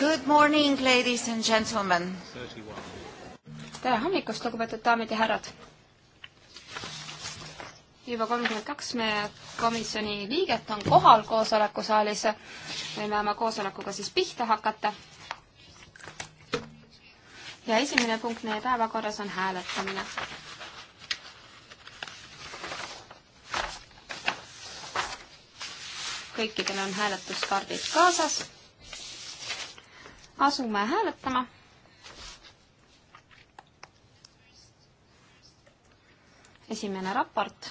Good morning, ladies and gentlemen. tere hommikust, lugupeetud daamid ja härrad. juba kolmkümmend kaks meie komisjoni liiget on kohal koosolekusaalis. võime oma koosolekuga siis pihta hakata. ja esimene punkt meie päevakorras on hääletamine kõikidel on hääletuskaardid kaasas asume hääletama. esimene raport.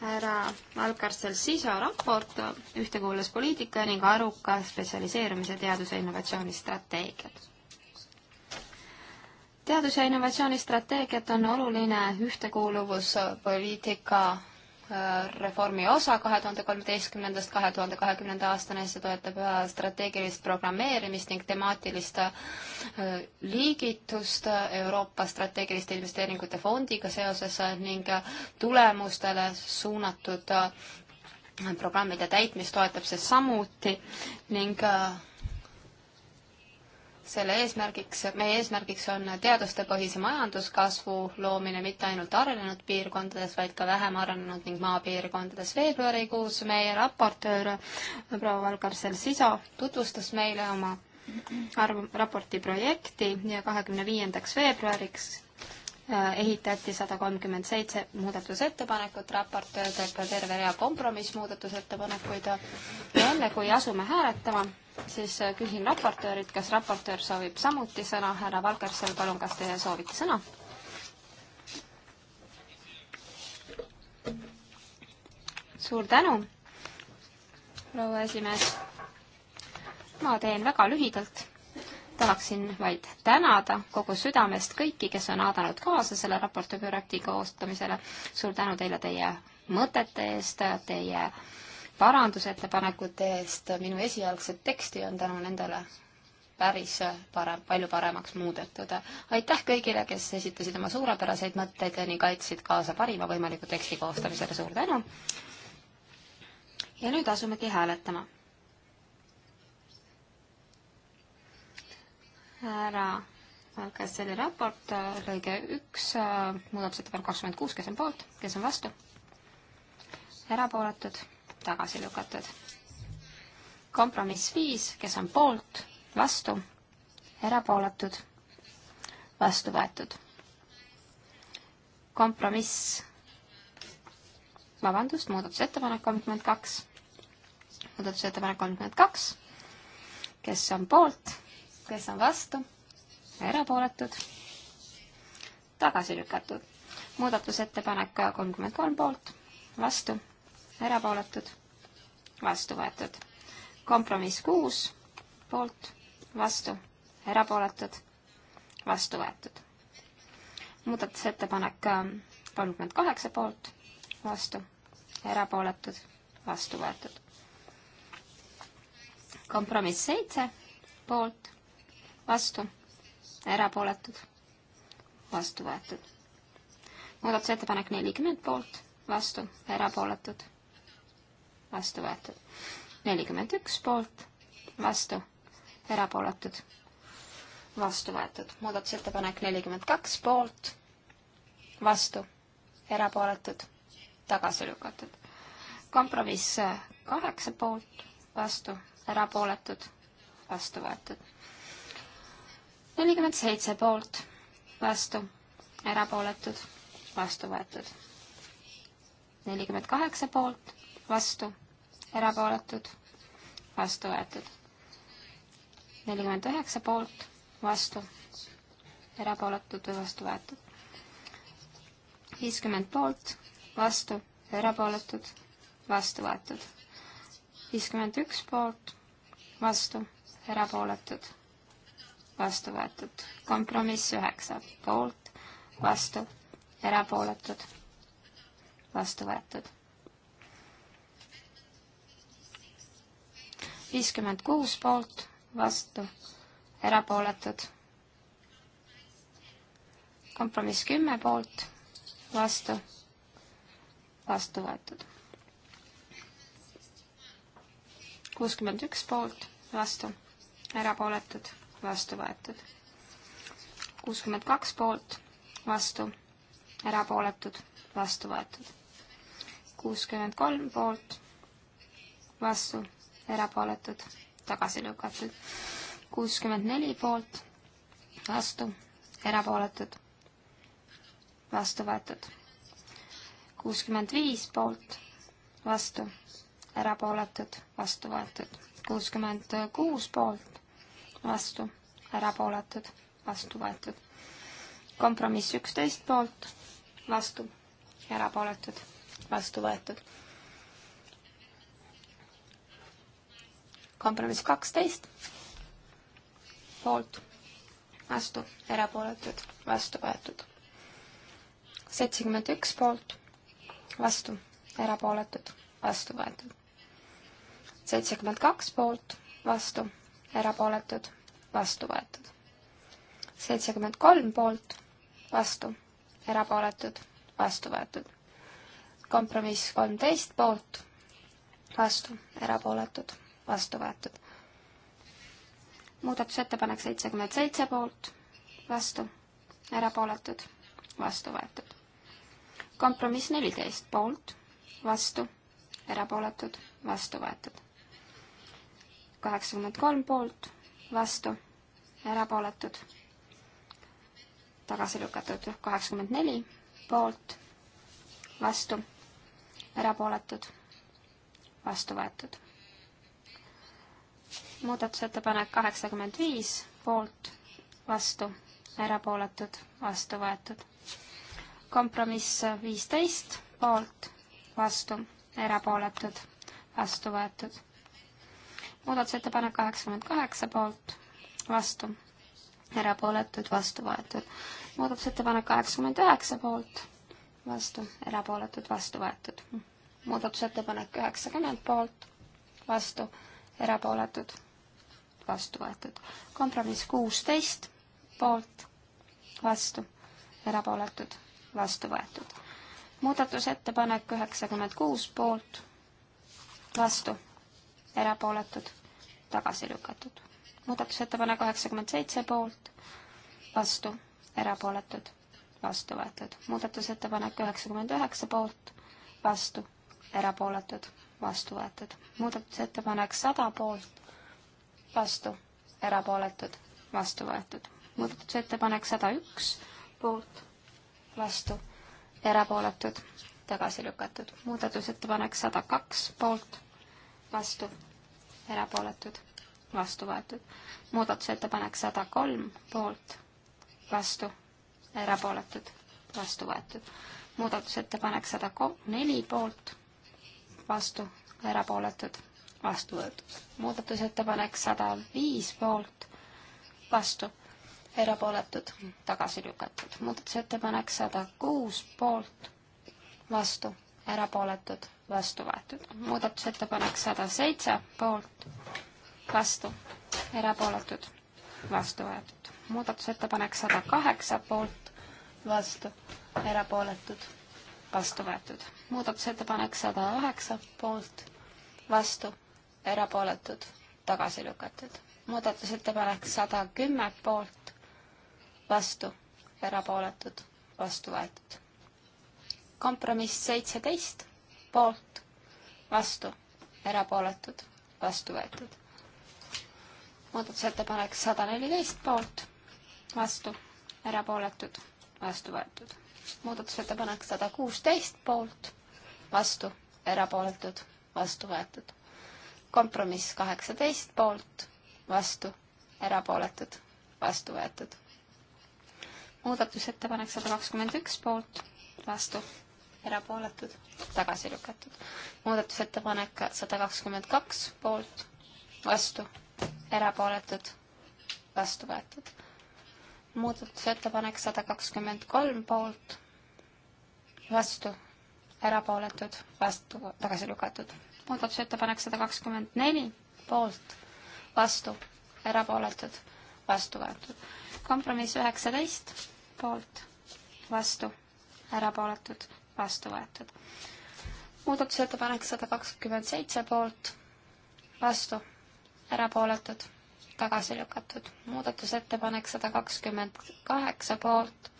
härra Valkarsel Siso raport Ühtekuuluvuspoliitika ning aruka spetsialiseerumise teaduse innovatsioonistrateegiad. teadus- ja innovatsioonistrateegiat on oluline ühtekuuluvuspoliitika reformi osa kahe tuhande kolmeteistkümnendast kahe tuhande kahekümnenda aastani, see toetab äh, strateegilist programmeerimist ning temaatilist äh, liigitust äh, Euroopa strateegiliste investeeringute fondiga seoses ning tulemustele suunatud programmide täitmist toetab see samuti ning selle eesmärgiks, meie eesmärgiks on teadustepõhise majanduskasvu loomine mitte ainult arenenud piirkondades, vaid ka vähem arenenud ning maapiirkondades. veebruarikuus meie raportöör proua Valgarsel Siso tutvustas meile oma arv-, raporti projekti ja kahekümne viiendaks veebruariks Äh, ehitati sada kolmkümmend seitse muudatusettepanekut, raportöör teeb terve rea kompromissmuudatusettepanekuid. enne kui asume hääletama, siis äh, küsin raportöörilt, kas raportöör soovib samuti sõna. härra Valkersel, palun, kas teie soovite sõna? suur tänu, proua esimees. ma teen väga lühidalt tahaksin vaid tänada kogu südamest kõiki, kes on aadanud kaasa selle raporti projekti koostamisele. suur tänu teile teie mõtete eest, teie parandusettepanekute eest, minu esialgset teksti on tänu nendele päris parem, palju paremaks muudetud. aitäh kõigile, kes esitasid oma suurepäraseid mõtteid ja nii kaitsid kaasa parima võimaliku teksti koostamisele, suur tänu! ja nüüd asumegi hääletama ära ka selle raport, äh, lõige üks, äh, muudatusettepanek kakskümmend kuus, kes on poolt, kes on vastu? erapooletud, tagasi lükatud. kompromiss viis, kes on poolt, vastu, erapooletud, vastu võetud. kompromiss, vabandust, muudatusettepanek kolmkümmend kaks, muudatusettepanek kolmkümmend kaks, kes on poolt kes on vastu, erapooletud, tagasi lükatud. muudatusettepanek kolmkümmend kolm poolt, vastu, erapooletud, vastu võetud. kompromiss kuus poolt, vastu, erapooletud, vastu võetud. muudatusettepanek kolmkümmend kaheksa poolt, vastu, erapooletud, vastu võetud. kompromiss seitse poolt vastu, erapooletud, vastu võetud. muudatusettepanek nelikümmend poolt, vastu, erapooletud, vastu võetud. nelikümmend üks poolt, vastu, erapooletud, vastu võetud. muudatusettepanek nelikümmend kaks poolt, vastu, erapooletud, tagasi lükatud. kompromiss kaheksa poolt, vastu, erapooletud, vastu võetud nelikümmend seitse poolt, vastu, erapooletud, vastu võetud. nelikümmend kaheksa poolt, vastu, erapooletud, vastu võetud. nelikümmend üheksa poolt, vastu, erapooletud või vastu võetud. viiskümmend poolt, vastu, erapooletud, vastu võetud. viiskümmend üks poolt, vastu, erapooletud vastu võetud. kompromiss üheksa poolt, vastu, erapooletud, vastu võetud. viiskümmend kuus poolt, vastu, erapooletud. kompromiss kümme poolt, vastu, vastu võetud. kuuskümmend üks poolt, vastu, erapooletud vastu võetud. kuuskümmend kaks poolt, vastu, erapooletud, vastu võetud. kuuskümmend kolm poolt, vastu, erapooletud, tagasi lükatud. kuuskümmend neli poolt, vastu, erapooletud, vastu võetud. kuuskümmend viis poolt, vastu, erapooletud, vastu võetud. kuuskümmend kuus poolt, vastu, erapooletud, vastu võetud. kompromiss üksteist poolt, vastu, erapooletud, vastu võetud. kompromiss kaksteist poolt, vastu, erapooletud, vastu võetud. seitsekümmend üks poolt, vastu, erapooletud, vastu võetud. seitsekümmend kaks poolt, vastu erapooletud, vastu võetud. seitsekümmend kolm poolt, vastu, erapooletud, vastu võetud. kompromiss kolmteist poolt, vastu, erapooletud, vastu võetud. muudatusettepanek seitsekümmend seitse poolt, vastu, erapooletud, vastu võetud. kompromiss neliteist poolt, vastu, erapooletud, vastu võetud kaheksakümmend kolm poolt, vastu, erapooletud, tagasi lükatud, kaheksakümmend neli poolt, vastu, erapooletud, vastu võetud. muudatusettepanek kaheksakümmend viis poolt, vastu, erapooletud, vastu võetud. kompromiss viisteist poolt, vastu, erapooletud, vastu võetud muudatusettepanek kaheksakümmend kaheksa poolt, vastu, erapooletud, vastu võetud. muudatusettepanek kaheksakümmend üheksa poolt, vastu, erapooletud, vastu võetud. muudatusettepanek üheksakümmend poolt, vastu, erapooletud, vastu võetud. kompromiss kuusteist poolt, vastu, erapooletud, vastu võetud muudatusettepanek üheksakümmend kuus poolt, vastu, erapooletud, tagasi lükatud. muudatusettepanek kaheksakümmend seitse poolt, vastu, erapooletud, vastu võetud. muudatusettepanek üheksakümmend üheksa poolt, vastu, erapooletud, vastu võetud. muudatusettepanek sada poolt, vastu, erapooletud, vastu võetud. muudatusettepanek sada üks poolt, vastu, erapooletud, tagasi lükatud. muudatusettepanek sada kaks poolt vastu, erapooletud, vastu võetud. muudatusettepanek sada kolm poolt, vastu, erapooletud, vastu võetud. muudatusettepanek sada neli poolt, vastu, erapooletud, vastu võetud. muudatusettepanek sada viis poolt, vastu, erapooletud, tagasi lükatud. muudatusettepanek sada kuus poolt, vastu erapooletud, vastu võetud. muudatusettepanek sada seitse, poolt, vastu, erapooletud, vastu võetud. muudatusettepanek sada kaheksa, poolt, vastu, erapooletud, vastu võetud. muudatusettepanek sada üheksa, poolt, vastu, erapooletud, tagasi lükatud. muudatusettepanek sada kümme, poolt, vastu, erapooletud, vastu võetud kompromiss seitseteist, poolt, vastu, erapooletud, vastu võetud. muudatusettepanek sada neliteist, poolt, vastu, erapooletud, vastu võetud. muudatusettepanek sada kuusteist, poolt, vastu, erapooletud, vastu võetud. kompromiss kaheksateist, poolt, vastu, erapooletud, vastu võetud muudatusettepanek sada kakskümmend üks poolt, vastu, erapooletud, tagasi lükatud. muudatusettepanek sada kakskümmend kaks poolt, vastu, erapooletud, vastu võetud. muudatusettepanek sada kakskümmend kolm poolt, vastu, erapooletud, vastu, tagasi lükatud. muudatusettepanek sada kakskümmend neli poolt, vastu, erapooletud, vastu võetud. kompromiss üheksateist poolt, vastu, erapooletud, vastu võetud. muudatusettepanek sada kakskümmend seitse poolt, vastu, erapooletud, tagasi lükatud. muudatusettepanek sada kakskümmend kaheksa poolt,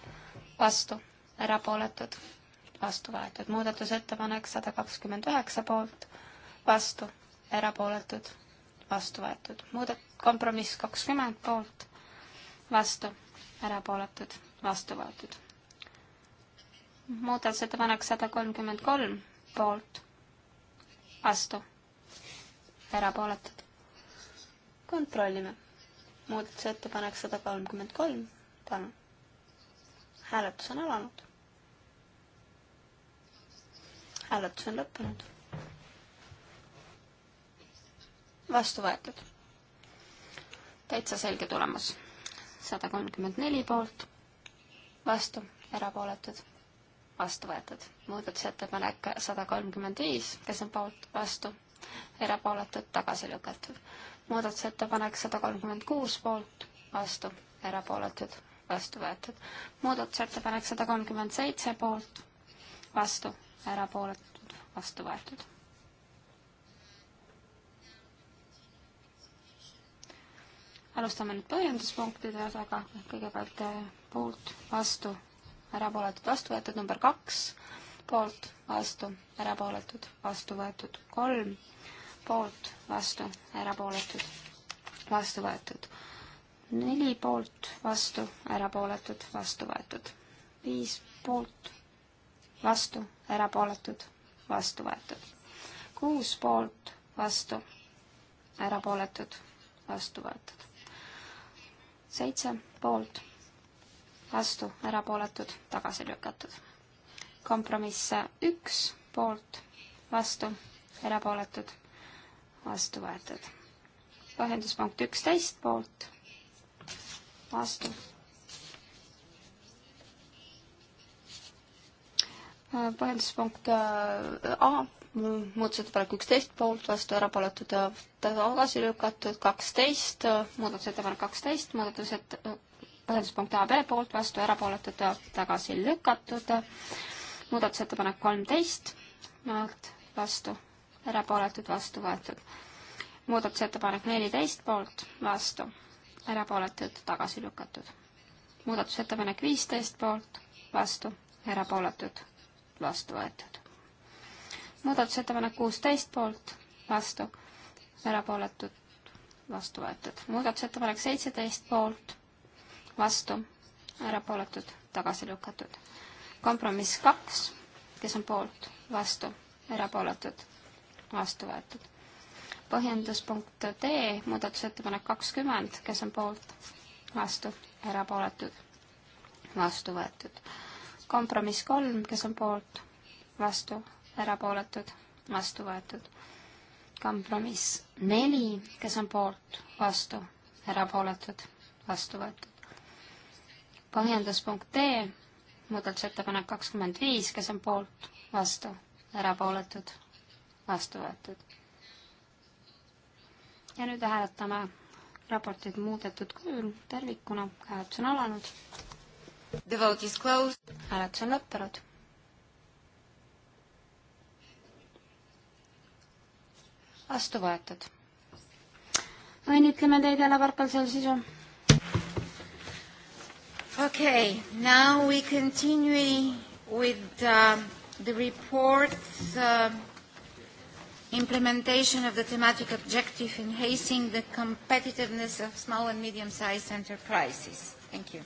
vastu, erapooletud, vastu võetud. muudatusettepanek sada kakskümmend üheksa poolt, vastu, erapooletud, vastu võetud. muudat-, kompromiss kakskümmend poolt, vastu, erapooletud, vastu võetud muudatusettepanek sada kolmkümmend kolm poolt, vastu, erapooletud. kontrollime. muudatusettepanek sada kolmkümmend kolm, palun. hääletus on alanud. hääletus on lõppenud. vastu võetud. täitsa selge tulemus. sada kolmkümmend neli poolt, vastu, erapooletud vastu võetud. muudatusettepanek sada kolmkümmend viis, kes on poolt, vastu, erapooletud, tagasi lükatud. muudatusettepanek sada kolmkümmend kuus poolt, vastu, erapooletud, vastu võetud. muudatusettepanek sada kolmkümmend seitse poolt, vastu, erapooletud, vastu võetud. alustame nüüd põhjenduspunktide osaga, kõigepealt eh, poolt, vastu erapooletud, vastu võetud, number kaks, poolt, vastu, erapooletud, vastu võetud, kolm, poolt, vastu, erapooletud, vastu võetud, neli poolt, vastu, erapooletud, vastu võetud, viis poolt, vastu, erapooletud, vastu võetud, kuus poolt, vastu, erapooletud, vastu võetud, seitse poolt vastu, erapooletud, tagasi lükatud. kompromiss üks, poolt, vastu, erapooletud, vastu võetud. põhjenduspunkt üksteist, poolt, vastu. põhjenduspunkt äh, A muudatusettepanek üksteist poolt, vastu erapooletud ja tagasi lükatud, kaksteist, äh, muudatusettepanek kaksteist, muudatused põhjenduspunkt A pere poolt, vastu erapooletud, tagasi lükatud. muudatusettepanek kolmteist, poolt, vastu, erapooletud, vastu võetud. muudatusettepanek neliteist poolt, vastu, erapooletud, tagasi lükatud. muudatusettepanek viisteist poolt, vastu, erapooletud, vastu võetud. muudatusettepanek kuusteist poolt, vastu, erapooletud, vastu võetud. muudatusettepanek seitseteist poolt vastu, erapooletud, tagasi lükatud. kompromiss kaks, kes on poolt, vastu, erapooletud, vastu võetud. põhjenduspunkt D, muudatusettepanek kakskümmend, kes on poolt, vastu, erapooletud, vastu võetud. kompromiss kolm, kes on poolt, vastu, erapooletud, vastu võetud. kompromiss neli, kes on poolt, vastu, erapooletud, vastu võetud põhjenduspunkt D, muudatusettepanek kakskümmend viis, kes on poolt, vastu, erapooletud, vastu võetud. ja nüüd hääletame raportit muudetud kujul tervikuna, hääletus on alanud. The vote is closed. hääletus on lõppenud. vastu võetud. õnnitleme teid jälle Varkal seal sisu. Okay, now we continue with uh, the report's uh, implementation of the thematic objective enhancing the competitiveness of small and medium-sized enterprises. Thank you.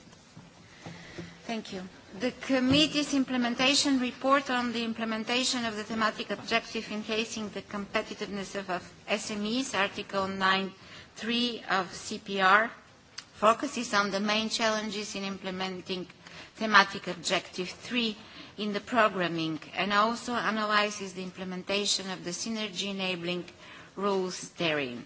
Thank you. The committee's implementation report on the implementation of the thematic objective enhancing the competitiveness of, of SMEs, Article 9.3 of CPR, focuses on the main challenges in implementing thematic objective 3 in the programming and also analyzes the implementation of the synergy enabling rules therein.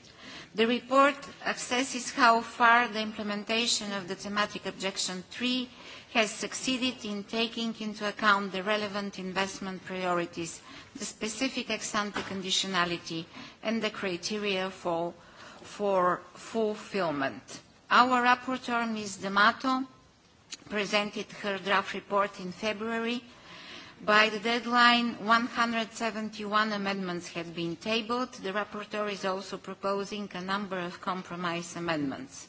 The report assesses how far the implementation of the thematic objection 3 has succeeded in taking into account the relevant investment priorities, the specific ex-ante conditionality and the criteria for, for fulfillment. Our rapporteur, Ms. D'Amato, presented her draft report in February. By the deadline, 171 amendments had been tabled. The rapporteur is also proposing a number of compromise amendments.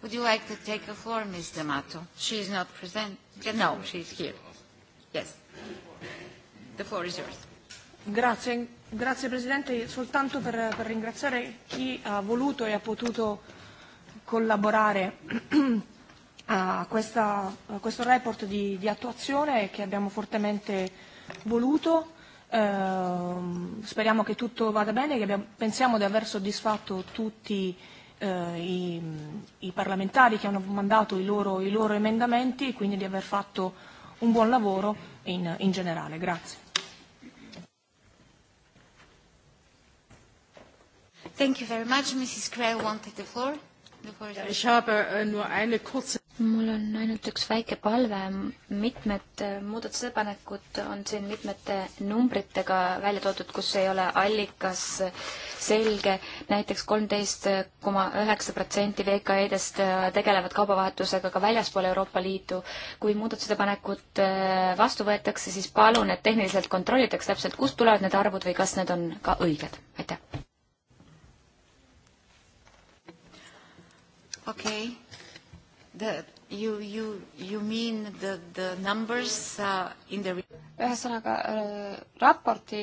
Would you like to take the floor, Ms. D'Amato? She is not present. No, she's here. Yes. The floor is yours. Grazie, grazie Presidente, soltanto per, per ringraziare chi ha voluto e ha potuto collaborare a, questa, a questo report di, di attuazione che abbiamo fortemente voluto. Eh, speriamo che tutto vada bene, che abbiamo, pensiamo di aver soddisfatto tutti eh, i, i parlamentari che hanno mandato i loro, i loro emendamenti e quindi di aver fatto un buon lavoro in, in generale. Grazie. Thank you very much. Mrs. Crail wanted the floor mul on ainult üks väike palve, mitmed muudatusettepanekud on siin mitmete numbritega välja toodud, kus ei ole allikas selge näiteks, näiteks kolmteist koma üheksa protsenti VKE-dest tegelevad kaubavahetusega ka väljaspool Euroopa Liitu. kui muudatusettepanekud vastu võetakse, siis palun, et tehniliselt kontrollitaks täpselt, kust tulevad need arvud või kas need on ka õiged, aitäh! Okay. The, you, you, you mean the, the numbers uh, in the... Ühesõnaga äh, raporti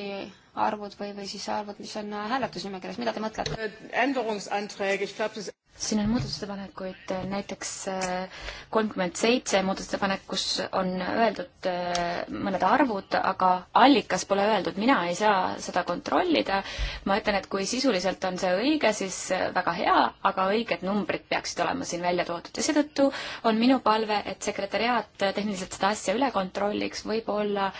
arvud või, või siis arvud, mis on äh, hääletusnimekirjas, mida te mõtlete? Äh, siin on muudatusettepanekuid, äh, näiteks äh, kolmkümmend seitse muudatusettepanekus on öeldud äh, mõned arvud, aga allikas pole öeldud, mina ei saa seda kontrollida. ma ütlen, et kui sisuliselt on see õige, siis väga hea, aga õiged numbrid peaksid olema siin välja toodud ja seetõttu on minu palve, et sekretäriaat tehniliselt seda asja üle kontrolliks, võib-olla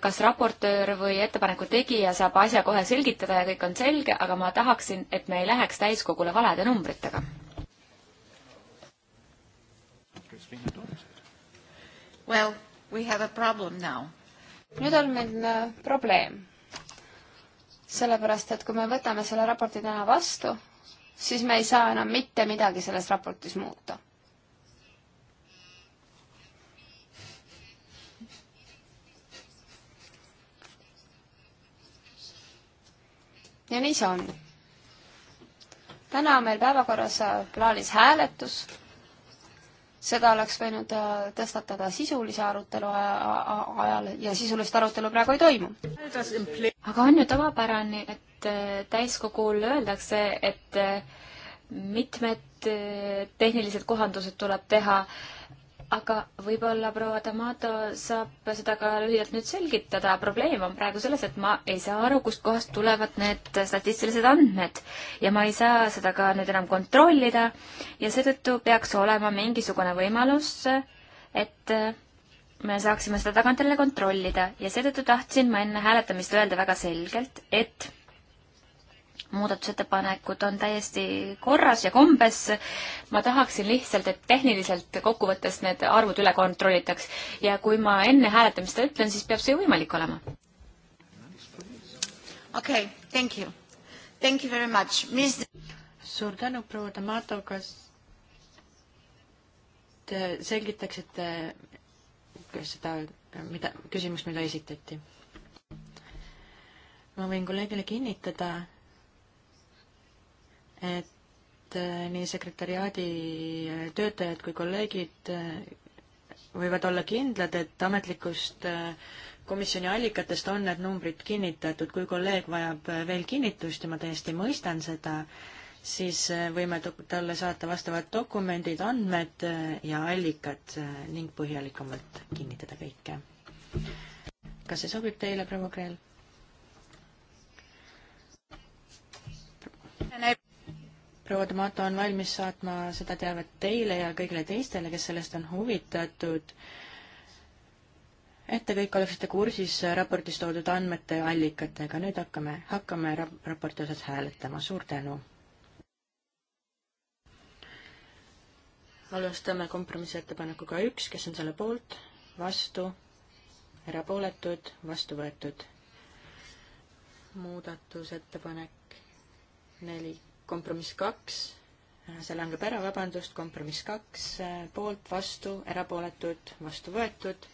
kas raportöör või ettepaneku tegija saab asja kohe selgitada ja kõik on selge, aga ma tahaksin, et me ei läheks täiskogule valede numbritega. Well, we have a problem now. nüüd on meil äh, probleem. sellepärast, et kui me võtame selle raporti täna vastu, siis me ei saa enam mitte midagi selles raportis muuta. ja nii see on. täna on meil päevakorras äh, plaanis hääletus seda oleks võinud äh, tõstatada sisulise arutelu ajal ja sisulist arutelu praegu ei toimu. aga on ju tavapärane, et äh, täiskogul öeldakse, et äh, mitmed tehnilised kohandused tuleb teha äh, aga võib-olla proua D'Amato saab seda ka lühidalt nüüd selgitada. probleem on praegu selles, et ma ei saa aru, kustkohast tulevad need statistilised andmed ja ma ei saa seda ka nüüd enam kontrollida ja seetõttu peaks olema mingisugune võimalus, et me saaksime seda tagantjärele kontrollida ja seetõttu tahtsin ma enne hääletamist öelda väga selgelt, et muudatusettepanekud on täiesti korras ja kombes. ma tahaksin lihtsalt, et tehniliselt kokkuvõttes need arvud üle kontrollitaks ja kui ma enne hääletamist ütlen, siis peab see ju võimalik olema. okei okay,, thank you. Thank you very much Mis.... suur tänu, proua D'Amato, kas te selgitaksite seda, mida, küsimust, mida esitati? ma võin kolleegile kinnitada, et äh, nii sekretäriaadi äh, töötajad kui kolleegid äh, võivad olla kindlad, et ametlikust komisjoni allikatest on need numbrid kinnitatud, kui kolleeg vajab veel kinnitust ja ma täiesti mõistan seda, siis võime talle saata vastavad dokumendid, andmed ja allikad ning põhjalikumalt kinnitada kõike. kas see sobib teile, proua Kreel? proua Tomato on valmis saatma seda teavet teile ja kõigile teistele, kes sellest on huvitatud, et te kõik oleksite kursis raportis toodud andmete ja allikatega. nüüd hakkame, hakkame rap-, raporti osas hääletama. suur tänu! alustame kompromissettepanekuga üks, kes on selle poolt, vastu, erapooletud, vastu võetud. muudatusettepanek neli kompromiss kaks, see langeb ära, vabandust, kompromiss kaks, poolt, vastu, erapooletud, vastu võetud,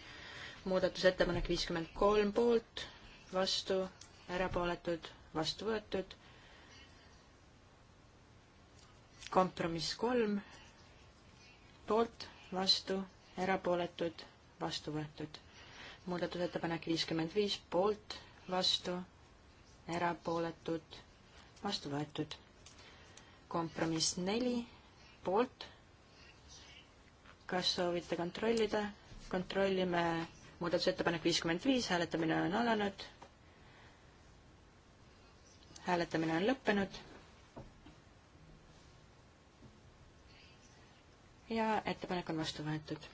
muudatusettepanek viiskümmend kolm poolt, vastu, erapooletud, vastu võetud, kompromiss kolm, poolt, vastu, erapooletud, vastu võetud. muudatusettepanek viiskümmend viis, poolt, vastu, erapooletud, vastu võetud kompromiss neli poolt. kas soovite kontrollida? kontrollime muudatusettepanek viiskümmend viis, hääletamine on alanud. hääletamine on lõppenud. ja ettepanek on vastu võetud.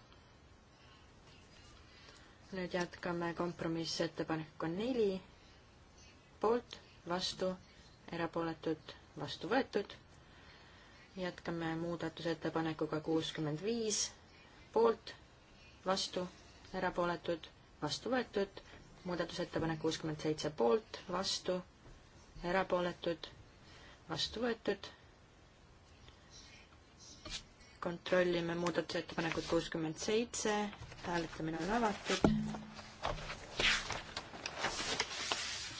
nüüd jätkame kompromissettepanekuga neli, poolt, vastu, erapooletud, vastu võetud jätkame muudatusettepanekuga kuuskümmend viis, poolt, vastu, erapooletud, vastu võetud, muudatusettepanek kuuskümmend seitse poolt, vastu, erapooletud, vastu võetud. kontrollime muudatusettepanekut kuuskümmend seitse, hääletamine on avatud.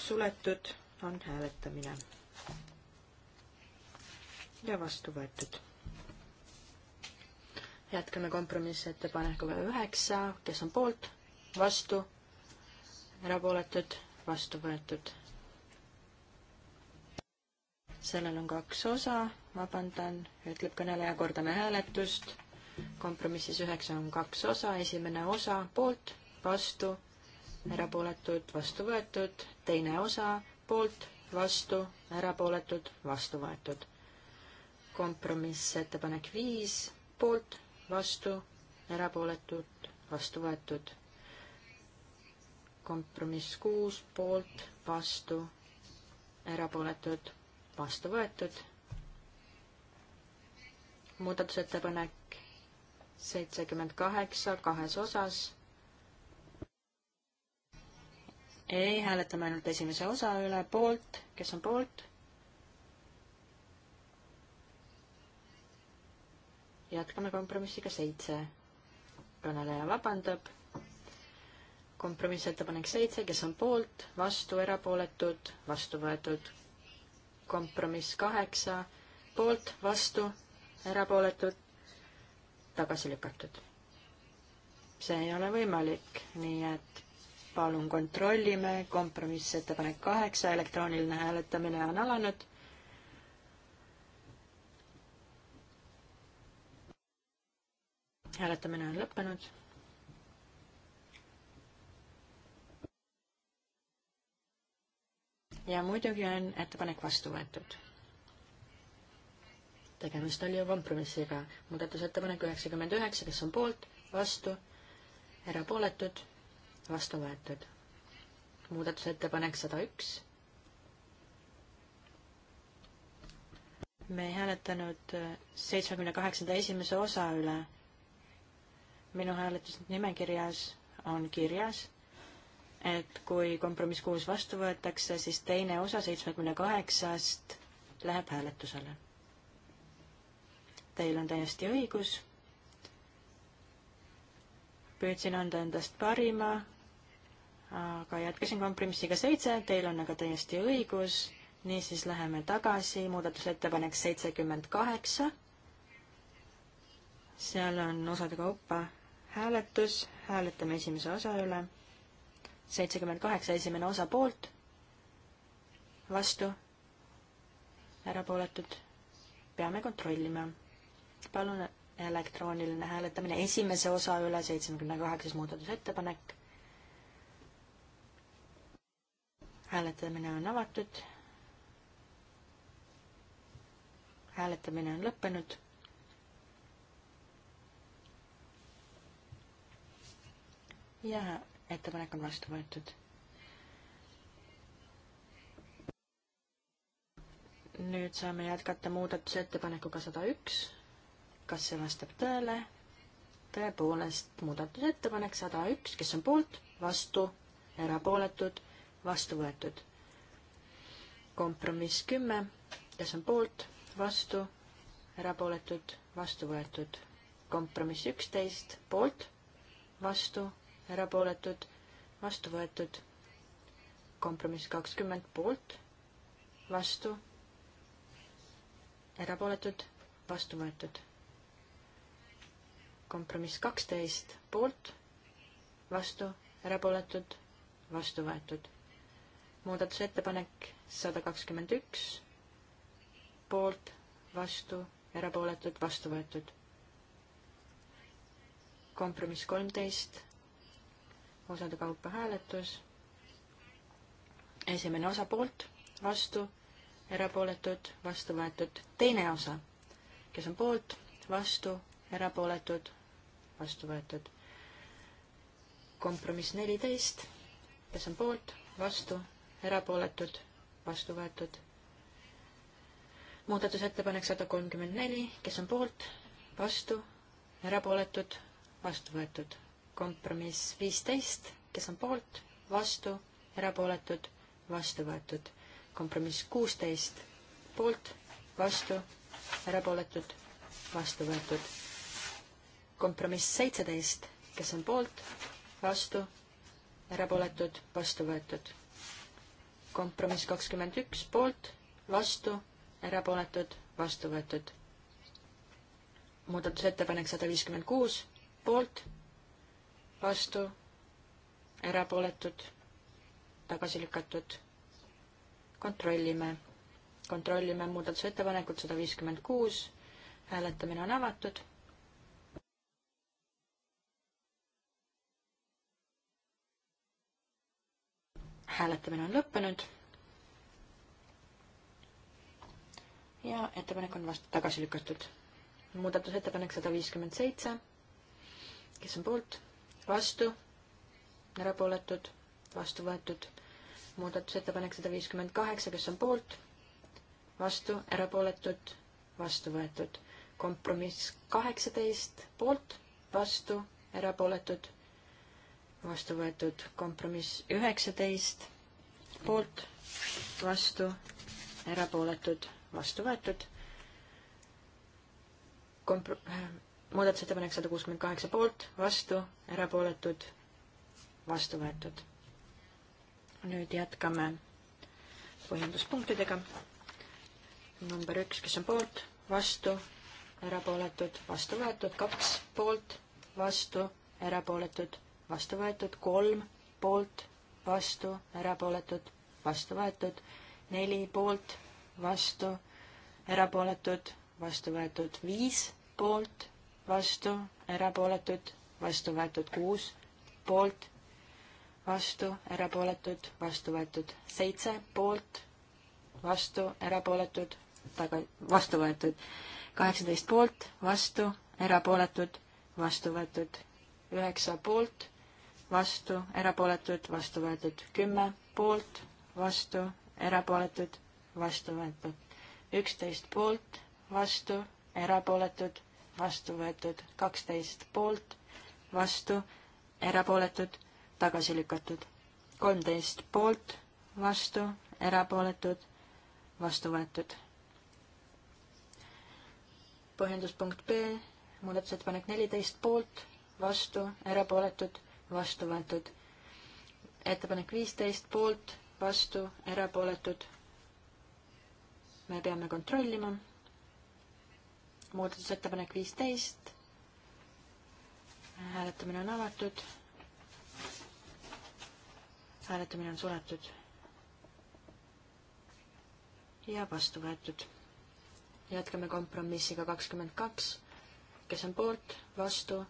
suletud on hääletamine ja vastu võetud. jätkame kompromissettepanekuga üheksa, kes on poolt, vastu, erapooletud, vastu võetud. sellel on kaks osa, vabandan, ütleb kõneleja, kordame hääletust. kompromissis üheksa on kaks osa, esimene osa poolt, vastu, erapooletud, vastu võetud, teine osa poolt, vastu, erapooletud, vastu võetud kompromissettepanek viis, poolt, vastu, erapooletud, vastu võetud. kompromiss kuus, poolt, vastu, erapooletud, vastu võetud. muudatusettepanek seitsekümmend kaheksa kahes osas ei, hääletame ainult esimese osa üle, poolt, kes on poolt, jätkame kompromissiga seitse. kõneleja vabandab. kompromissettepanek seitse, kes on poolt, vastu, erapooletud, vastu võetud. kompromiss kaheksa, poolt, vastu, erapooletud, tagasi lükatud. see ei ole võimalik, nii et palun kontrollime, kompromissettepanek kaheksa, elektrooniline hääletamine on alanud hääletamine on lõppenud. ja muidugi on ettepanek vastu võetud. tegemist oli ju kompromissiga. muudatusettepanek üheksakümmend üheksa, kes on poolt, vastu, erapooletud, vastu võetud. muudatusettepanek sada üks me ei hääletanud seitsmekümne kaheksanda esimese osa üle minu hääletusnimekirjas on kirjas, et kui kompromiss kuus vastu võetakse, siis teine osa seitsmekümne kaheksast läheb hääletusele. Teil on täiesti õigus. püüdsin anda endast parima, aga jätkasin kompromissiga seitse, teil on aga täiesti õigus. niisiis läheme tagasi, muudatusettepanek seitsekümmend kaheksa. seal on osade kaupa hääletus, hääletame esimese osa üle. seitsekümmend kaheksa, esimene osa poolt, vastu, erapooletud, peame kontrollima. palun elektrooniline hääletamine esimese osa üle, seitsmekümne kaheksas muudatusettepanek. hääletamine on avatud. hääletamine on lõppenud ja ettepanek on vastu võetud. nüüd saame jätkata muudatusettepanekuga sada üks. kas see vastab tõele? tõepoolest, muudatusettepanek sada üks, kes on poolt, vastu, erapooletud, vastu võetud. kompromiss kümme, kes on poolt, vastu, erapooletud, vastu võetud. kompromiss üksteist, poolt, vastu erapooletud, vastu võetud. kompromiss kakskümmend poolt, vastu, erapooletud, vastu võetud. kompromiss kaksteist poolt, vastu, erapooletud, vastu võetud. muudatusettepanek sada kakskümmend üks, poolt, vastu, erapooletud, vastu võetud kompromiss kolmteist, osade kaupa hääletus. esimene osa poolt, vastu, erapooletud, vastu võetud. teine osa, kes on poolt, vastu, erapooletud, vastu võetud. kompromiss neliteist, kes on poolt, vastu, erapooletud, vastu võetud. muudatusettepanek sada kolmkümmend neli, kes on poolt, vastu, erapooletud, vastu võetud kompromiss viisteist, kes on poolt, vastu, erapooletud, vastu võetud. kompromiss kuusteist, poolt, vastu, erapooletud, vastu võetud. kompromiss seitseteist, kes on poolt, vastu, erapooletud, vastu võetud. kompromiss kakskümmend üks, poolt, vastu, erapooletud, vastu võetud muudatusettepanek sada viiskümmend kuus, poolt, vastu, erapooletud, tagasi lükatud. kontrollime, kontrollime muudatusettepanekut sada viiskümmend kuus, hääletamine on avatud. hääletamine on lõppenud. ja ettepanek on vastu tagasi lükatud. muudatusettepanek sada viiskümmend seitse, kes on poolt vastu, erapooletud, vastu võetud. muudatusettepanek sada viiskümmend kaheksa, kes on poolt, vastu, erapooletud, vastu võetud. kompromiss kaheksateist, poolt, vastu, erapooletud, vastu võetud. kompromiss üheksateist, poolt, vastu, erapooletud, vastu võetud kompr-, muudatusettepanek sada kuuskümmend kaheksa poolt, vastu, erapooletud, vastu võetud. nüüd jätkame põhjenduspunktidega. number üks, kes on poolt, vastu, erapooletud, vastu võetud, kaks poolt, vastu, erapooletud, vastu võetud, kolm poolt, vastu, erapooletud, vastu võetud, neli poolt, vastu, erapooletud, vastu võetud, viis poolt vastu, erapooletud, vastu võetud kuus, poolt, vastu, erapooletud, vastu võetud seitse, poolt, vastu, erapooletud, taga, vastu võetud kaheksateist poolt, vastu, erapooletud, vastu võetud üheksa poolt, vastu, erapooletud, vastu võetud kümme poolt, vastu, erapooletud, vastu võetud üksteist poolt, vastu, erapooletud vastu võetud, kaksteist poolt, vastu, erapooletud, tagasi lükatud. kolmteist poolt, vastu, erapooletud, vastu võetud. põhjenduspunkt B, muudatusettepanek neliteist poolt, vastu, erapooletud, vastu võetud. ettepanek viisteist poolt, vastu, erapooletud. me peame kontrollima muudatusettepanek viisteist. hääletamine on avatud. hääletamine on suletud. ja vastu võetud. jätkame kompromissiga kakskümmend kaks, kes on poolt, vastu,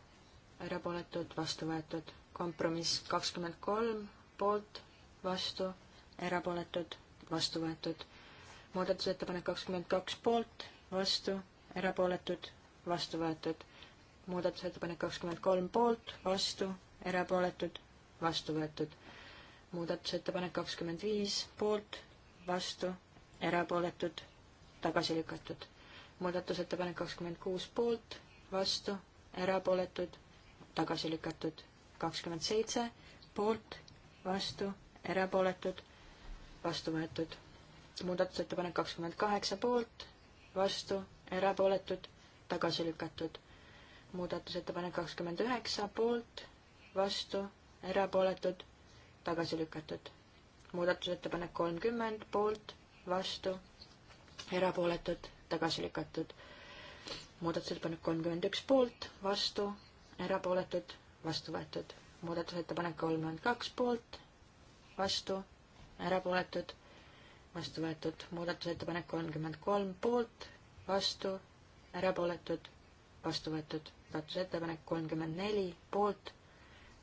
erapooletud, vastu võetud. kompromiss kakskümmend kolm, poolt, vastu, erapooletud, vastu võetud. muudatusettepanek kakskümmend kaks poolt, vastu erapooletud, vastu võetud. muudatusettepanek kakskümmend kolm poolt, vastu, erapooletud, vastu võetud. muudatusettepanek kakskümmend viis poolt, vastu, erapooletud, tagasi lükatud. muudatusettepanek kakskümmend kuus poolt, vastu, erapooletud, tagasi lükatud. kakskümmend seitse poolt, vastu, erapooletud, vastu võetud. muudatusettepanek kakskümmend kaheksa poolt, vastu, erapooletud, tagasi lükatud. muudatusettepanek kakskümmend üheksa, poolt, vastu, erapooletud, tagasi lükatud. muudatusettepanek kolmkümmend, poolt, vastu, erapooletud, tagasi lükatud. muudatusettepanek kolmkümmend üks, poolt, vastu, erapooletud, vastu võetud. muudatusettepanek kolmkümmend kaks, poolt, vastu, erapooletud, vastu võetud. muudatusettepanek kolmkümmend kolm, poolt, vastu, erapooletud, vastu võetud. muudatusettepanek kolmkümmend neli, poolt,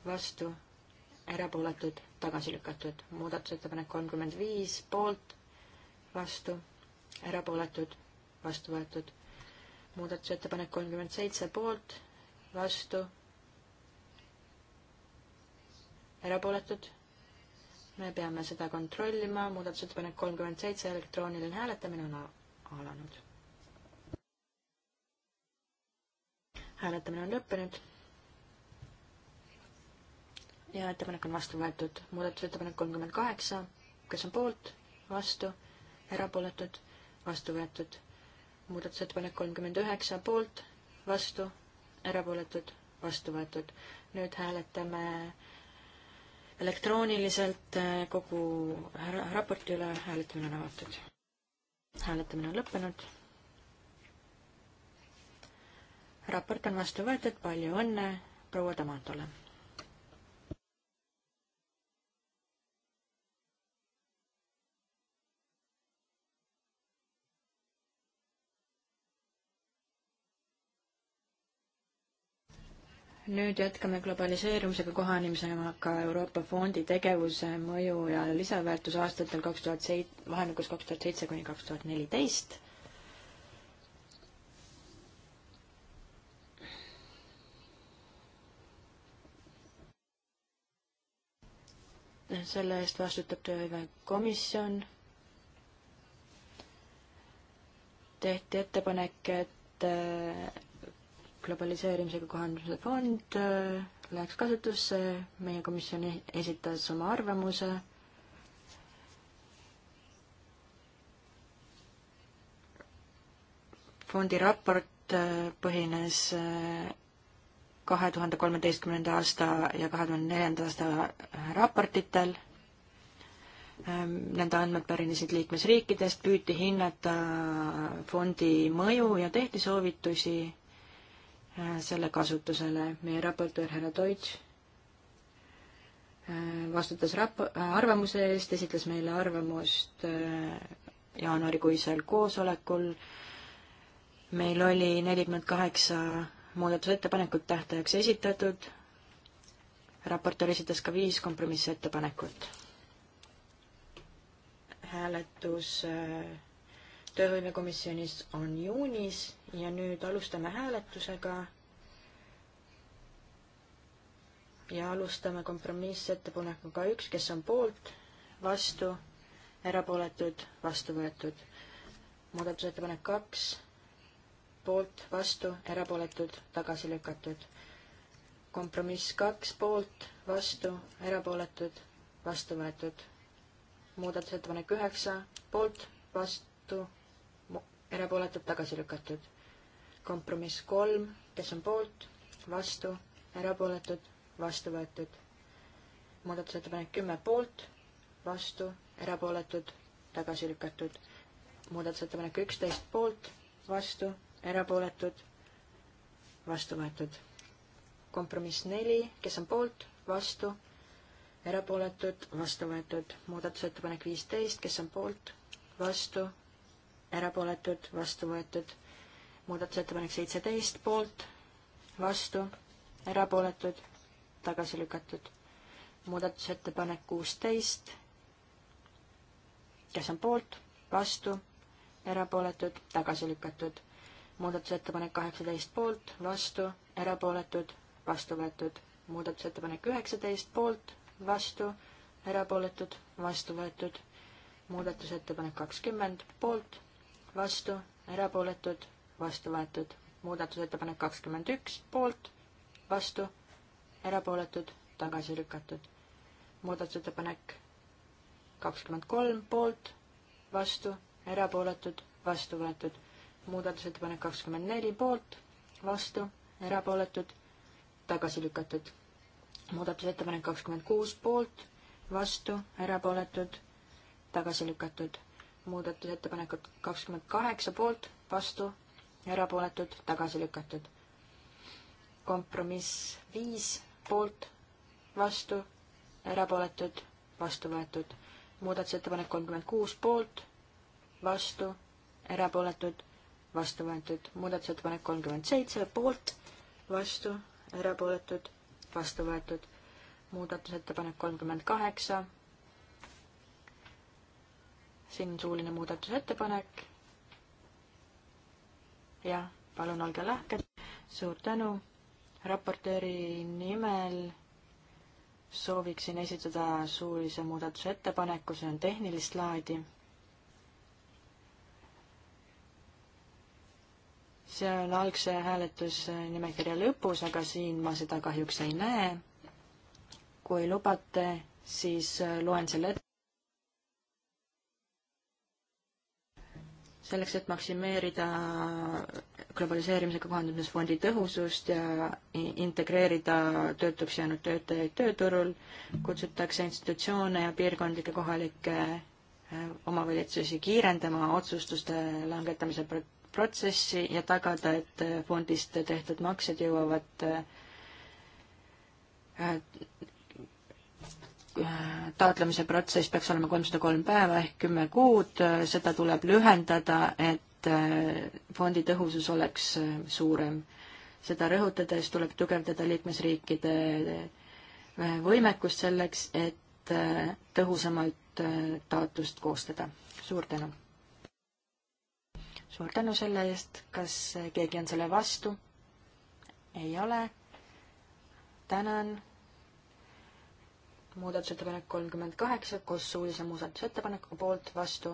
vastu, erapooletud, tagasi lükatud. muudatusettepanek kolmkümmend viis, poolt, vastu, erapooletud, vastu võetud. muudatusettepanek kolmkümmend seitse, poolt, vastu, erapooletud. me peame seda kontrollima, muudatusettepanek kolmkümmend seitse, elektrooniline hääletamine on alanud hääletamine on lõppenud. ja ettepanek on vastu võetud. muudatusettepanek kolmkümmend kaheksa, kes on poolt, vastu, erapooletud, vastu võetud. muudatusettepanek kolmkümmend üheksa, poolt, vastu, erapooletud, vastu võetud. nüüd hääletame elektrooniliselt äh, kogu raporti üle hääletamine on avatud. hääletamine on lõppenud. raport on vastu võetud, palju õnne proua Tamantole. nüüd jätkame globaliseerumisega kohanemisega Euroopa Fondi tegevuse mõju ja lisaväärtus aastatel kaks tuhat seit-, vahemikus kaks tuhat seitse kuni kaks tuhat neliteist selle eest vastutab tööhõivekomisjon. tehti ettepanek, et äh, globaliseerimisega kohandamise fond äh, läheks kasutusse, meie komisjon esitas oma arvamuse fondi raport äh, põhines kahe tuhande kolmeteistkümnenda aasta ja kahe tuhande neljanda aasta raportitel. Ähm, Nende andmed pärinesid liikmesriikidest, püüti hinnata fondi mõju ja tehti soovitusi äh, selle kasutusele. meie raportöör härra Deutsch äh, vastutas rap-, äh, arvamuse eest, esitles meile arvamust jaanuarikuisel koosolekul. meil oli nelikümmend kaheksa muudatusettepanekud tähtajaks esitatud, raportöör esitas ka viis kompromissettepanekut. hääletus äh, tööhõivekomisjonis on juunis ja nüüd alustame hääletusega ja alustame kompromissettepanekuga üks, kes on poolt, vastu, erapooletud, vastu võetud. muudatusettepanek kaks, poolt, vastu, erapooletud, tagasi lükatud. kompromiss kaks poolt, vastu, erapooletud, vastu võetud. muudatusettepanek üheksa poolt, vastu, erapooletud, tagasi lükatud. kompromiss kolm, kes on poolt, vastu, erapooletud, vastu võetud. muudatusettepanek kümme poolt, vastu, erapooletud, tagasi lükatud. muudatusettepanek üksteist poolt, vastu, erapooletud, vastu võetud. kompromiss neli, kes on poolt, vastu, erapooletud, vastu võetud. muudatusettepanek viisteist, kes on poolt, vastu, erapooletud, vastu võetud. muudatusettepanek seitseteist, poolt, vastu, erapooletud, tagasi lükatud. muudatusettepanek kuusteist, kes on poolt, vastu, erapooletud, tagasi lükatud muudatusettepanek kaheksateist poolt, vastu, erapooletud, vastu võetud. muudatusettepanek üheksateist poolt, vastu, erapooletud, vastu võetud. muudatusettepanek kakskümmend poolt, vastu, erapooletud, vastu võetud. muudatusettepanek kakskümmend üks poolt, vastu, erapooletud, tagasi lükatud. muudatusettepanek kakskümmend kolm poolt, vastu, erapooletud, vastu võetud muudatusettepanek kakskümmend neli poolt, vastu, erapooletud, tagasi lükatud. muudatusettepanek kakskümmend kuus poolt, vastu, erapooletud, tagasi lükatud. muudatusettepanekud kakskümmend kaheksa poolt, vastu, erapooletud, tagasi lükatud. kompromiss viis poolt, vastu, erapooletud, vastu võetud. muudatusettepanek kolmkümmend kuus poolt, vastu, erapooletud vastu võetud. muudatusettepanek kolmkümmend seitse poolt, vastu, erapooletud, vastu võetud. muudatusettepanek kolmkümmend kaheksa. siin suuline muudatusettepanek. jah, palun olge lahked. suur tänu. raportööri nimel sooviksin esitada suulise muudatusettepaneku, see on tehnilist laadi see on algse hääletusnimekirja lõpus, aga siin ma seda kahjuks ei näe. kui lubate, siis loen selle ette. selleks, et maksimeerida globaliseerimisega kohandumisfondi tõhusust ja integreerida töötuks jäänud töötajaid tööturul, kutsutakse institutsioone ja piirkondlikke kohalikke eh, omavalitsusi kiirendama otsustuste langetamise prot-, protsessi ja tagada, et fondist tehtud maksed jõuavad äh, taotlemise protsess peaks olema kolmsada kolm päeva ehk kümme kuud, seda tuleb lühendada, et äh, fondi tõhusus oleks äh, suurem. seda rõhutades tuleb tugevdada liikmesriikide võimekust selleks, et tõhusamalt taotlust koostada. suur tänu! suur tänu selle eest, kas keegi on selle vastu? ei ole. tänan. muudatusettepanek kolmkümmend kaheksa koos suulise muudatusettepaneku poolt, vastu,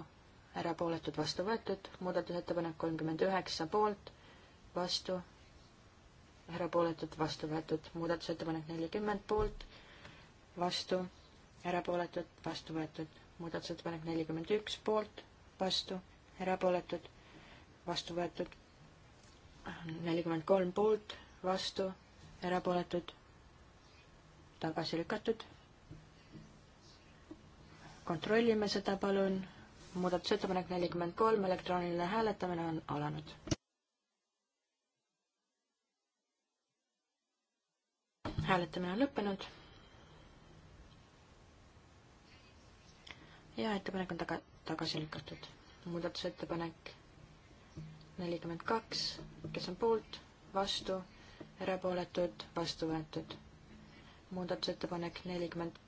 erapooletud, vastu võetud. muudatusettepanek kolmkümmend üheksa poolt, vastu, erapooletud, vastu võetud. muudatusettepanek nelikümmend poolt, vastu, erapooletud, vastu võetud. muudatusettepanek nelikümmend üks poolt, vastu, erapooletud vastu võetud nelikümmend kolm poolt, vastu, erapooletud, tagasi lükatud. kontrollime seda, palun. muudatusettepanek nelikümmend kolm, elektrooniline hääletamine on alanud. hääletamine on lõppenud. ja ettepanek on taga, tagasi lükatud. muudatusettepanek nelikümmend kaks, kes on poolt, vastu, erapooletud, vastu võetud. muudatusettepanek nelikümmend,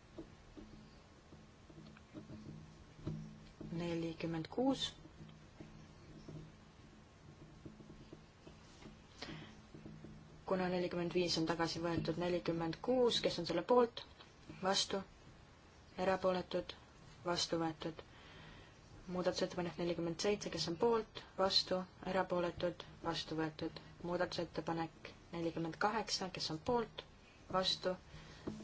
nelikümmend kuus. kuna nelikümmend viis on tagasi võetud, nelikümmend kuus, kes on selle poolt, vastu, erapooletud, vastu võetud muudatusettepanek nelikümmend seitse, kes on poolt, vastu, erapooletud, vastu võetud. muudatusettepanek nelikümmend kaheksa, kes on poolt, vastu,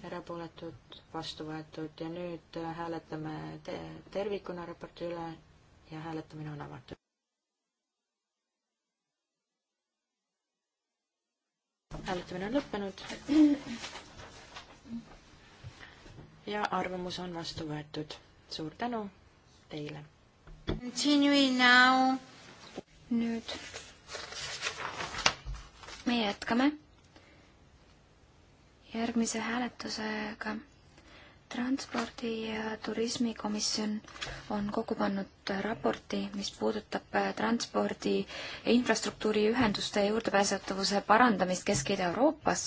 erapooletud, vastu võetud ja nüüd äh, hääletame te tervikuna raporti üle ja hääletamine on avatud. hääletamine on lõppenud. ja arvamus on vastu võetud. suur tänu teile nüüd me jätkame järgmise hääletusega transpordi- ja turismikomisjon on kokku pannud raporti, mis puudutab äh, transpordi infrastruktuuri ühenduste juurdepääsetavuse parandamist Kesk-Ida-Euroopas.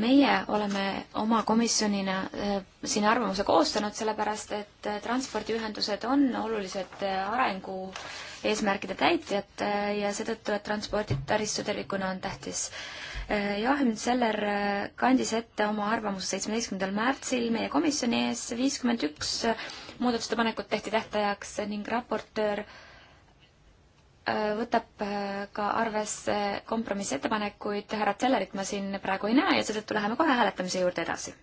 meie oleme oma komisjonina äh, siin arvamuse koostanud, sellepärast et äh, transpordiühendused on olulised arengu eesmärkide täitjad ja seetõttu, et transporditaristu tervikuna on tähtis Joachim Zeller äh, kandis ette oma arvamuse seitsmeteistkümnendal märtsil meie komisjoni ees, viiskümmend üks äh, muudatusettepanekut tehti tähtajaks ning raportöör äh, võtab ka arvesse kompromissettepanekuid, härra Zellerit ma siin praegu ei näe ja seetõttu läheme kohe hääletamise juurde edasi.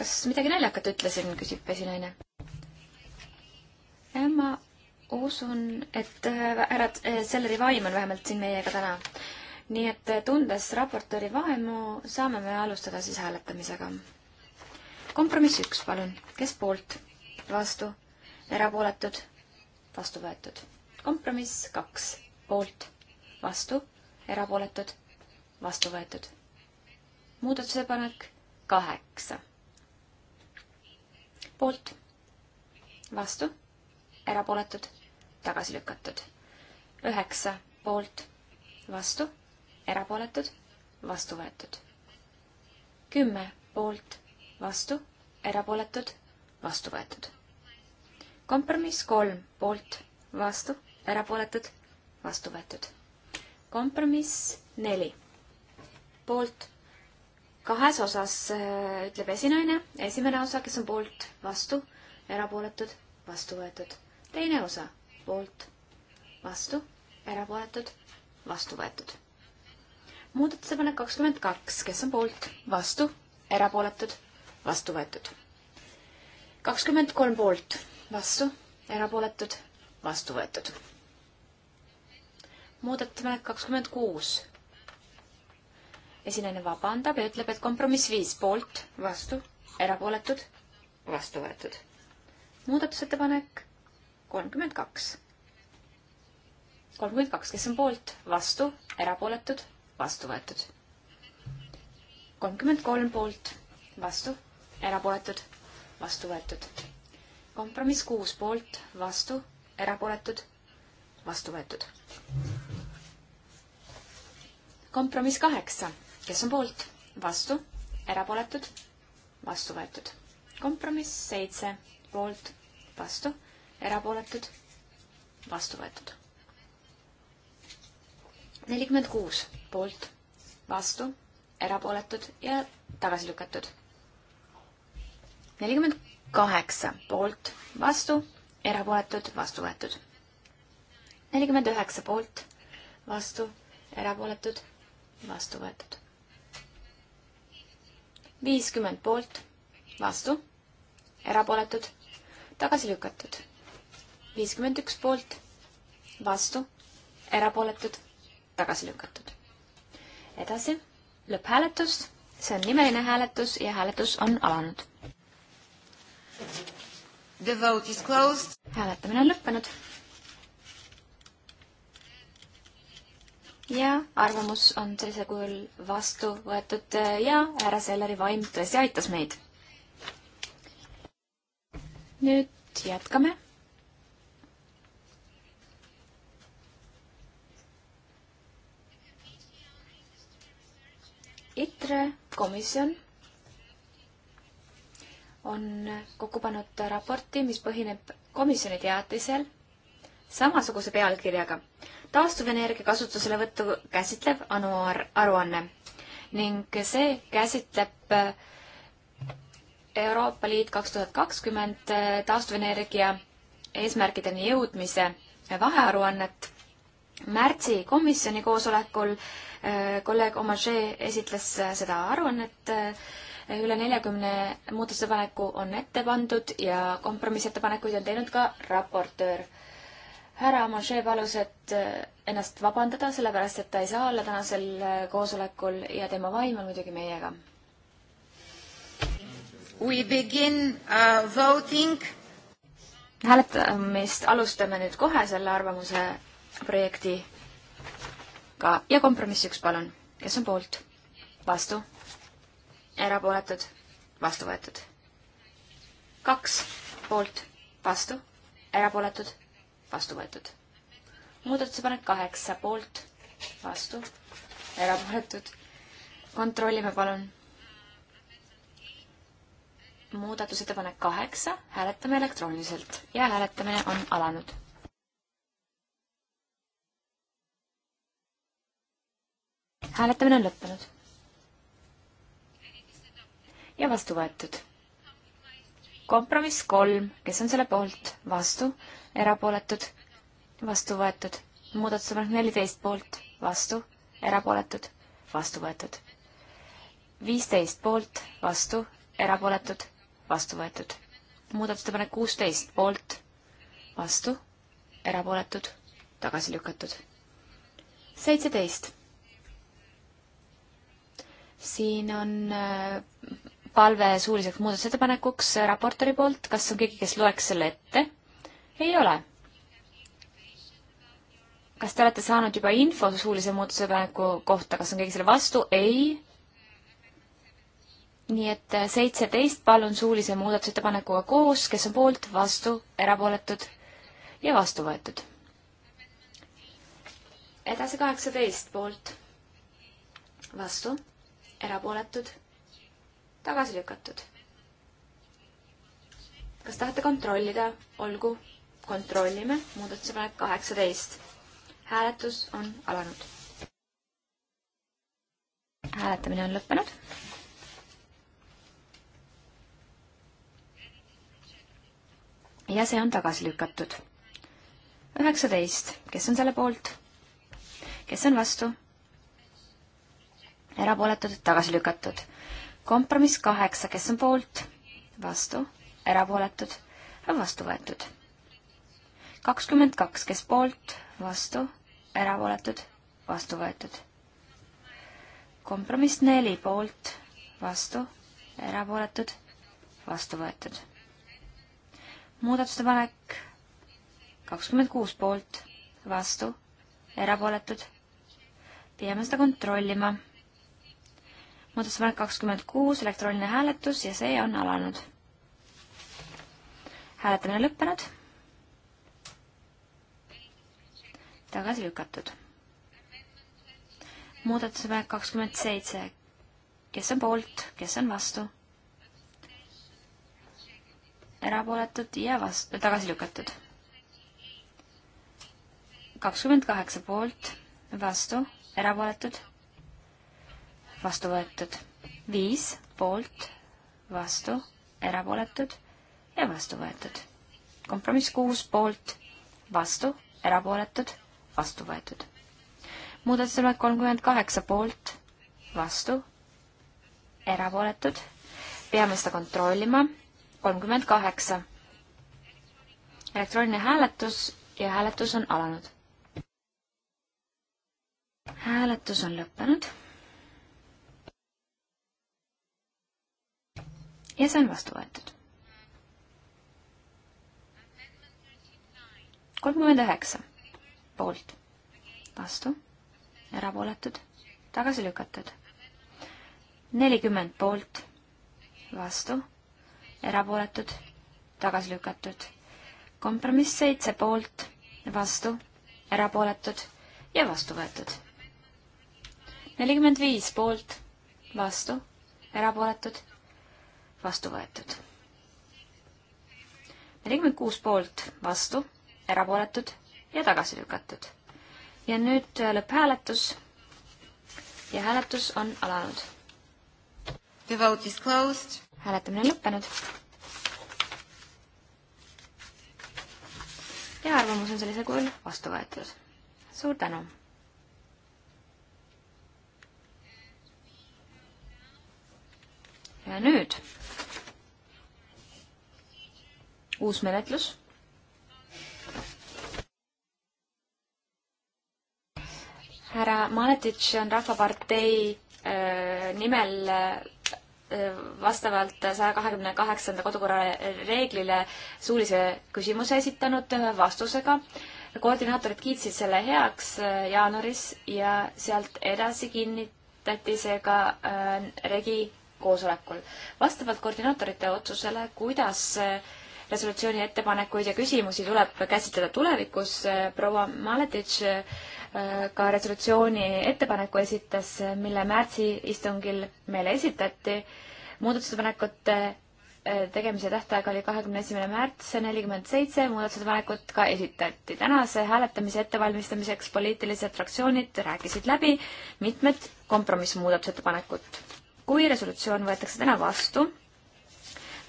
kas midagi naljakat ütlesin, küsib esinaine ma usun, et äh, härra äh, Selleri vaim on vähemalt siin meiega täna. nii et äh, tundes raportööri vaimu, saame me alustada siis hääletamisega. kompromiss üks, palun. kes poolt? vastu? erapooletud? vastu võetud. kompromiss kaks, poolt? vastu? erapooletud? vastu võetud. muudatusepanek kaheksa. poolt? vastu? erapooletud, tagasi lükatud. üheksa poolt, vastu, erapooletud, vastu võetud. kümme poolt, vastu, erapooletud, vastu võetud. kompromiss kolm poolt, vastu, erapooletud, vastu võetud. kompromiss neli poolt, kahes osas äh, ütleb esinaine, esimene osa, kes on poolt, vastu, erapooletud, vastu võetud teine osa poolt, vastu, erapooletud, vastu võetud. muudatusepanek kakskümmend kaks, kes on poolt, vastu, erapooletud, vastu võetud. kakskümmend kolm poolt, vastu, erapooletud, vastu võetud. muudatusepanek kakskümmend kuus esinejana vabandab ja ütleb, et kompromiss viis poolt, vastu, erapooletud, vastu võetud. muudatusettepanek kolmkümmend kaks. kolmkümmend kaks, kes on poolt, vastu, erapooletud, vastu võetud. kolmkümmend kolm poolt, vastu, erapooletud, vastu võetud. kompromiss kuus poolt, vastu, erapooletud, vastu võetud. kompromiss kaheksa, kes on poolt, vastu, erapooletud, vastu võetud. kompromiss seitse, poolt, vastu erapooletud, vastu võetud. nelikümmend kuus poolt, vastu, erapooletud ja tagasi lükatud. nelikümmend kaheksa poolt, vastu, erapooletud, vastu võetud. nelikümmend üheksa poolt, vastu, erapooletud, vastu võetud. viiskümmend poolt, vastu, erapooletud, tagasi lükatud viiskümmend üks poolt, vastu, erapooletud, tagasi lükatud. edasi, lõpphääletus, see on nimeline hääletus ja hääletus on alanud. The vote is closed. hääletamine on lõppenud. ja arvamus on sellisel kujul vastu võetud ja härra Selleri vaim tõesti aitas meid. nüüd jätkame ITRE komisjon on kokku pannud raporti, mis põhineb komisjoni teatisel samasuguse pealkirjaga taastuvenergia kasutuselevõttu käsitlev anuar-, aruanne ning see käsitleb äh, Euroopa Liit kaks tuhat kakskümmend äh, taastuvenergia eesmärkideni jõudmise vahearuannet märtsi komisjoni koosolekul äh, kolleeg Omagee esitles äh, seda aruannet. Äh, üle neljakümne muudatusettepaneku on ette pandud ja kompromissettepanekuid on teinud ka raportöör. härra Omagee palus, et ennast vabandada, sellepärast et ta ei saa olla tänasel koosolekul ja tema vaim on muidugi meiega. We begin uh, voting hääletamist alustame nüüd kohe selle arvamuse projektiga ja kompromiss üks, palun. kes on poolt? vastu? erapooletud? vastu võetud? kaks poolt, vastu, erapooletud, vastu võetud. muudatusepanek kaheksa poolt, vastu, erapooletud. kontrollime palun muudatusettepanek kaheksa, hääletame elektrooniliselt ja hääletamine on alanud. hääletamine on lõppenud. ja vastu võetud. kompromiss kolm, kes on selle poolt, vastu, erapooletud, vastu võetud. muudatusepanek neliteist poolt, vastu, erapooletud, vastu võetud. viisteist poolt, vastu, erapooletud, vastu võetud. muudatusepanek kuusteist poolt, vastu, erapooletud, tagasi lükatud. seitseteist siin on äh, palve suuliseks muudatusettepanekuks äh, raportori poolt, kas on keegi, kes loeks selle ette? ei ole. kas te olete saanud juba info suulise muudatusettepaneku kohta, kas on keegi selle vastu? ei. nii et äh, seitseteist, palun suulise muudatusettepanekuga koos, kes on poolt, vastu, erapooletud ja vastu võetud. edasi kaheksateist poolt, vastu erapooletud, tagasi lükatud. kas tahate kontrollida, olgu, kontrollime, muudatusepanek kaheksateist. hääletus on alanud. hääletamine on lõppenud. ja see on tagasi lükatud. üheksateist, kes on selle poolt? kes on vastu? erapooletud, tagasi lükatud. kompromiss kaheksa, kes on poolt, vastu, erapooletud, vastu võetud. kakskümmend kaks, kes poolt, vastu, erapooletud, vastu võetud. kompromiss neli, poolt, vastu, erapooletud, vastu võetud. muudatusettepanek kakskümmend kuus poolt, vastu, erapooletud. peame seda kontrollima muudatusettepanek kakskümmend kuus, elektrooniline hääletus ja see on alanud. hääletamine lõppenud. tagasi lükatud. muudatusettepanek kakskümmend seitse. kes on poolt, kes on vastu? erapooletud ja vastu, tagasi lükatud. kakskümmend kaheksa poolt, vastu, erapooletud vastu võetud. viis poolt, vastu, erapooletud ja vastu võetud. kompromiss kuus poolt, vastu, erapooletud, vastu võetud. muudatusettepanek kolmkümmend kaheksa poolt, vastu, erapooletud. peame seda kontrollima. kolmkümmend kaheksa. elektrooniline hääletus ja hääletus on alanud. hääletus on lõppenud ja see on vastu võetud. kolmkümmend üheksa poolt, vastu, erapooletud, tagasi lükatud. nelikümmend poolt, vastu, erapooletud, tagasi lükatud. kompromiss seitse poolt, vastu, erapooletud ja vastu võetud. nelikümmend viis poolt, vastu, erapooletud vastu võetud. nelikümmend kuus poolt, vastu, erapooletud ja tagasi lükatud. ja nüüd äh, lõpphääletus. ja hääletus on alanud. The vote is closed. hääletamine on lõppenud. ja arvamus on sellisel kujul vastu võetud. suur tänu ja nüüd uus menetlus. härra Maletitš on Rahvapartei öö, äh, nimel öö, äh, vastavalt saja kahekümne kaheksanda kodukorra reeglile suulise küsimuse esitanud ühe vastusega koordinaatorid kiitsid selle heaks äh, jaanuaris ja sealt edasi kinnitati see ka äh, regi koosolekul. vastavalt koordinaatorite otsusele, kuidas resolutsiooni ettepanekuid ja küsimusi tuleb käsitleda tulevikus. Eh, proua Maletitš eh, ka resolutsiooni ettepaneku esitas, eh, mille märtsi istungil meile esitati. muudatusettepanekute tegemise tähtaeg oli kahekümne esimene märts, nelikümmend seitse muudatusettepanekut ka esitati. tänase hääletamise ettevalmistamiseks poliitilised fraktsioonid rääkisid läbi mitmed kompromissmuudatusettepanekut kui resolutsioon võetakse täna vastu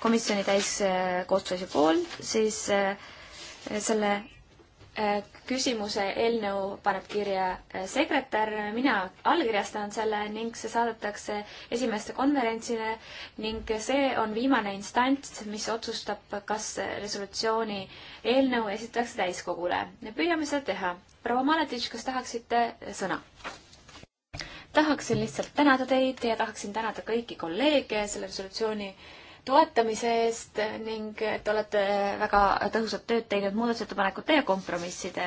komisjoni täiskoosseisu pool, siis eh, selle eh, küsimuse eelnõu paneb kirja eh, sekretär, mina allkirjastan selle ning see saadetakse esimeste konverentsile ning see on viimane instants, mis otsustab, kas resolutsiooni eelnõu esitatakse täiskogule. me püüame seda teha. proua Maletitš, kas tahaksite sõna? tahaksin lihtsalt tänada teid ja tahaksin tänada kõiki kolleege selle resolutsiooni toetamise eest ning et olete väga tõhusat tööd teinud muudatusettepanekute ja kompromisside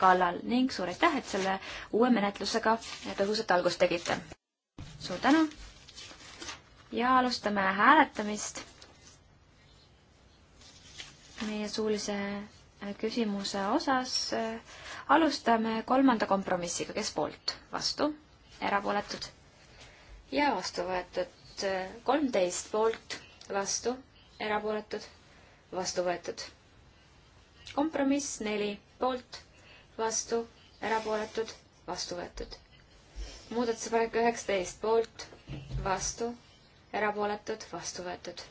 kallal ning suur aitäh, et selle uue menetlusega tõhusat algust tegite. suur tänu ja alustame hääletamist. meie suulise küsimuse osas äh, alustame kolmanda kompromissiga, kes poolt, vastu erapooletud ja vastu võetud kolmteist poolt, vastu, erapooletud, vastu võetud. kompromiss neli poolt, vastu, erapooletud, vastu võetud. muudatusepanek üheksateist poolt, vastu, erapooletud, vastu võetud.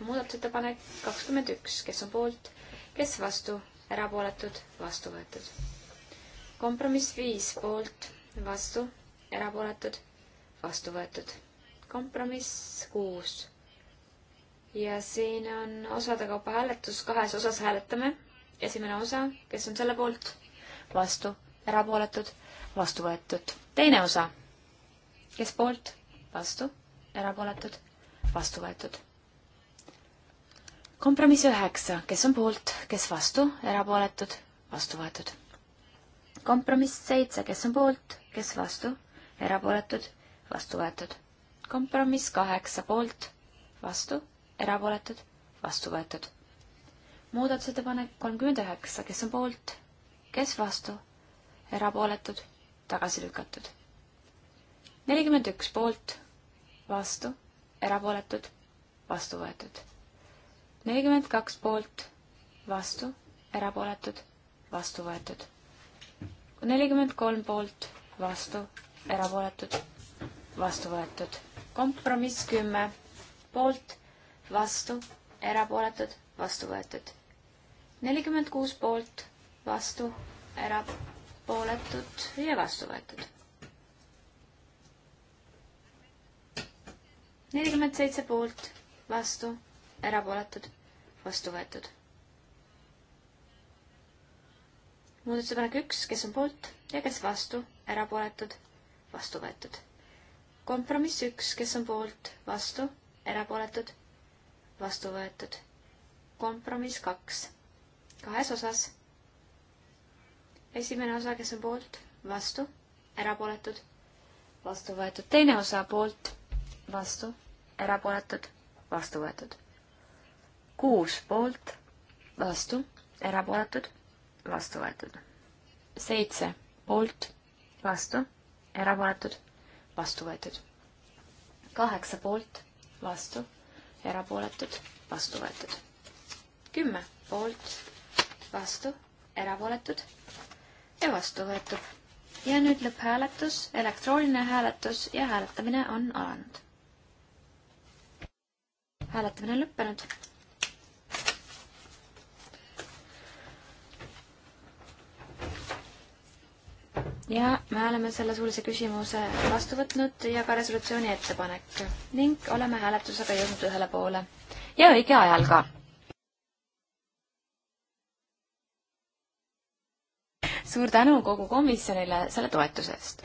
muudatusettepanek kakskümmend üks, kes on poolt, kes vastu, erapooletud, vastu võetud. kompromiss viis poolt, vastu erapooletud, vastu võetud. kompromiss kuus. ja siin on osade kaupa hääletus, kahes osas hääletame. esimene osa, kes on selle poolt, vastu, erapooletud, vastu võetud. teine osa, kes poolt, vastu, erapooletud, vastu võetud. kompromiss üheksa, kes on poolt, kes vastu, erapooletud, vastu võetud kompromiss seitse, kes on poolt, kes vastu, erapooletud, vastu võetud. kompromiss kaheksa poolt, vastu, erapooletud, vastu võetud. muudatusettepanek kolmkümmend üheksa, kes on poolt, kes vastu, erapooletud, tagasi lükatud. nelikümmend üks poolt, vastu, erapooletud, vastu võetud. nelikümmend kaks poolt, vastu, erapooletud, vastu võetud. nelikümmend kolm poolt, vastu, erapooletud, vastu võetud. kompromiss kümme, poolt, vastu, erapooletud, vastu võetud. nelikümmend kuus poolt, vastu, erapooletud ja vastu võetud nelikümmend seitse poolt, vastu, erapooletud, vastu võetud. muudatusepanek üks, kes on poolt ja kes vastu, erapooletud, vastu võetud. kompromiss üks, kes on poolt, vastu, erapooletud, vastu võetud. kompromiss kaks, kahes osas. esimene osa, kes on poolt, vastu, erapooletud, vastu võetud. teine osa poolt, vastu, erapooletud, vastu võetud. kuus poolt, vastu, erapooletud, vastu võetud. seitse poolt, vastu erapooletud, vastu võetud. kaheksa poolt, vastu, erapooletud, vastu võetud. kümme poolt, vastu, erapooletud ja vastu võetud. ja nüüd lõpphääletus, elektrooniline hääletus ja hääletamine on alanud. hääletamine on lõppenud ja me oleme selle suulise küsimuse vastu võtnud ja ka resolutsiooni ettepanek ning oleme hääletusega jõudnud ühele poole ja õige ajal ka. suur tänu kogu komisjonile selle toetuse eest.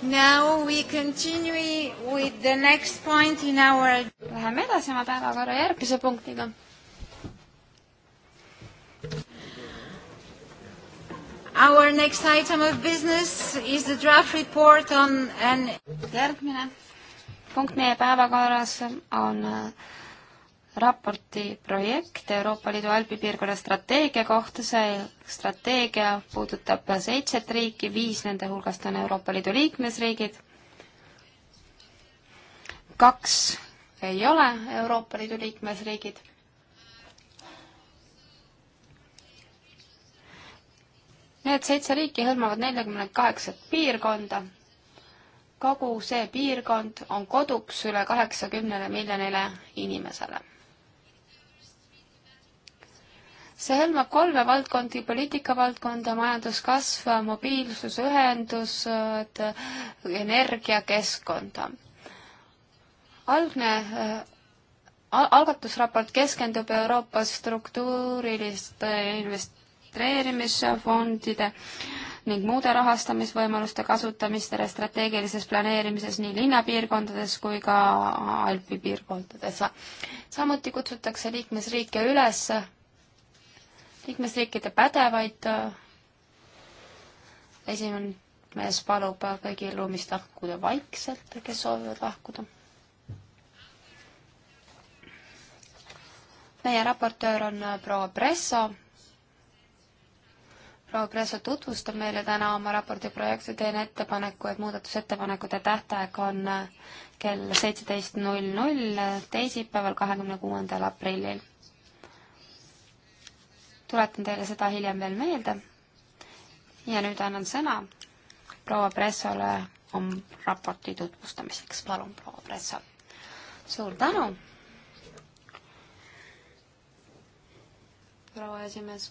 Now we continue with the next point in our... Läheme edasi oma päevakorra järgmise punktiga. Our next item of business is the draft report on an... järgmine punkt meie päevakorras on uh, raporti projekt Euroopa Liidu alpipiirkonna strateegia kohta, see strateegia puudutab seitset riiki, viis nende hulgast on Euroopa Liidu liikmesriigid, kaks ei ole Euroopa Liidu liikmesriigid. Need seitse riiki hõlmavad neljakümne kaheksat piirkonda kogu see piirkond on koduks üle kaheksakümnele miljonile inimesele see hõlmab kolme valdkondi, poliitikavaldkonda, majanduskasv, mobiilsus, ühendused, äh, energia, keskkonda. algne äh, algatusraport keskendub Euroopa struktuuriliste investeerimisfondide ning muude rahastamisvõimaluste kasutamistele strateegilises planeerimises nii linnapiirkondades kui ka alpipiirkondades. samuti kutsutakse liikmesriike üles liikmesriikide pädevaid äh, esimees palub kõigil ruumist lahkuda vaikselt, kes soovivad lahkuda. meie raportöör on äh, proua Presso. proua Presso tutvustab meile täna oma raporti projekti, teen ettepaneku, et muudatusettepanekute tähtaeg on äh, kell seitseteist null null teisipäeval, kahekümne kuuendal aprillil tuletan teile seda hiljem veel meelde. ja nüüd annan sõna proua Pressole oma raporti tutvustamiseks. palun, proua Presso. suur tänu. proua esimees.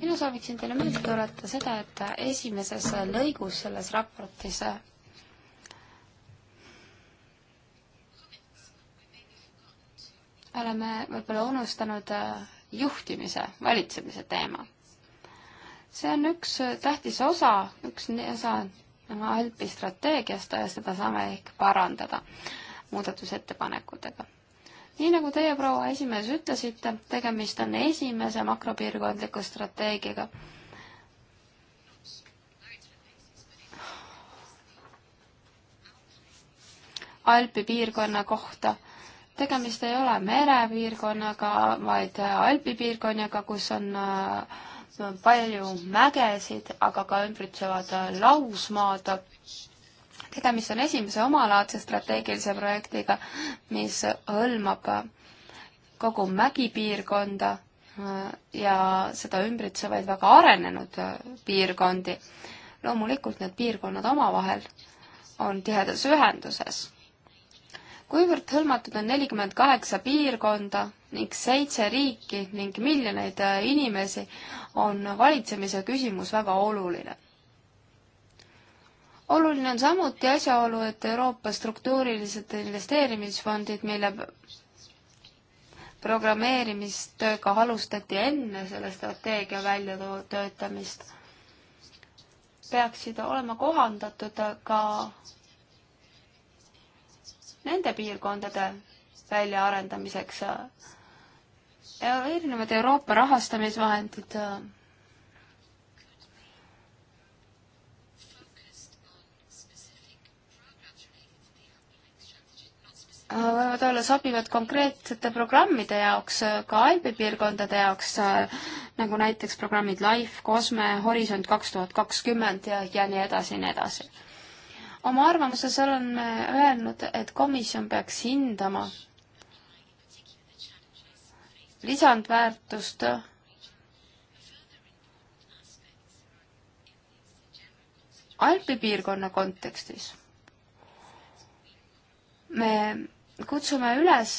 mina sooviksin teile meelde tuletada seda, et esimeses lõigus selles raportis oleme võib-olla unustanud äh, juhtimise, valitsemise teema. see on üks äh, tähtis osa, üks osa ALP-i strateegiast ja seda saame ehk parandada muudatusettepanekutega. nii nagu teie, proua esimees, ütlesite, tegemist on esimese makropiirkondliku strateegiaga. ALP-i piirkonna kohta tegemist ei ole merepiirkonnaga, vaid alpipiirkonnaga, kus on äh, palju mägesid, aga ka ümbritsevad lausmaad. tegemist on esimese omalaadse strateegilise projektiga, mis hõlmab kogu mägipiirkonda äh, ja seda ümbritsevaid väga arenenud äh, piirkondi. loomulikult need piirkonnad omavahel on tihedas ühenduses kuivõrd hõlmatud on nelikümmend kaheksa piirkonda ning seitse riiki ning miljoneid äh, inimesi, on valitsemise küsimus väga oluline. oluline on samuti asjaolu, et Euroopa struktuurilised investeerimisfondid, mille programmeerimistööga alustati enne selle strateegia väljatöötamist, peaksid olema kohandatud ka nende piirkondade väljaarendamiseks. erinevad Euroopa rahastamisvahendid äh, võivad olla sobivad konkreetsete programmide jaoks, ka Albi piirkondade jaoks, äh, nagu näiteks programmid LIFE, COSME, Horisont kaks tuhat kakskümmend ja, ja nii edasi ja nii edasi oma arvamuses oleme öelnud, et komisjon peaks hindama lisandväärtust Alpi piirkonna kontekstis. me kutsume üles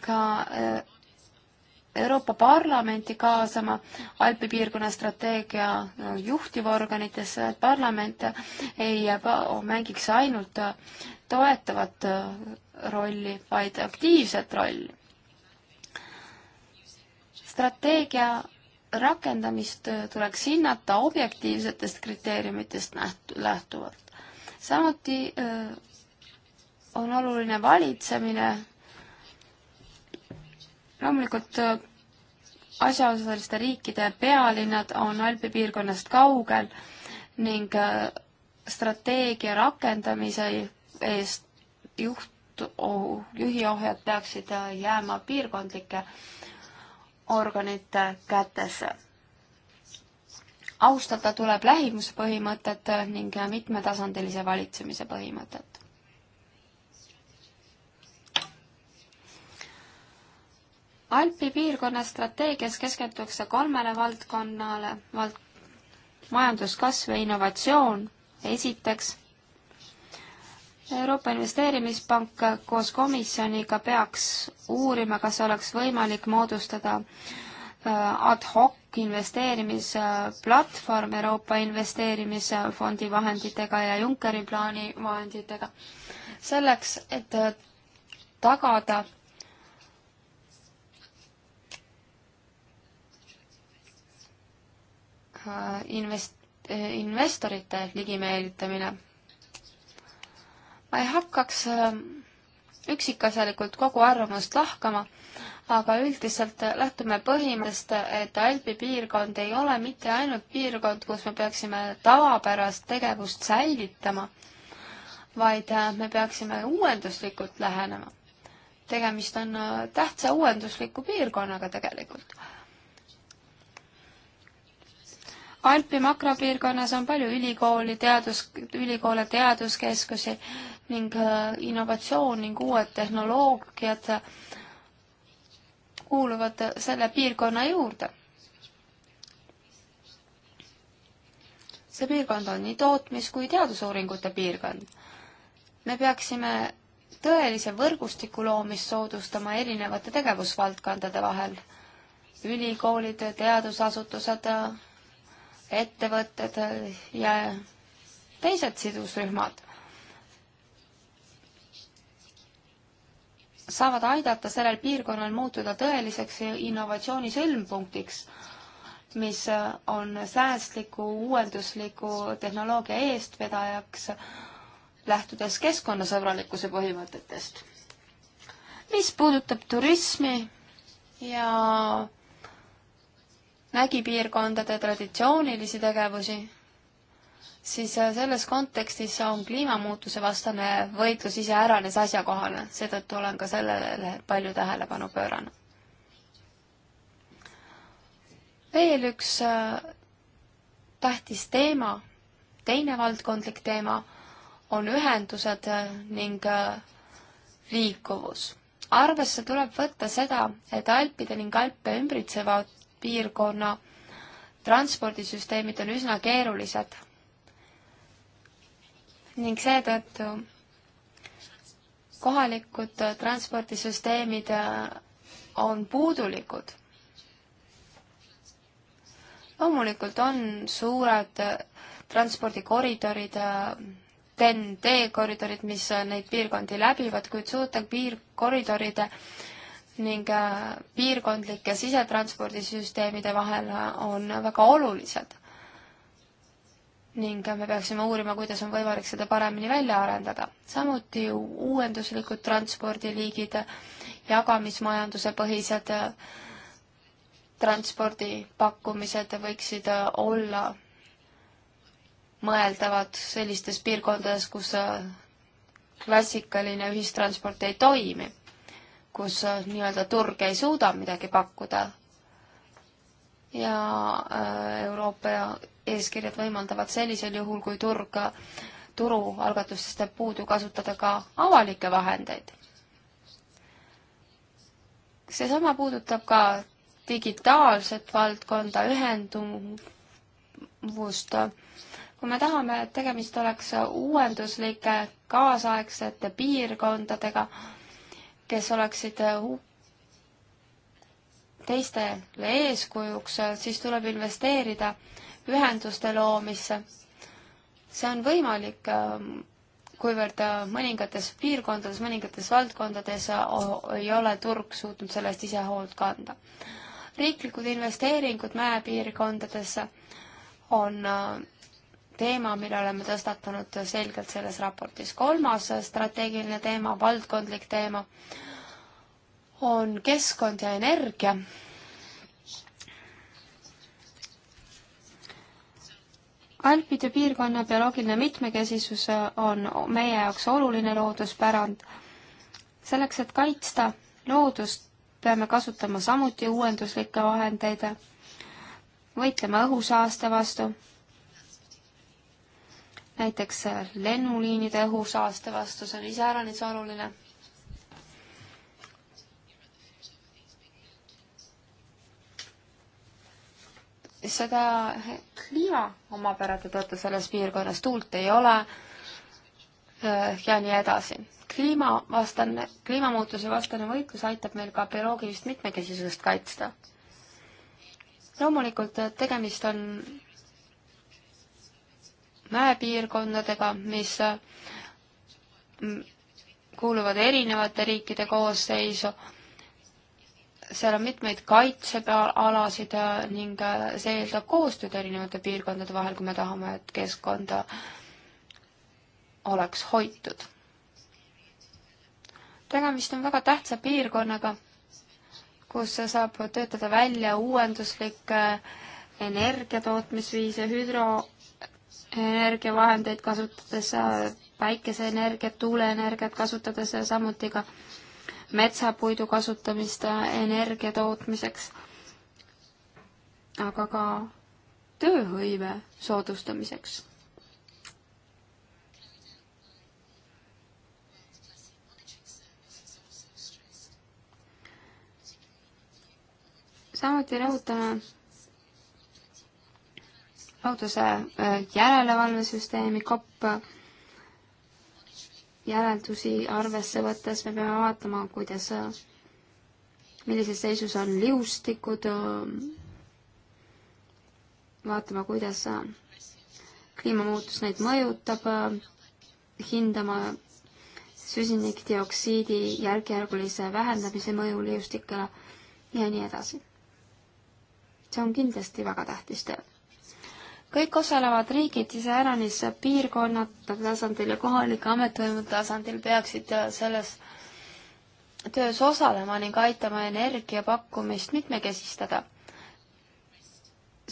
ka äh, Euroopa Parlamenti kaasama Alpi piirkonna strateegia juhtivorganitesse, et parlament ei mängiks ainult toetavat rolli, vaid aktiivset rolli. strateegia rakendamist tuleks hinnata objektiivsetest kriteeriumitest näht-, lähtuvalt. samuti öö, on oluline valitsemine loomulikult äh, asjaosaliste riikide pealinnad on Alpi piirkonnast kaugel ning äh, strateegia rakendamise eest juht, juhiohjad peaksid äh, jääma piirkondlike organite kätesse. austada tuleb lähimuspõhimõtet ning mitmetasandilise valitsemise põhimõtet. Alpi piirkonna strateegias keskendutakse kolmele valdkonnale vald,, majanduskasv ja innovatsioon esiteks. Euroopa Investeerimispank koos komisjoniga peaks uurima, kas oleks võimalik moodustada äh, ad hoc investeerimisplatvorm Euroopa Investeerimisfondi vahenditega ja Junckeri plaani vahenditega selleks, et äh, tagada Äh, invest-, äh, investorite ligimeelitamine. ma ei hakkaks äh, üksikasjalikult kogu arvamust lahkama, aga üldiselt lähtume põhimõttest, et Alpi piirkond ei ole mitte ainult piirkond, kus me peaksime tavapärast tegevust säilitama, vaid me peaksime uuenduslikult lähenema. tegemist on tähtsa uuendusliku piirkonnaga tegelikult Alpi makropiirkonnas on palju ülikooli, teadus, ülikoole, teaduskeskusi ning äh, innovatsioon ning uued tehnoloogiad kuuluvad selle piirkonna juurde. see piirkond on nii tootmis- kui teadusuuringute piirkond. me peaksime tõelise võrgustiku loomist soodustama erinevate tegevusvaldkondade vahel, ülikoolid, teadusasutused ettevõtted ja teised sidusrühmad saavad aidata sellel piirkonnal muutuda tõeliseks innovatsiooni sõlmpunktiks, mis on säästliku, uuendusliku tehnoloogia eestvedajaks, lähtudes keskkonnasõbralikkuse põhimõtetest. mis puudutab turismi ja nägi piirkondade traditsioonilisi tegevusi, siis äh, selles kontekstis on kliimamuutuse vastane võitlus iseäranis asjakohane, seetõttu olen ka sellele palju tähelepanu pööranud. veel üks äh, tähtis teema, teine valdkondlik teema on ühendused äh, ning liikuvus. arvesse tuleb võtta seda, et Alpide ning Alpe ümbritseva piirkonna transpordisüsteemid on üsna keerulised. ning seetõttu kohalikud transpordisüsteemid äh, on puudulikud. loomulikult on suured äh, transpordikoridorid, TEN-T äh, koridorid, mis neid piirkondi läbivad, kuid suurte piirkoridoride ning äh, piirkondlike sisetranspordisüsteemide vahel äh, on väga olulised. ning äh, me peaksime uurima, kuidas on võimalik seda paremini välja arendada. samuti uuenduslikud transpordiliigid, jagamismajanduse põhised transpordipakkumised võiksid olla mõeldavad sellistes piirkondades, kus klassikaline ühistransport ei toimi kus äh, nii-öelda turg ei suuda midagi pakkuda ja äh, Euroopa eeskirjad võimaldavad sellisel juhul, kui turg, turualgatustest jääb puudu, kasutada ka avalikke vahendeid. seesama puudutab ka digitaalset valdkonda, ühenduvust. kui me tahame, et tegemist oleks uuenduslike kaasaegsete piirkondadega, kes oleksid äh, teistele eeskujuks, äh, siis tuleb investeerida ühenduste loomisse. see on võimalik, ähm, kuivõrd äh, mõningates piirkondades, mõningates valdkondades ei ole turg suutnud selle eest ise hoolt kanda. riiklikud investeeringud mäepiirkondadesse on teema, mille oleme tõstatanud selgelt selles raportis. kolmas strateegiline teema, valdkondlik teema on keskkond ja energia. Alpide piirkonna bioloogiline mitmekesisus on meie jaoks oluline looduspärand. selleks, et kaitsta loodust, peame kasutama samuti uuenduslikke vahendeid, võitlema õhusaaste vastu näiteks äh, lennuliinide õhusaaste vastu, see on iseäranis oluline. seda kliima omapärade tõttu selles piirkonnas tuult ei ole äh, ja nii edasi. kliimavastane, kliimamuutuse vastane võitlus aitab meil ka bioloogilist mitmekesisust kaitsta. loomulikult äh, tegemist on mäepiirkondadega, mis mm, kuuluvad erinevate riikide koosseisu. seal on mitmeid kaitsealasid äh, ning äh, see eeldab koostööd erinevate piirkondade vahel, kui me tahame, et keskkonda oleks hoitud. tegemist on väga tähtsa piirkonnaga, kus saab töötada välja uuenduslikke energiatootmisviise, hüdro energiavahendeid kasutades, päikeseenergiat, tuuleenergiat kasutades ja samuti ka metsapuidu kasutamist energia tootmiseks, aga ka tööhõive soodustamiseks. samuti rõhutame ootuse äh, järelevalvesüsteemi kopp äh, järeldusi arvesse võttes me peame vaatama, kuidas, äh, millises seisus on liustikud, vaatama, kuidas kliimamuutus neid mõjutab, hindama süsinikdioksiidi järkjärgulise vähendamise mõju liustikele ja nii edasi. see on kindlasti väga tähtis töö kõik osalevad riigid iseäranis piirkonna tasandil ja kohalike ametivõimude tasandil peaksid selles töös osalema ning aitama energia pakkumist mitmekesistada.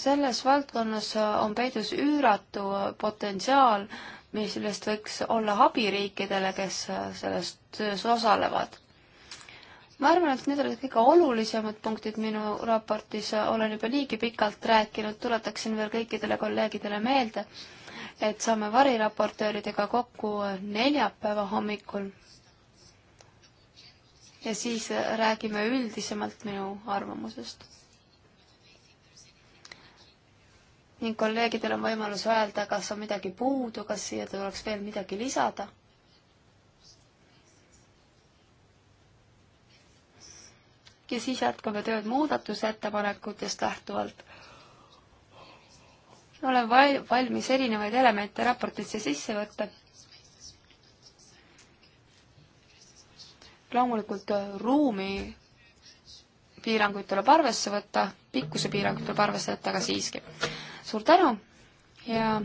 selles valdkonnas on peidus üüratu potentsiaal, millest võiks olla abi riikidele, kes selles töös osalevad ma arvan, et need olid kõige olulisemad punktid minu raportis, olen juba liigi pikalt rääkinud, tuletaksin veel kõikidele kolleegidele meelde, et saame variraportööridega kokku neljapäeva hommikul. ja siis räägime üldisemalt minu arvamusest. ning kolleegidel on võimalus öelda, kas on midagi puudu, kas siia tuleks veel midagi lisada ja siis jätkame tööd muudatusettepanekutest lähtuvalt. olen val-, valmis erinevaid elemente raportisse sisse võtta. loomulikult äh, ruumi piiranguid tuleb arvesse võtta, pikkuse piiranguid tuleb arvesse võtta, aga siiski. suur tänu ja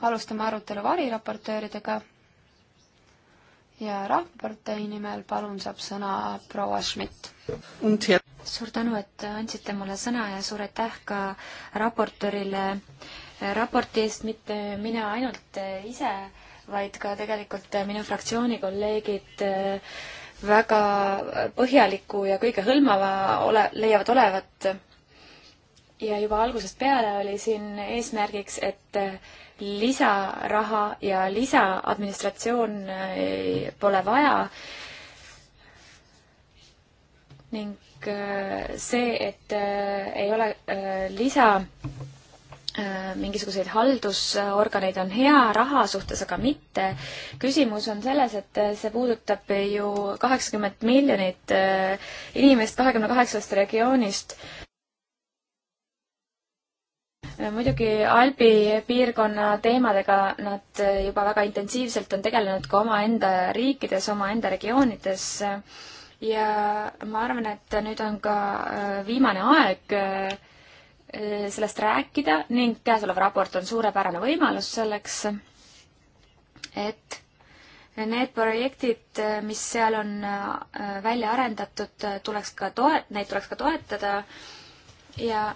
alustame arutelu variraportööridega ja Rahvapartei nimel palun saab sõna proua Schmidt. suur tänu, et andsite mulle sõna ja suur aitäh ka raportöörile eh, raporti eest, mitte mina ainult eh, ise, vaid ka tegelikult eh, minu fraktsiooni kolleegid väga põhjaliku ja kõigehõlmava ole, leiavad olevat. ja juba algusest peale oli siin eesmärgiks, et lisaraha ja lisaadministratsioon eh, pole vaja ning eh, see, et eh, ei ole lisa mingisuguseid haldusorganeid on hea, raha suhtes aga mitte. küsimus on selles, et see puudutab ju kaheksakümmet miljonit inimest kahekümne kaheksast regioonist muidugi Albi piirkonna teemadega nad juba väga intensiivselt on tegelenud ka omaenda riikides, omaenda regioonides ja ma arvan, et nüüd on ka äh, viimane aeg äh, sellest rääkida ning käesolev raport on suurepärane võimalus selleks, et need projektid, mis seal on äh, välja arendatud, tuleks ka toet-, neid tuleks ka toetada ja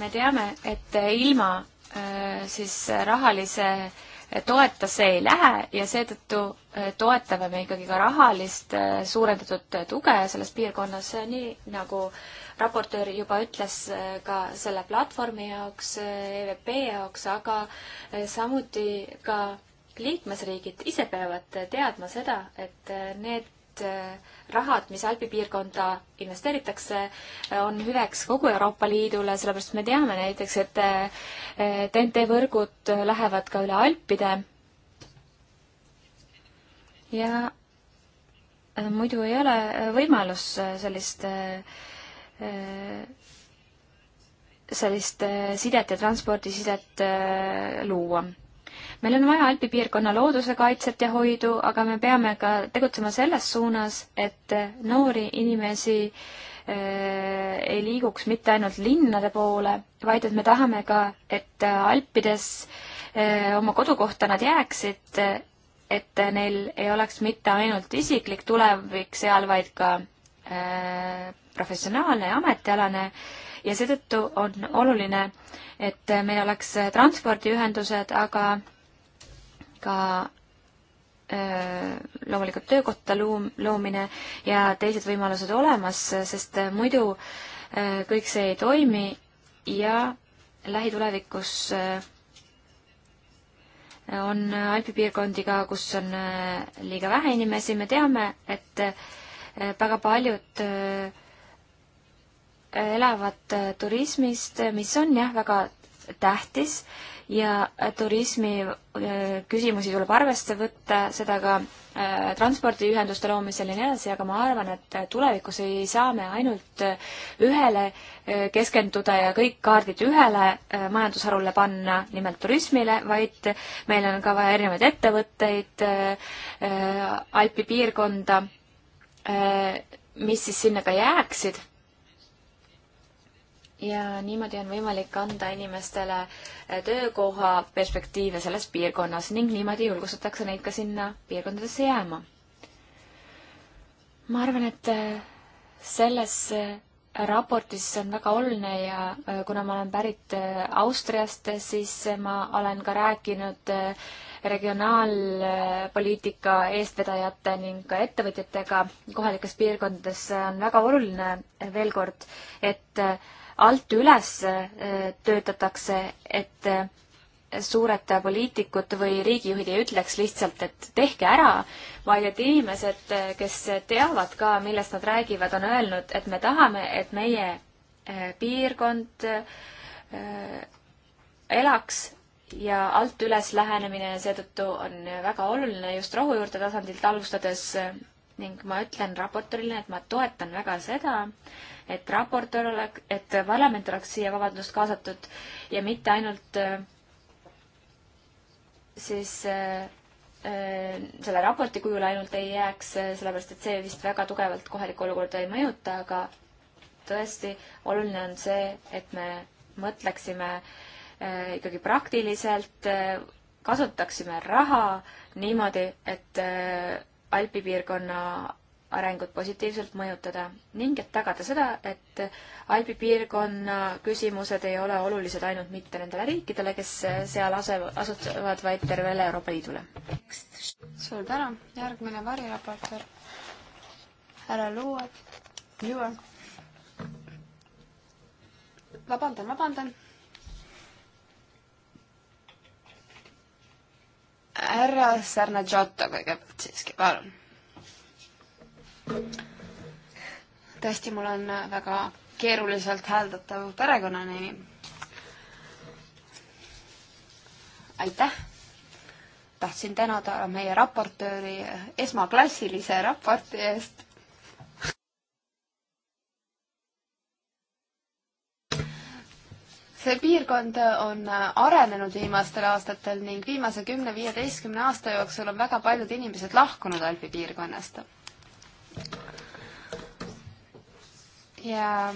me teame, et ilma äh, siis rahalise äh, toeta see ei lähe ja seetõttu äh, toetame me ikkagi ka rahalist suurendatud tuge selles piirkonnas, nii nagu raportöör juba ütles ka selle platvormi jaoks, EVP jaoks, aga samuti ka liikmesriigid ise peavad teadma seda, et need need äh, rahad, mis Alpi piirkonda investeeritakse, äh, on hüveks kogu Euroopa Liidule, sellepärast me teame näiteks, et äh, TNT võrgud lähevad ka üle Alpide. ja muidu ei ole võimalus sellist, sellist sidet ja transpordisidet luua meil on vaja Alpi piirkonna looduse kaitset ja hoidu, aga me peame ka tegutsema selles suunas, et noori inimesi äh, ei liiguks mitte ainult linnade poole, vaid et me tahame ka, et Alpides äh, oma kodukohta nad jääksid, et neil ei oleks mitte ainult isiklik tulevik seal, vaid ka äh, professionaalne ja ametialane ja seetõttu on oluline, et meil oleks transpordiühendused, aga ka loomulikult töökohta luum-, loomine ja teised võimalused olemas, sest muidu kõik see ei toimi ja lähitulevikus on Alpi piirkondi ka, kus on liiga vähe inimesi, me teame, et väga paljud elavad turismist, mis on jah, väga tähtis ja turismi äh, küsimusi tuleb arvesse võtta, seda ka äh, transpordiühenduste loomisel ja nii edasi, aga ma arvan, et äh, tulevikus ei saa me ainult ühele keskenduda ja kõik kaardid ühele majandusharule panna, nimelt turismile, vaid meil on ka vaja erinevaid ettevõtteid, Alpi piirkonda, mis siis sinna ka jääksid ja niimoodi on võimalik anda inimestele eh, töökoha perspektiive selles piirkonnas ning niimoodi julgustatakse neid ka sinna piirkondadesse jääma. ma arvan, et eh, selles eh, raportis on väga oluline ja kuna ma olen pärit Austriast, siis ma olen ka rääkinud regionaalpoliitika eestvedajate ning ka ettevõtjatega kohalikes piirkondades on väga oluline veel kord, et alt üles äh, töötatakse, et äh, suured poliitikud või riigijuhid ei ütleks lihtsalt, et tehke ära, vaid et inimesed, äh, kes teavad ka, millest nad räägivad, on öelnud, et me tahame, et meie piirkond elaks ja alt üles lähenemine seetõttu on väga oluline just rohujuurte tasandilt alustades ning ma ütlen raportorile, et ma toetan väga seda, et raportöör oleks, et parlament oleks siia, vabandust, kaasatud ja mitte ainult äh, siis äh, äh, selle raporti kujul ainult ei jääks, sellepärast et see vist väga tugevalt kohalikku olukorda ei mõjuta, aga tõesti oluline on see, et me mõtleksime ikkagi praktiliselt, kasutaksime raha niimoodi, et Alpi piirkonna arengut positiivselt mõjutada ning et tagada seda, et Albi piirkonna küsimused ei ole olulised ainult mitte nendele riikidele, kes seal ase-, asutsevad, vaid tervele Euroopa Liidule. suur tänu, järgmine variraportöör, härra Luue, Luue. vabandan, vabandan. härra Sarnadžoto kõigepealt siiski, palun tõesti, mul on väga keeruliselt hääldatav perekonnanimi. aitäh! tahtsin tänada meie raportööri esmaklassilise raporti eest. see piirkond on arenenud viimastel aastatel ning viimase kümne-viieteistkümne aasta jooksul on väga paljud inimesed lahkunud Alpi piirkonnast ja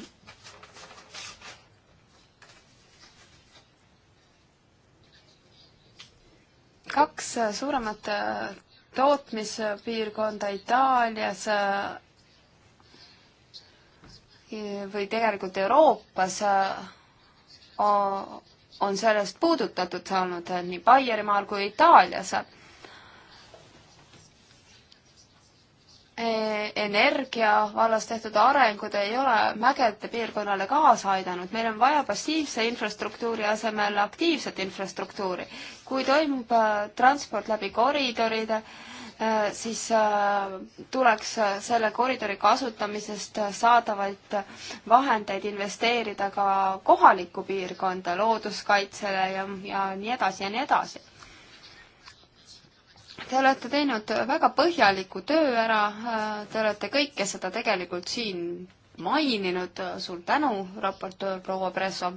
kaks suuremat äh, tootmispiirkonda Itaalias äh, või tegelikult Euroopas äh, on sellest puudutatud saanud nii Baierimaal kui Itaalias Eh, energia vallas tehtud arengud ei ole mägede piirkonnale kaasa aidanud, meil on vaja passiivse infrastruktuuri asemel aktiivset infrastruktuuri. kui toimub äh, transport läbi koridoride, äh, siis äh, tuleks selle koridori kasutamisest saadavaid vahendeid investeerida ka kohalikku piirkonda, looduskaitsele ja, ja nii edasi ja nii edasi Te olete teinud väga põhjaliku töö ära, te olete kõike seda tegelikult siin maininud, suur tänu, raportöör proua Presso.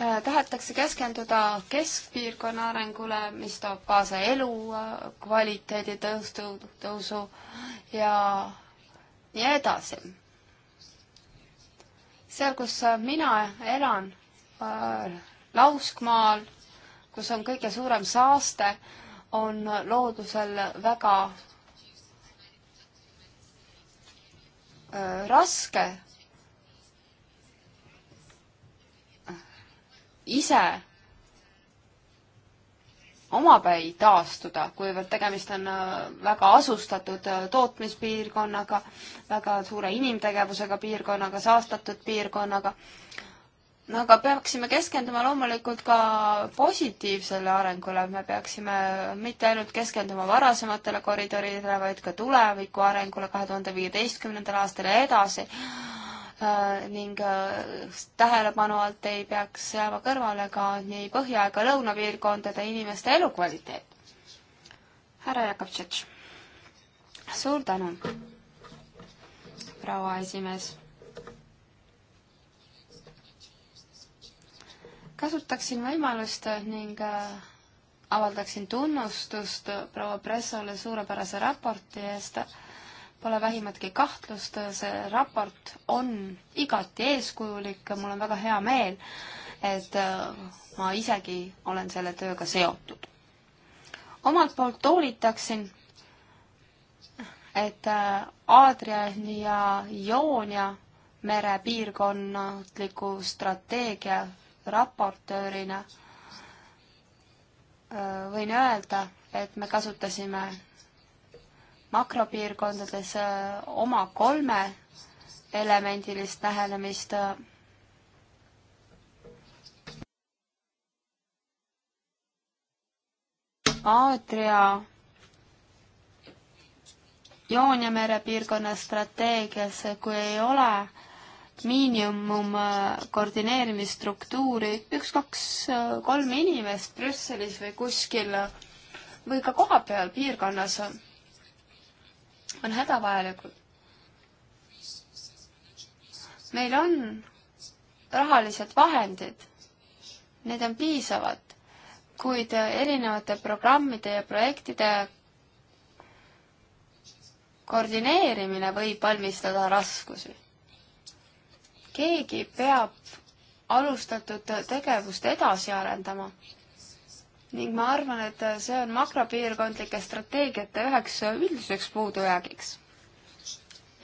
Äh, tahetakse keskenduda keskpiirkonna arengule, mis toob kaasa elukvaliteedi äh, tõustu, tõusu ja nii edasi. seal, kus mina elan Äh, lauskmaal, kus on kõige suurem saaste, on loodusel väga äh, raske ise omapäi taastuda, kuivõrd tegemist on äh, väga asustatud tootmispiirkonnaga, väga suure inimtegevusega piirkonnaga, saastatud piirkonnaga aga peaksime keskenduma loomulikult ka positiivsele arengule, me peaksime mitte ainult keskenduma varasematele koridoridele, vaid ka tuleviku arengule kahe tuhande viieteistkümnendal aastal ja edasi. Äh, ning äh, tähelepanu alt ei peaks jääma kõrvale ka nii põhja- ega lõunapiirkondade inimeste elukvaliteet. härra Jakobtšetš, suur tänu, proua esimees kasutaksin võimalust ning äh, avaldaksin tunnustust proua Pressole suurepärase raporti eest. Pole vähimatki kahtlust, see raport on igati eeskujulik, mul on väga hea meel, et äh, ma isegi olen selle tööga seotud. omalt poolt toolitaksin, et äh, Aadria ja Joonia merepiirkondliku strateegia raportöörina võin öelda, et me kasutasime makropiirkondades oma kolme elemendilist lähenemist. Aadria Joonjamere piirkonna strateegias, kui ei ole miinimum äh, koordineerimisstruktuuri, üks, kaks, äh, kolm inimest Brüsselis või kuskil äh, või ka kohapeal piirkonnas on hädavajalikud. meil on rahalised vahendid, need on piisavad, kuid erinevate programmide ja projektide koordineerimine võib valmistada raskusi keegi peab alustatud tegevust edasi arendama. ning ma arvan, et see on makropiirkondlike strateegiate üheks üldiseks puudujäägiks.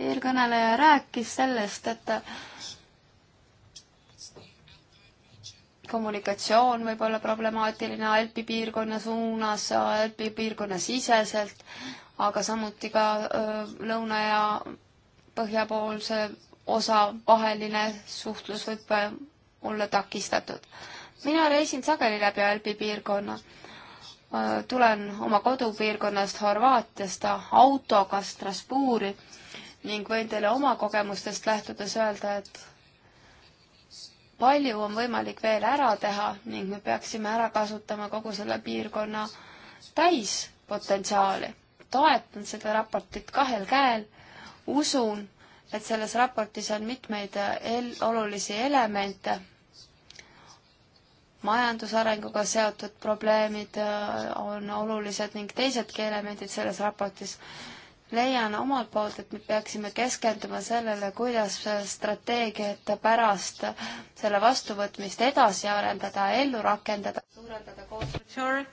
eelkõneleja rääkis sellest, et kommunikatsioon võib olla problemaatiline Alpi piirkonna suunas, Alpi piirkonna siseselt, aga samuti ka lõuna ja põhjapoolse osavaheline suhtlus võib äh, olla takistatud. mina reisin sageli läbi Albi piirkonna. Äh, tulen oma kodupiirkonnast Horvaatiast autoga Strasbourgi ning võin teile oma kogemustest lähtudes öelda, et palju on võimalik veel ära teha ning me peaksime ära kasutama kogu selle piirkonna täispotentsiaali. toetan seda raportit kahel käel, usun et selles raportis on mitmeid äh, el olulisi elemente, majandusarenguga seotud probleemid äh, on olulised ning teisedki elemendid selles raportis. leian omalt poolt, et me peaksime keskenduma sellele, kuidas äh, strateegiat pärast selle vastuvõtmist edasi arendada, ellu rakendada, suurendada koostööd.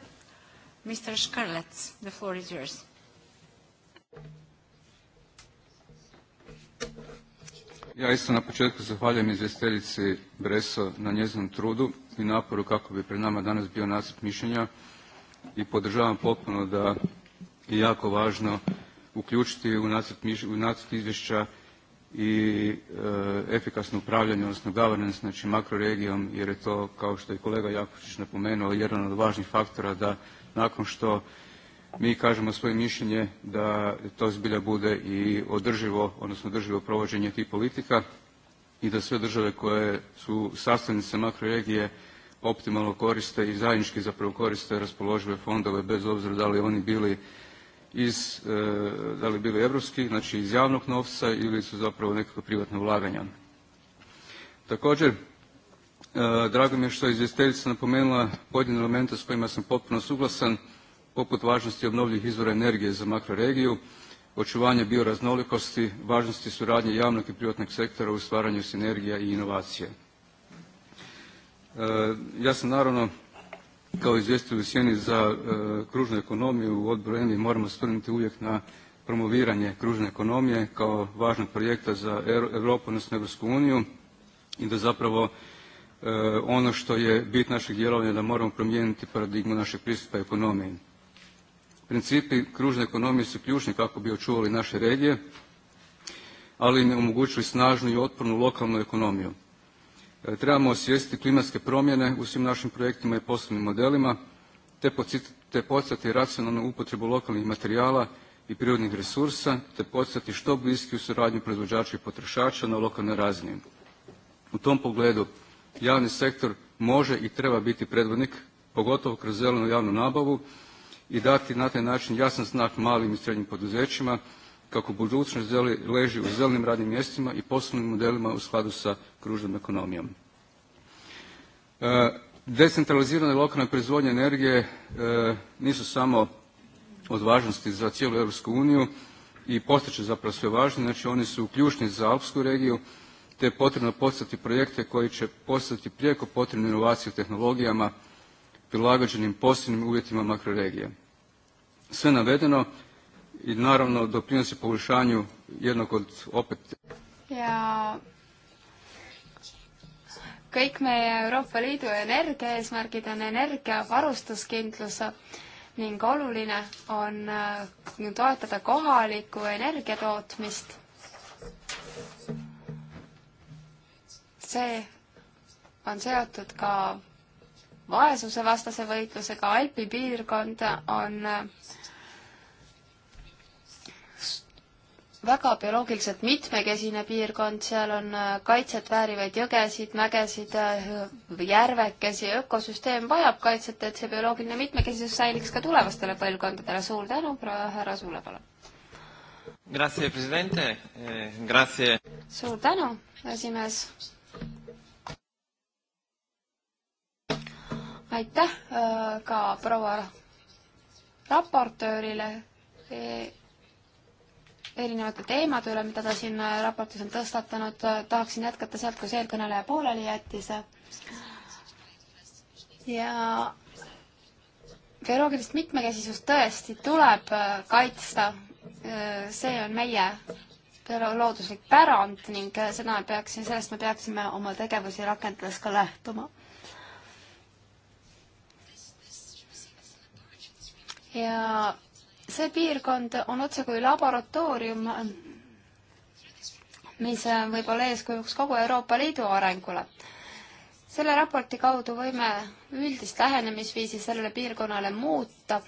Mr Scarlett, the floor is yours Ja isto na početku zahvaljujem izvjestiteljici Breso na njezinom trudu i naporu kako bi pred nama danas bio nacrt mišljenja i podržavam potpuno da je jako važno uključiti u nacrt, u nacrt izvješća i e, efikasno upravljanje, odnosno governance, znači makroregijom, jer je to, kao što je kolega Jakovčić napomenuo, jedan od važnih faktora da nakon što mi kažemo svoje mišljenje da to zbilja bude i održivo, odnosno održivo provođenje tih politika i da sve države koje su sastavnice makroregije optimalno koriste i zajednički zapravo koriste raspoložive fondove bez obzira da li oni bili iz, e, da li bili evropski, znači iz javnog novca ili su zapravo nekakve privatne ulaganja. Također, e, drago mi je što je izvjestiteljica napomenula pojedine elemente s kojima sam potpuno suglasan, poput važnosti obnovljivih izvora energije za makroregiju, očuvanje bioraznolikosti, važnosti suradnje javnog i privatnog sektora u stvaranju sinergija i inovacije. E, ja sam naravno kao izvjestitelj u sjeni za e, kružnu ekonomiju u odboru ENI moramo svrnuti uvijek na promoviranje kružne ekonomije kao važnog projekta za Europu, odnosno Europsku uniju i da zapravo e, ono što je bit našeg djelovanja da moramo promijeniti paradigmu našeg pristupa ekonomiji. Principi kružne ekonomije su ključni kako bi očuvali naše regije, ali im omogućili snažnu i otpornu lokalnu ekonomiju. E, trebamo osvijestiti klimatske promjene u svim našim projektima i poslovnim modelima, te, te podsjeti racionalnu upotrebu lokalnih materijala i prirodnih resursa, te podsjeti što bliski u suradnju proizvođača i potrošača na lokalnoj razini. U tom pogledu javni sektor može i treba biti predvodnik, pogotovo kroz zelenu javnu nabavu, i dati na taj način jasan znak malim i srednjim poduzećima kako budućnost leži u zelenim radnim mjestima i poslovnim modelima u skladu sa kružnom ekonomijom. E, Decentralizirana lokalna proizvodnja energije e, nisu samo od važnosti za cijelu Europsku uniju i postaće zapravo sve važni, znači oni su ključni za Alpsku regiju, te je potrebno postati projekte koji će postati prijeko potrebne inovacije u tehnologijama prilagođenim posebnim uvjetima makroregije. Sve navedeno i naravno doprinosi poboljšanju jednog od opet. ja kõik meie Euroopa Liidu energiaeesmärgid on energiavarustuskindluse ning oluline on äh, toetada kohalikku energiatootmist. see on seotud ka vaesusevastase võitlusega, Alpi piirkond on äh, väga bioloogiliselt mitmekesine piirkond, seal on äh, kaitset väärivaid jõgesid, mägesid, äh, järvekesi, ökosüsteem vajab kaitset, et see bioloogiline mitmekesisus säiliks ka tulevastele põlvkondadele. suur tänu, proua härra Suule, palun! Grazie, presidente, eh, grazie! suur tänu, esimees! aitäh äh, ka proua raportöörile e erinevate teemade üle, mida ta siin äh, raportis on tõstatanud, äh, tahaksin jätkata sealt, kus eelkõneleja pooleli jättis. ja bioloogilist mitmekesisust tõesti tuleb äh, kaitsta, see on meie looduslik pärand ning seda me peaksime, sellest me peaksime oma tegevusi rakendades ka lähtuma. ja see piirkond on otsekui laboratoorium, mis äh, võib olla eeskujuks kogu Euroopa Liidu arengule. selle raporti kaudu võime üldist lähenemisviisi sellele piirkonnale muuta.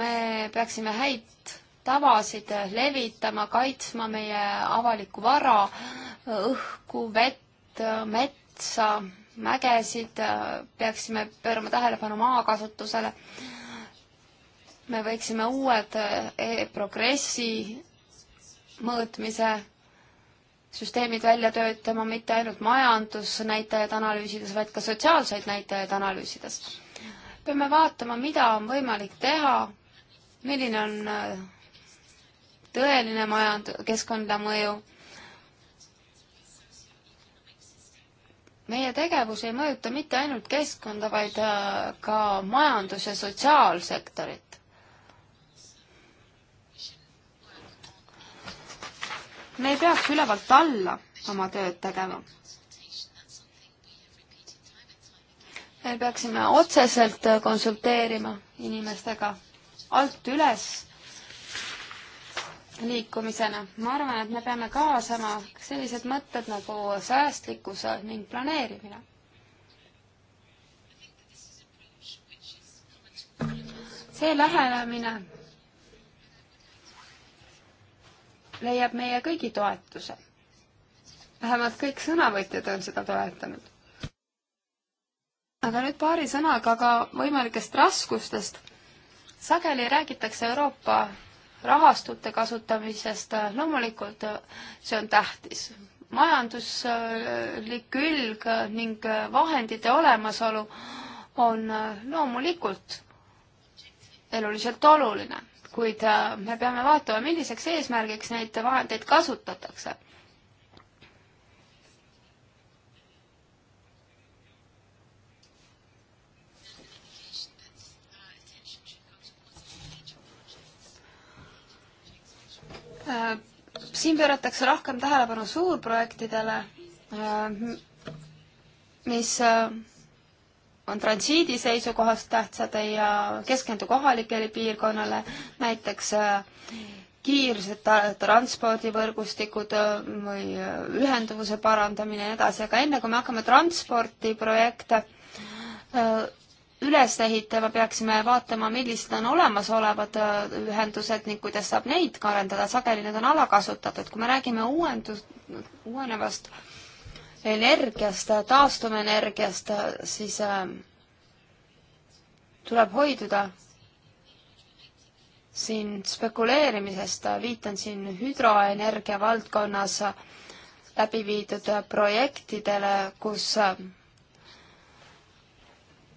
me peaksime häid tavasid levitama, kaitsma meie avalikku vara, õhku, vett, metsa, mägesid, peaksime pöörama tähelepanu maakasutusele me võiksime uued e eh, progressi mõõtmise süsteemid välja töötama mitte ainult majandusnäitajaid analüüsides, vaid ka sotsiaalseid näitajaid analüüsides. peame vaatama, mida on võimalik teha, milline on eh, tõeline majand-, keskkonnamõju. meie tegevus ei mõjuta mitte ainult keskkonda, vaid eh, ka majandus- ja sotsiaalsektorit. me ei peaks ülevalt alla oma tööd tegema. me peaksime otseselt konsulteerima inimestega alt üles liikumisena. ma arvan, et me peame kaasama sellised mõtted nagu säästlikkus ning planeerimine. see lähenemine leiab meie kõigi toetuse. vähemalt kõik sõnavõtjad on seda toetanud. aga nüüd paari sõnaga ka võimalikest raskustest. sageli räägitakse Euroopa rahastute kasutamisest, loomulikult see on tähtis. majanduslik külg ning vahendite olemasolu on loomulikult eluliselt oluline kuid äh, me peame vaatama, milliseks eesmärgiks neid vahendeid kasutatakse. Äh, siin pööratakse rohkem tähelepanu suurprojektidele, äh, mis on transiidi seisukohast tähtsad ja keskendu kohalikele piirkonnale, näiteks äh, kiirsed transpordivõrgustikud äh, või äh, ühenduvuse parandamine ja nii edasi, aga enne kui me hakkame transpordiprojekte üles ehitama, peaksime vaatama, millised on olemasolevad ühendused ning kuidas saab neid ka arendada, sageli need on alakasutatud. kui me räägime uuendus, uuenevast energiast, taastuvenergiast, siis äh, tuleb hoiduda siin spekuleerimisest, viitan siin hüdroenergia valdkonnas läbi viidud projektidele, kus äh,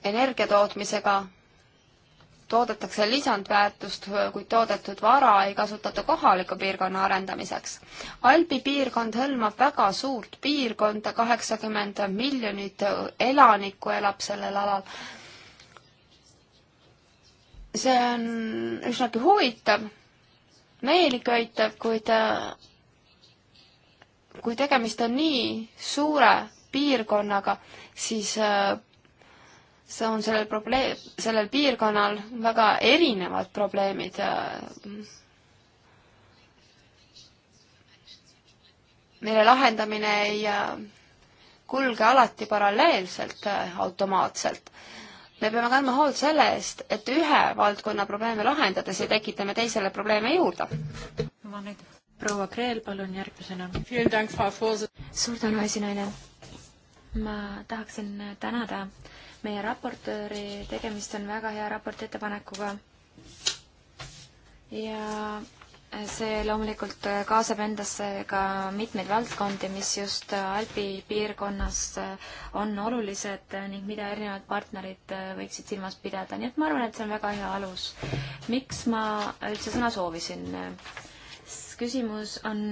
energiatootmisega toodetakse lisandväärtust, kuid toodetud vara ei kasutata kohaliku piirkonna arendamiseks. Albi piirkond hõlmab väga suurt piirkonda, kaheksakümmend miljonit elanikku elab sellel alal. see on üsnagi huvitav, meeliköitev, kuid kui tegemist on nii suure piirkonnaga, siis äh, see on sellel probleem, sellel piirkonnal väga erinevad probleemid. Äh, mille lahendamine ei äh, kulge alati paralleelselt, äh, automaatselt. me peame kandma hoolt selle eest, et ühe valdkonna probleeme lahendades ei tekita me teisele probleeme juurde. proua Kreel, palun järgmisena. suur tänu, esinaine. ma tahaksin tänada äh, meie raportööri, tegemist on väga hea raporti ettepanekuga. ja see loomulikult kaasab endasse ka mitmeid valdkondi, mis just Alpi piirkonnas on olulised ning mida erinevad partnerid võiksid silmas pidada, nii et ma arvan, et see on väga hea alus. miks ma üldse sõna soovisin? küsimus on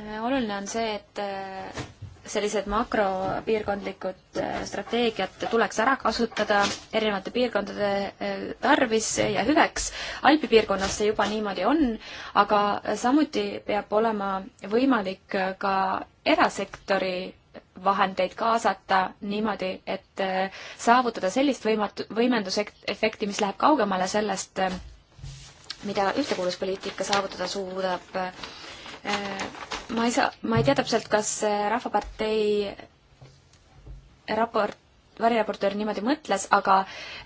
Äh, oluline on see, et äh, sellised makropiirkondlikud äh, strateegiad tuleks ära kasutada erinevate piirkondade tarvis ja hüveks. Alpi piirkonnas see juba niimoodi on, aga samuti peab olema võimalik ka erasektori vahendeid kaasata niimoodi, et saavutada sellist võimatu, võimendusefekti, mis läheb kaugemale sellest, mida ühtekuuluvuspoliitika saavutada suudab ma ei saa, ma ei tea täpselt, kas Rahvapartei raport, variraportöör niimoodi mõtles, aga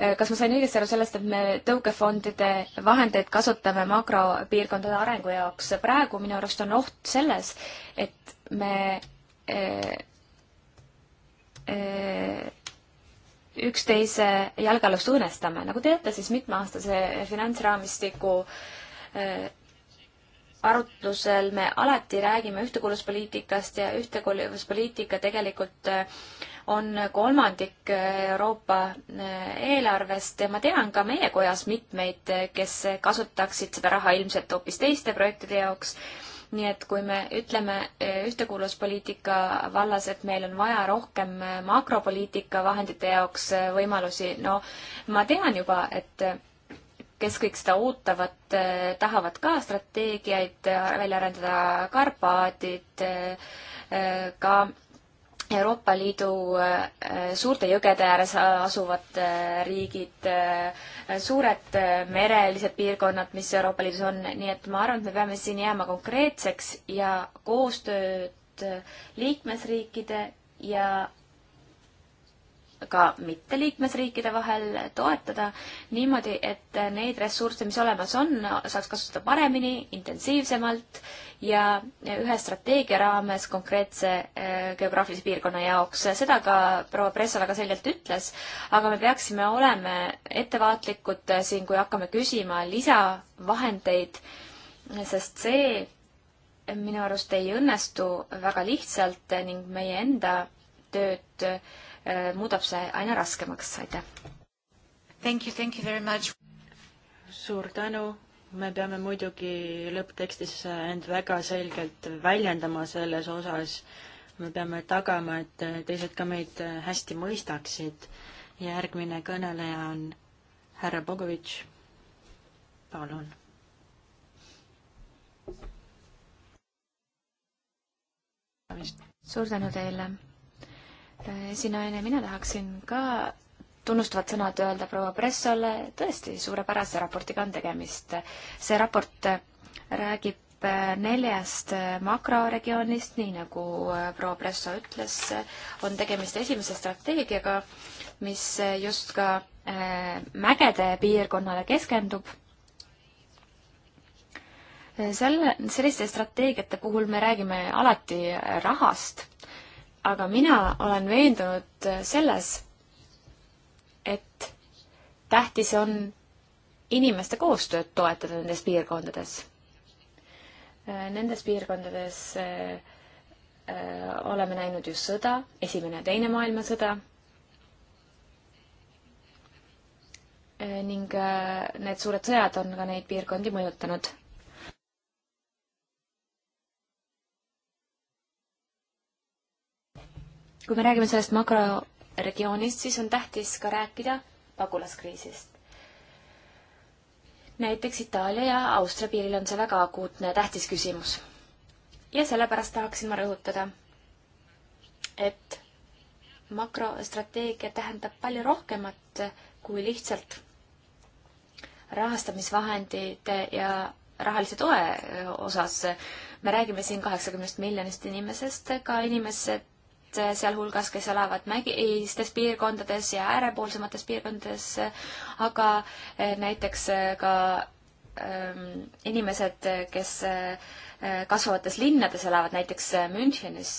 äh, kas ma sain õigesti aru sellest, et me tõukefondide vahendeid kasutame makropiirkondade arengu jaoks? praegu minu arust on oht selles, et me äh, äh, üksteise jalgealust õõnestame. nagu teate, siis mitmeaastase finantsraamistiku arutlusel me alati räägime ühtekuuluvuspoliitikast ja ühtekuuluvuspoliitika tegelikult äh, on kolmandik äh, Euroopa äh, eelarvest ja ma tean ka meie kojas mitmeid, kes kasutaksid seda raha ilmselt hoopis teiste projektide jaoks. nii et kui me ütleme ühtekuuluvuspoliitika vallas, et meil on vaja rohkem makropoliitika vahendite jaoks võimalusi, no ma tean juba, et kes kõik seda ootavad, eh, tahavad ka strateegiaid eh, välja arendada, Karpaadid, eh, ka Euroopa Liidu suurte jõgede ääres asuvad riigid, suured merelised piirkonnad, mis Euroopa Liidus on, nii et ma arvan, et me peame siin jääma konkreetseks ja koostööd liikmesriikide ja ka mitte liikmesriikide vahel toetada niimoodi, et neid ressursse, mis olemas on, saaks kasutada paremini, intensiivsemalt ja ühe strateegia raames konkreetse eh, geograafilise piirkonna jaoks. seda ka proua Pressal väga selgelt ütles, aga me peaksime olema ettevaatlikud siin, kui hakkame küsima lisavahendeid, sest see minu arust ei õnnestu väga lihtsalt ning meie enda tööd äh, Äh, muudab see aina raskemaks, aitäh. Thank you, thank you very much. suur tänu, me peame muidugi lõpptekstis end väga selgelt väljendama selles osas, me peame tagama, et teised ka meid hästi mõistaksid. järgmine kõneleja on härra Bogovitš, palun suur tänu teile esinaine, äh, mina tahaksin ka tunnustavad sõnad öelda proua Pressole, tõesti suurepärase raportiga on tegemist. see raport äh, räägib äh, neljast makroregioonist, nii nagu proua Presso ütles, on tegemist esimese strateegiaga, mis just ka mägede piirkonnale keskendub. selle, selliste strateegiate puhul me räägime alati rahast aga mina olen veendunud selles, et tähtis on inimeste koostööd toetada nendes piirkondades. Nendes piirkondades äh, äh, oleme näinud just sõda, Esimene ja Teine maailmasõda äh, ning need suured sõjad on ka neid piirkondi mõjutanud kui me räägime sellest makroregioonist, siis on tähtis ka rääkida pagulaskriisist. näiteks Itaalia ja Austria piiril on see väga akuutne ja tähtis küsimus. ja sellepärast tahaksin ma rõhutada, et makrostrateegia tähendab palju rohkemat kui lihtsalt rahastamisvahendid ja rahalise toe osas. me räägime siin kaheksakümnest miljonist inimesest, ka inimesed inimesed, äh, sealhulgas, kes elavad mägistes piirkondades ja äärepoolsemates piirkondades, aga äh, näiteks äh, ka ähm, inimesed, kes äh, kasvavates linnades elavad, näiteks Münchenis.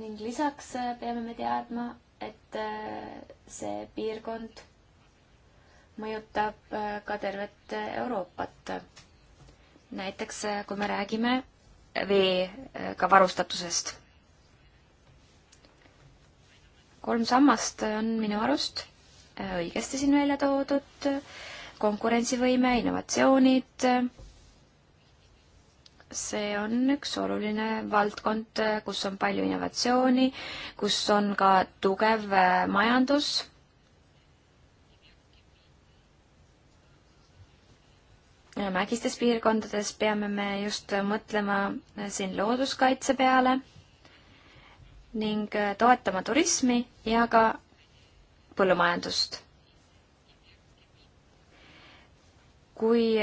ning lisaks peame me teadma, et see piirkond mõjutab ka tervet Euroopat näiteks kui me räägime veega eh, varustatusest. kolm sammast on minu arust eh, õigesti siin välja toodud, konkurentsivõime, innovatsioonid, see on üks oluline valdkond, eh, kus on palju innovatsiooni, kus on ka tugev majandus mägistes piirkondades peame me just mõtlema siin looduskaitse peale ning toetama turismi ja ka põllumajandust. kui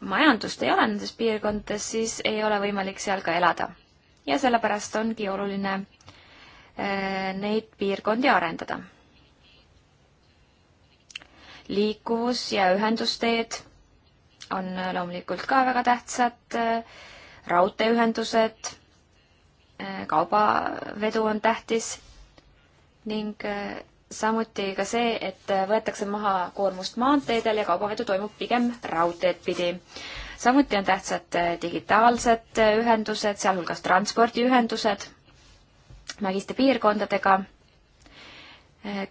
majandust ei ole nendes piirkondades, siis ei ole võimalik seal ka elada. ja sellepärast ongi oluline äh, neid piirkondi arendada. liikuvus ja ühendusteed on loomulikult ka väga tähtsad, raudteeühendused, kaubavedu on tähtis ning samuti ka see, et võetakse maha koormust maanteedel ja kaubavedu toimub pigem raudteed pidi. samuti on tähtsad digitaalsed ühendused, sealhulgas transpordiühendused mägiste piirkondadega,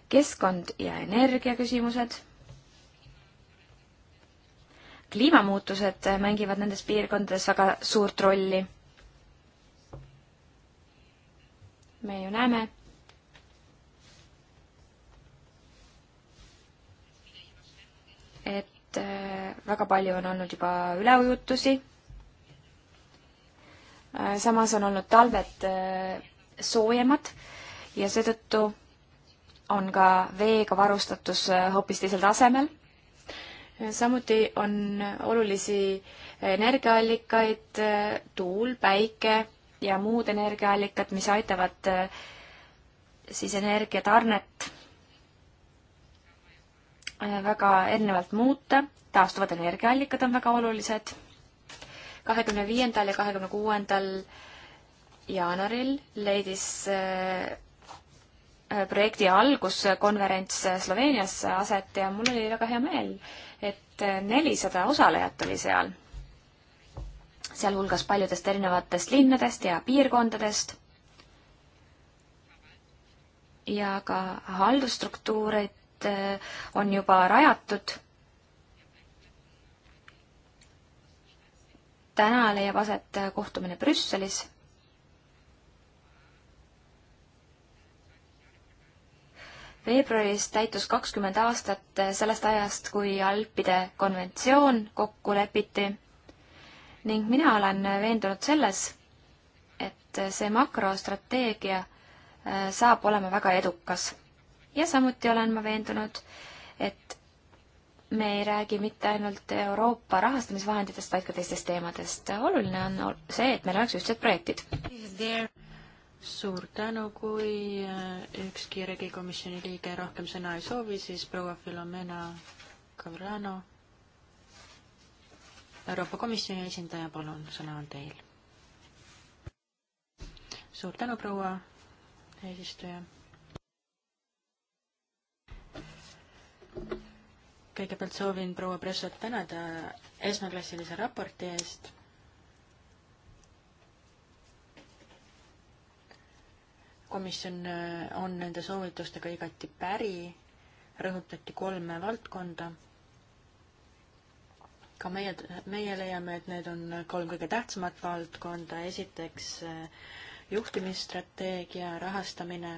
keskkond ja energiaküsimused kliimamuutused mängivad nendes piirkondades väga suurt rolli. me ju näeme. et äh, väga palju on olnud juba üleujutusi. Äh, samas on olnud talved äh, soojemad ja seetõttu on ka veega varustatus hoopis teisel tasemel samuti on olulisi energiaallikaid, tuul, päike ja muud energiaallikad, mis aitavad eh, siis energiatarnet eh, väga erinevalt muuta. taastuvad energiaallikad on väga olulised. kahekümne viiendal ja kahekümne kuuendal jaanuaril leidis eh, projekti alguskonverents Sloveenias aset ja mul oli väga hea meel tuhat nelisada osalejat oli seal, sealhulgas paljudest erinevatest linnadest ja piirkondadest ja ka haldusstruktuurid eh, on juba rajatud. täna leiab aset kohtumine Brüsselis veebruaris täitus kakskümmend aastat sellest ajast, kui Alpide konventsioon kokku lepiti ning mina olen veendunud selles, et see makrostrateegia äh, saab olema väga edukas. ja samuti olen ma veendunud, et me ei räägi mitte ainult Euroopa rahastamisvahenditest, vaid ka teistest teemadest. oluline on see, et meil oleks ühtsed projektid suur tänu, kui äh, ükski regikomisjoni liige rohkem sõna ei soovi, siis proua Filomena Cavrano, Euroopa Komisjoni esindaja, palun, sõna on teil. suur tänu, proua eesistuja. kõigepealt soovin proua Pressot tänada esmaklassilise raporti eest komisjon äh, on nende soovitustega igati päri, rõhutati kolme valdkonda. ka meie, meie leiame, et need on kolm kõige tähtsamat valdkonda, esiteks äh, juhtimisstrateegia rahastamine,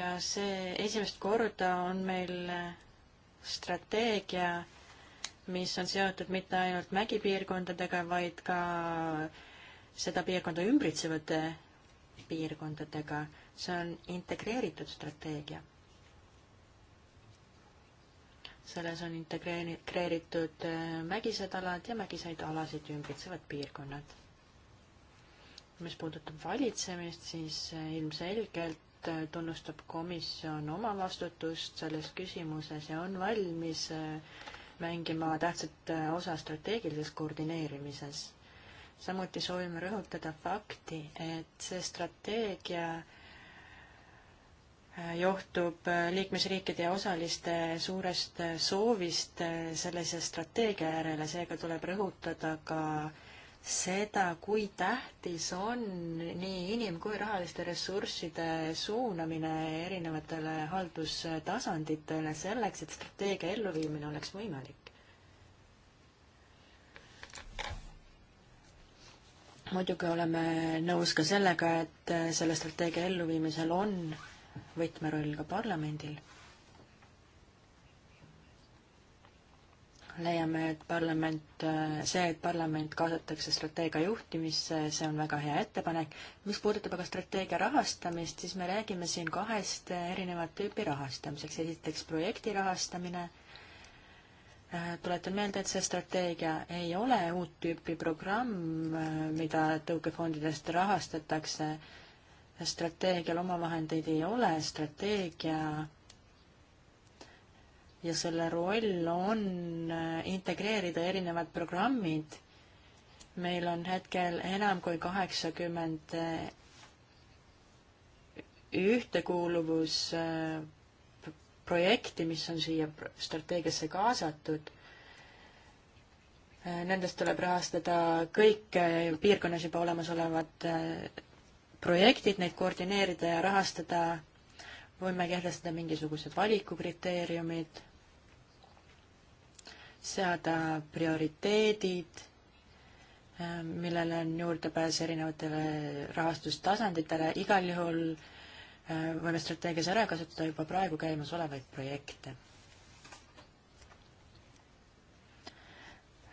ja see esimest korda on meil äh, strateegia mis on seotud mitte ainult mägipiirkondadega, vaid ka seda piirkonda ümbritsevate piirkondadega. see on integreeritud strateegia. selles on integreeritud äh, mägised alad ja mägiseid alasid ümbritsevad piirkonnad. mis puudutab valitsemist, siis äh, ilmselgelt äh, tunnustab komisjon oma vastutust selles küsimuses ja on valmis äh, mängima tähtsat äh, osa strateegilises koordineerimises. samuti soovime rõhutada fakti, et see strateegia äh, johtub äh, liikmesriikide ja osaliste suurest soovist sellise strateegia järele, seega tuleb rõhutada ka äh, seda, kui tähtis on nii inim- kui rahaliste ressursside suunamine erinevatele haldustasanditele selleks, et strateegia elluviimine oleks võimalik. muidugi oleme nõus ka sellega, et selle strateegia elluviimisel on võtmeroll ka parlamendil leiame, et parlament, äh, see, et parlament kaasatakse strateegia juhtimisse, see on väga hea ettepanek. mis puudutab aga strateegia rahastamist, siis me räägime siin kahest erinevat tüüpi rahastamiseks. esiteks projekti rahastamine. Äh, tuletan meelde, et see strateegia ei ole uut tüüpi programm, äh, mida tõukefondidest rahastatakse. strateegial omavahendeid ei ole, strateegia ja selle roll on äh, integreerida erinevad programmid. meil on hetkel enam kui kaheksakümmend äh, ühtekuuluvusprojekti, äh, mis on siia strateegiasse kaasatud Nendest tuleb rahastada kõik piirkonnas juba olemasolevad projektid, neid koordineerida ja rahastada. võime kehtestada mingisugused valikukriteeriumid seada prioriteedid, millele on juurdepääs erinevatele rahastustasanditele, igal juhul äh, võime strateegias ära kasutada juba praegu käimasolevaid projekte.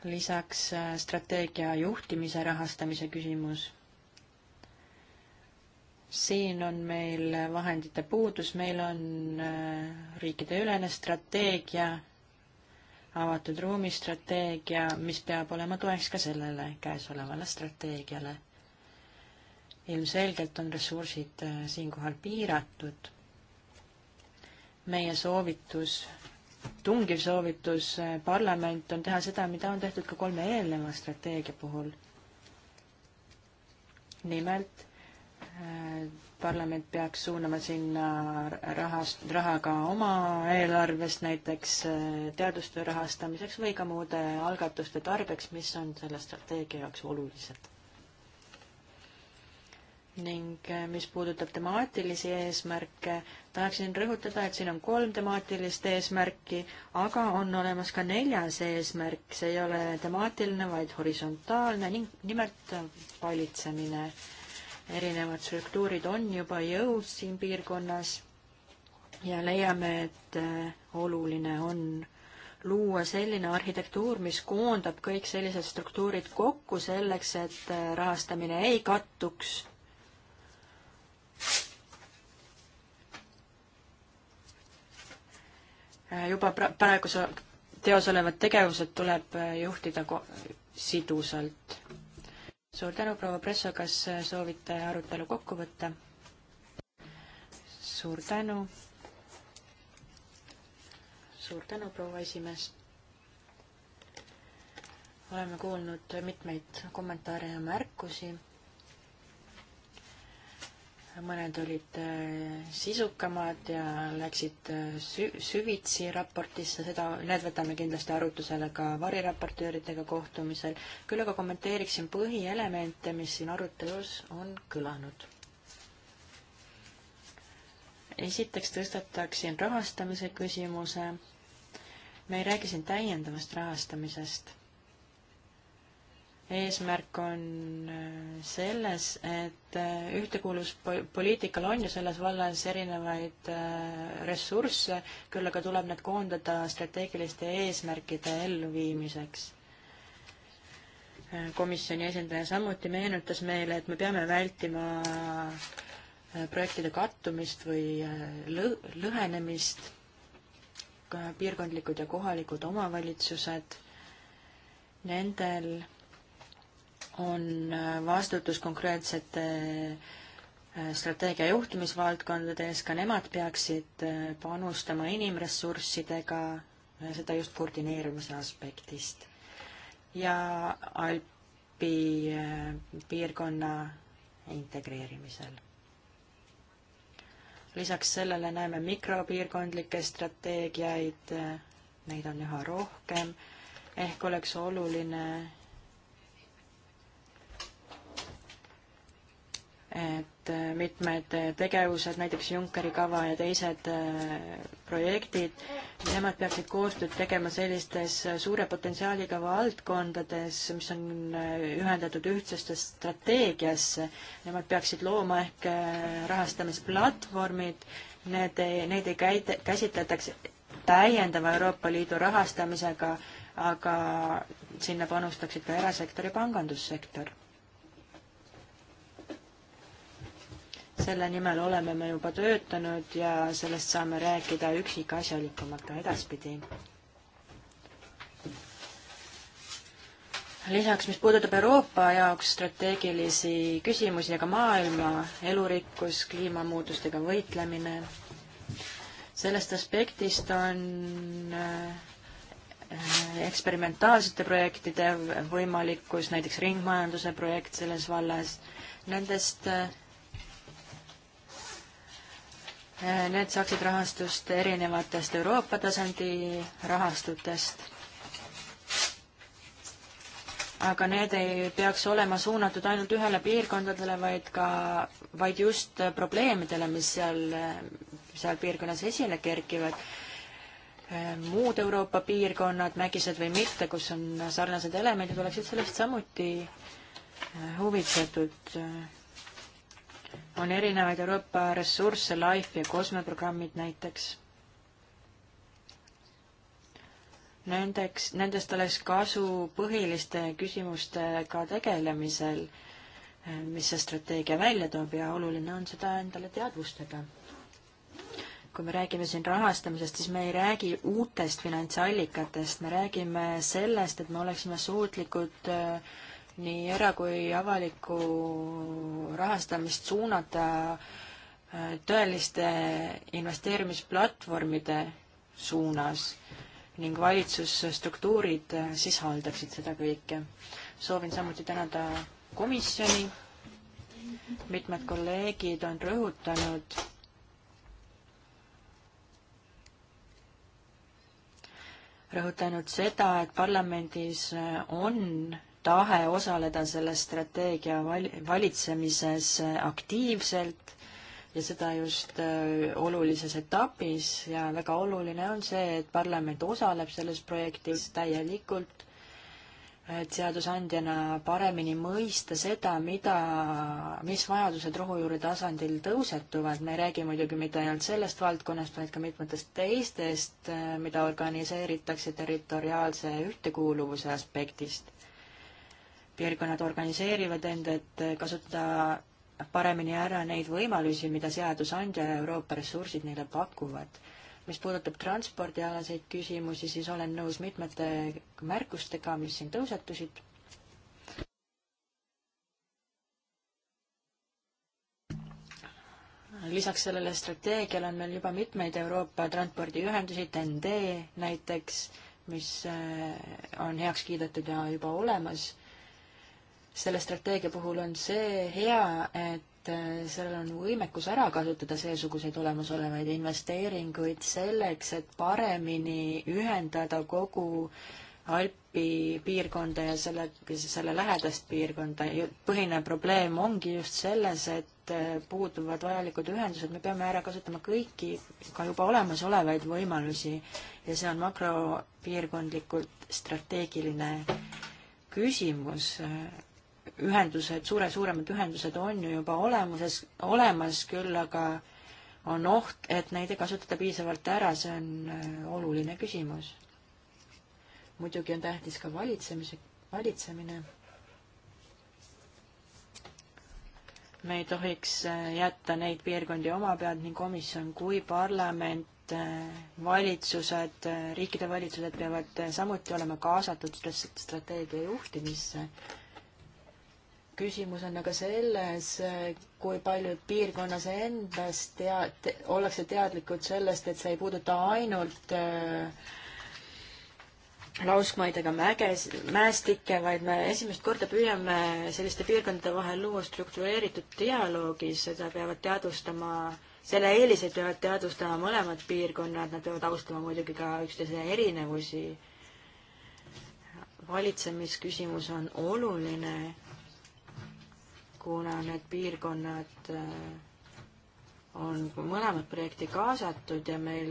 lisaks äh, strateegia juhtimise rahastamise küsimus siin on meil vahendite puudus, meil on äh, riikideülene strateegia avatud ruumi strateegia, mis peab olema toeks ka sellele käesolevale strateegiale. ilmselgelt on ressursid äh, siinkohal piiratud. meie soovitus, tungiv soovitus äh, parlament on teha seda, mida on tehtud ka kolme eelneva strateegia puhul. nimelt Äh, parlament peaks suunama sinna rahast, raha ka oma eelarvest, näiteks äh, teadustöö rahastamiseks või ka muude algatuste tarbeks, mis on selle strateegia jaoks olulised. ning äh, mis puudutab temaatilisi eesmärke, tahaksin rõhutada, et siin on kolm temaatilist eesmärki, aga on olemas ka neljas eesmärk, see ei ole temaatiline, vaid horisontaalne ning nimelt valitsemine erinevad struktuurid on juba jõus siin piirkonnas ja leiame, et äh, oluline on luua selline arhitektuur, mis koondab kõik sellised struktuurid kokku selleks, et äh, rahastamine ei kattuks. Äh, juba praegu teos olevad tegevused tuleb juhtida sidusalt suur tänu, proua Presso, kas äh, soovite arutelu kokku võtta? suur tänu. suur tänu, proua esimees. oleme kuulnud mitmeid kommentaare ja märkusi mõned olid äh, sisukamad ja läksid äh, sü-, süvitsi raportisse, seda, need võtame kindlasti arutusele ka variraportööridega kohtumisel, küll aga kommenteeriksin põhielemente, mis siin arutelus on kõlanud. esiteks tõstataksin rahastamise küsimuse. me ei räägi siin täiendavast rahastamisest eesmärk on äh, selles, et äh, ühtekuuluvuspoliitikal on ju selles vallas erinevaid äh, ressursse, küll aga tuleb need koondada strateegiliste eesmärkide elluviimiseks. komisjoni esindaja samuti meenutas meile, et me peame vältima projektide kattumist või lõ-, lõhenemist, piirkondlikud ja kohalikud omavalitsused, nendel on vastutus konkreetsete äh, strateegia juhtimisvaldkondade ees, ka nemad peaksid äh, panustama inimressurssidega, äh, seda just koordineerimise aspektist. ja Alpi piirkonna integreerimisel. lisaks sellele näeme mikropiirkondlikke strateegiaid, neid on üha rohkem, ehk oleks oluline et äh, mitmed äh, tegevused, näiteks Junckeri kava ja teised äh, projektid, nemad peaksid koostööd tegema sellistes suure potentsiaaliga valdkondades, mis on ühendatud ühtsesse strateegiasse. Nemad peaksid looma ehk rahastamisplatvormid, need, neid ei käi-, käsitletaks täiendava Euroopa Liidu rahastamisega, aga sinna panustaksid ka erasektor ja pangandussektor selle nimel oleme me juba töötanud ja sellest saame rääkida üksikasjalikumalt ka edaspidi. lisaks, mis puudutab Euroopa jaoks strateegilisi küsimusi ja ka maailma elurikkus, kliimamuutustega võitlemine, sellest aspektist on äh, eksperimentaalsete projektide võimalikkus, näiteks ringmajanduse projekt selles vallas, nendest äh, Eh, need saaksid rahastust erinevatest Euroopa tasandi rahastutest. aga need ei peaks olema suunatud ainult ühele piirkondadele, vaid ka, vaid just probleemidele, mis seal, seal piirkonnas esile kerkivad eh, muud Euroopa piirkonnad, mägised või mitte, kus on sarnased elemendid, oleksid sellest samuti eh, huvitatud on erinevaid Euroopa ressursse, LIFE ja COSME programmid näiteks. Nendeks, nendest oleks kasu põhiliste küsimustega tegelemisel, mis see strateegia välja toob ja oluline on seda endale teadvustada kui me räägime siin rahastamisest, siis me ei räägi uutest finantsallikatest, me räägime sellest, et me oleksime suutlikud äh, nii era- kui avalikku rahastamist suunata äh, tõeliste investeerimisplatvormide suunas ning valitsusstruktuurid äh, siis haldaksid seda kõike. soovin samuti tänada komisjoni, mitmed kolleegid on rõhutanud, rõhutanud seda, et parlamendis äh, on tahe osaleda selle strateegia val-, valitsemises aktiivselt ja seda just äh, olulises etapis ja väga oluline on see, et parlament osaleb selles projektis täielikult, et seadusandjana paremini mõista seda, mida, mis vajadused rohujuure tasandil tõusetuvad, me ei räägi muidugi mitte ainult sellest valdkonnast, vaid ka mitmetest teistest, äh, mida organiseeritakse territoriaalse ühtekuuluvuse aspektist piirkonnad organiseerivad end, et kasutada paremini ära neid võimalusi, mida seadusandja ja Euroopa ressursid neile pakuvad. mis puudutab transpordialaseid küsimusi, siis olen nõus mitmete märkustega, mis siin tõusetusid lisaks sellele strateegiale on meil juba mitmeid Euroopa transpordiühendusi, TEN-T näiteks, mis äh, on heaks kiidetud ja juba olemas selle strateegia puhul on see hea, et äh, sellel on võimekus ära kasutada seesuguseid olemasolevaid investeeringuid selleks, et paremini ühendada kogu Alpi piirkonda ja selle, selle lähedast piirkonda. põhiline probleem ongi just selles, et äh, puuduvad vajalikud ühendused, me peame ära kasutama kõiki ka juba olemasolevaid võimalusi ja see on makropiirkondlikult strateegiline küsimus ühendused, suure, suuremad ühendused on ju juba olemuses, olemas küll, aga on oht, et neid ei kasutata piisavalt ära, see on äh, oluline küsimus. muidugi on tähtis ka valitsemise, valitsemine. me ei tohiks äh, jätta neid piirkondi oma pealt nii komisjon kui parlament äh, valitsused, riikide valitsused peavad samuti olema kaasatud strateegia juhtimisse küsimus on aga selles, kui paljud piirkonnas endas tea-, te, ollakse teadlikud sellest, et see ei puuduta ainult äh, lauskmaid ega mäges, mäestikke, vaid me esimest korda püüame selliste piirkondade vahel luua struktureeritud dialoogi, seda peavad teadvustama, selle eeliseid peavad teadvustama mõlemad piirkonnad, nad peavad austama muidugi ka üksteise erinevusi. valitsemisküsimus on oluline kuna need piirkonnad äh, on mõlemad projekti kaasatud ja meil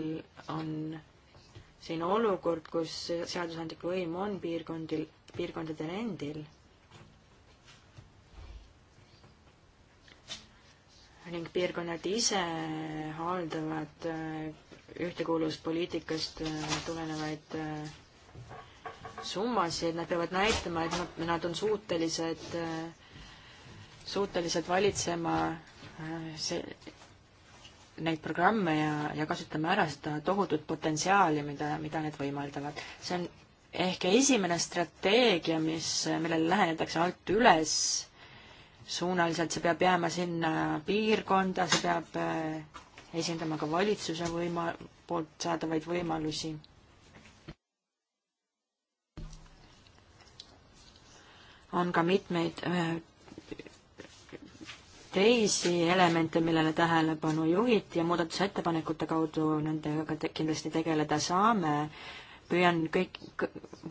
on siin olukord, kus seadusandlik võim on piirkondil, piirkondadel endil. ning piirkonnad ise haldavad äh, ühtekuuluvuspoliitikast äh, tulenevaid summasid, nad peavad näitama, et nad, nad on suutelised äh, suutelised valitsema äh, see, neid programme ja, ja kasutama ära seda tohutut potentsiaali, mida, mida need võimaldavad. see on ehk esimene strateegia, mis, millele lähenetakse alt üles suunaliselt, see peab jääma sinna piirkonda, see peab äh, esindama ka valitsuse võima-, poolt saadavaid võimalusi on ka mitmeid äh, teisi elemente, millele tähelepanu juhiti ja muudatusettepanekute kaudu nendega te kindlasti tegeleda saame. püüan kõik,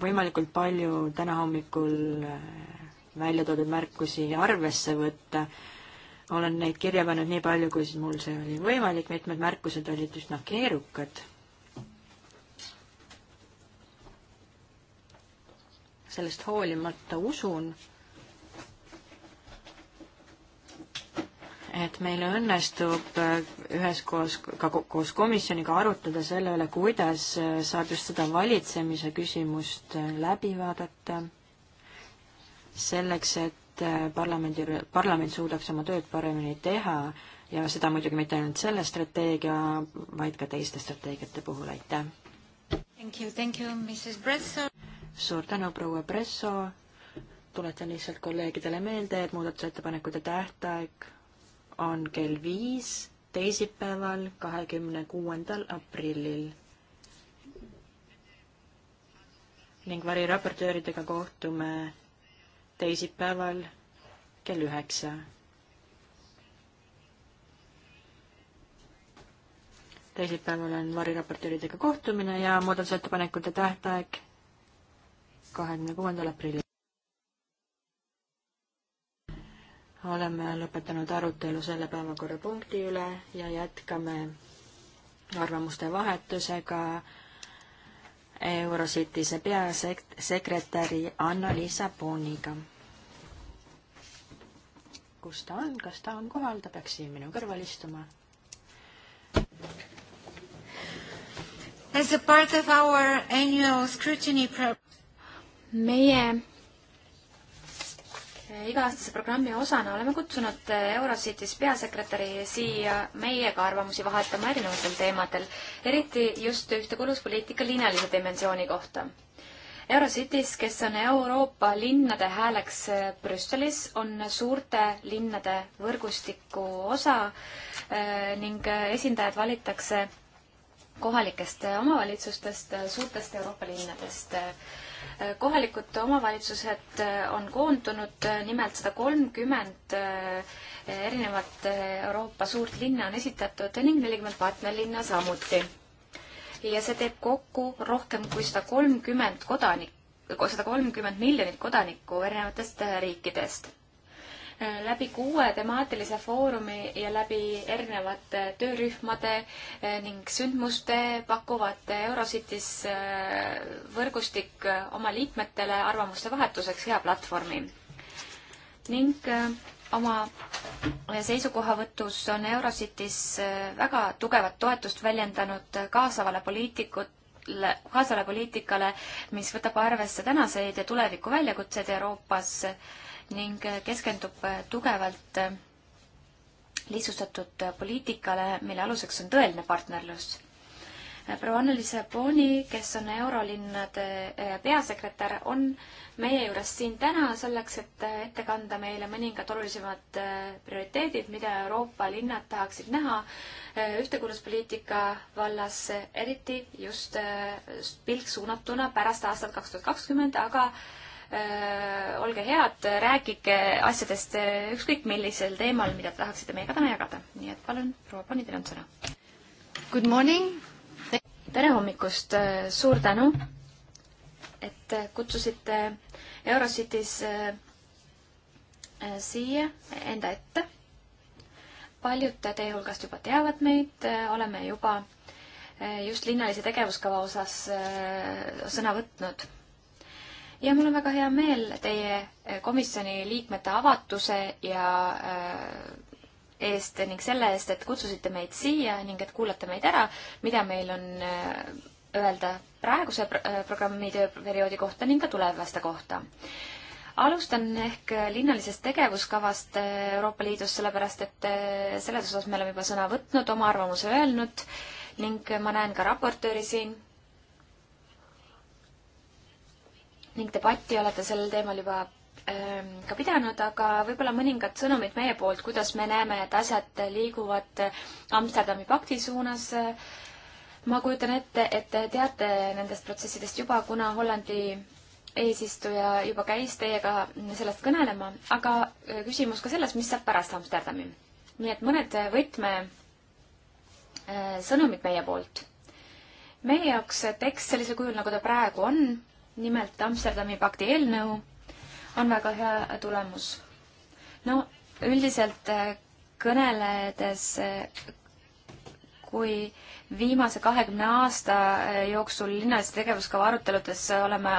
võimalikult palju täna hommikul äh, välja toodud märkusi arvesse võtta. olen neid kirja pannud nii palju, kui siis mul see oli võimalik, mitmed märkused olid üsna keerukad. sellest hoolimata usun, et meil õnnestub äh, üheskoos, ka koos komisjoniga arutada selle üle, kuidas äh, saab just seda valitsemise küsimust äh, läbi vaadata, selleks et parlamendi, parlament suudaks oma tööd paremini teha ja seda muidugi mitte ainult selle strateegia, vaid ka teiste strateegiate puhul, aitäh! suur tänu, proua Bresso, tuletan lihtsalt kolleegidele meelde, et muudatusettepanekute tähtaeg on kell viis teisipäeval, kahekümne kuuendal aprillil. ning variraportööridega kohtume teisipäeval kell üheksa. teisipäeval on variraportööridega kohtumine ja muudatusettepanekute tähtaeg kahekümne kuuendal aprillil. oleme lõpetanud arutelu selle päevakorrapunkti üle ja jätkame arvamuste vahetusega Eurocitise peasekretäri Anna-Liisa Pooniga. kus ta on, kas ta on kohal, ta peaks siin minu kõrval istuma. As a part of our annual scrutiny pro- meie iga-aastase programmi osana oleme kutsunud eh, Eurocities peasekretäri siia meiega arvamusi vahetama erinevatel teemadel, eriti just ühtekuuluvuspoliitika linnalise dimensiooni kohta. Eurocities, kes on Euroopa linnade hääleks eh, Brüsselis, on suurte linnade võrgustiku osa eh, ning esindajad valitakse kohalikest omavalitsustest, suurtest Euroopa linnadest kohalikud omavalitsused eh, on koondunud, eh, nimelt sada kolmkümmend eh, erinevat Euroopa suurt linna on esitatud ning nelikümmend partnerlinna samuti. ja see teeb kokku rohkem kui sada kolmkümmend kodanik, sada kolmkümmend miljonit kodanikku erinevatest riikidest läbi kuue temaatilise foorumi ja läbi erinevate töörühmade eh, ning sündmuste pakuvad Eurocities eh, võrgustik eh, oma liikmetele arvamuste vahetuseks hea platvormi. ning oma seisukohavõtus on Eurocities väga tugevat toetust väljendanud kaasavale poliitikut, kaasavale poliitikale, mis võtab arvesse tänaseid ja tuleviku väljakutsed Euroopas ning keskendub tugevalt lihtsustatud poliitikale, mille aluseks on tõeline partnerlus. proua Anneliise Booni, kes on Eurolinnade eh, peasekretär, on meie juures siin täna selleks, et ette kanda meile mõningad olulisemad eh, prioriteedid, mida Euroopa linnad tahaksid näha eh, ühtekuuluvuspoliitika vallas, eriti just pilk suunatuna pärast aastat kaks tuhat kakskümmend, aga Äh, olge head, rääkige asjadest äh, ükskõik millisel teemal, mida te tahaksite meiega täna jagada. nii et palun, proua Ponni, teil on sõna. Good morning! tere hommikust, äh, suur tänu, et kutsusite Eurocities siia enda ette. paljud teie hulgast juba teavad meid, oleme juba just linnalise tegevuskava osas sõna võtnud ja mul on väga hea meel teie eh, komisjoni liikmete avatuse ja eh, eest ning selle eest, et kutsusite meid siia ning et kuulate meid ära, mida meil on eh, öelda praeguse programmi tööperioodi kohta ning ka tulevaste kohta alustan ehk linnalisest tegevuskavast Euroopa Liidus, sellepärast et selles osas me oleme juba sõna võtnud, oma arvamuse öelnud ning ma näen ka raportööri siin. ning debatti olete sellel teemal juba ähm, ka pidanud, aga võib-olla mõningad sõnumid meie poolt, kuidas me näeme, et asjad liiguvad Amsterdami pakti suunas. ma kujutan ette, et te teate nendest protsessidest juba, kuna Hollandi eesistuja juba käis teiega sellest kõnelema, aga äh, küsimus ka selles, mis saab pärast Amsterdami. nii et mõned võtme äh, sõnumid meie poolt. meie jaoks tekst sellisel kujul, nagu ta praegu on, nimelt Amsterdami pakti eelnõu, on väga hea tulemus. no üldiselt äh, kõneledes, äh, kui viimase kahekümne aasta äh, jooksul linnalise tegevuskava aruteludes oleme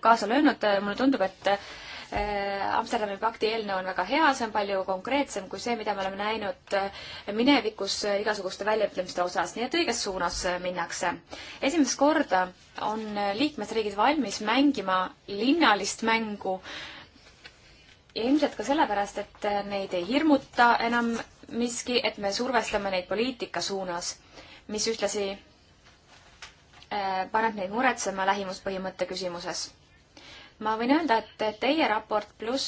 kaasa löönud, mulle tundub, et Äh, Amsterdami pakti eelnõu on väga hea, see on palju konkreetsem kui see, mida me oleme näinud äh, minevikus äh, igasuguste väljaütlemiste osas, nii et õiges suunas minnakse. esimest korda on liikmesriigid valmis mängima linnalist mängu ja ilmselt ka sellepärast, et neid ei hirmuta enam miski, et me survestame neid poliitika suunas, mis ühtlasi paneb neid muretsema lähimuspõhimõtte küsimuses ma võin öelda, et teie raport pluss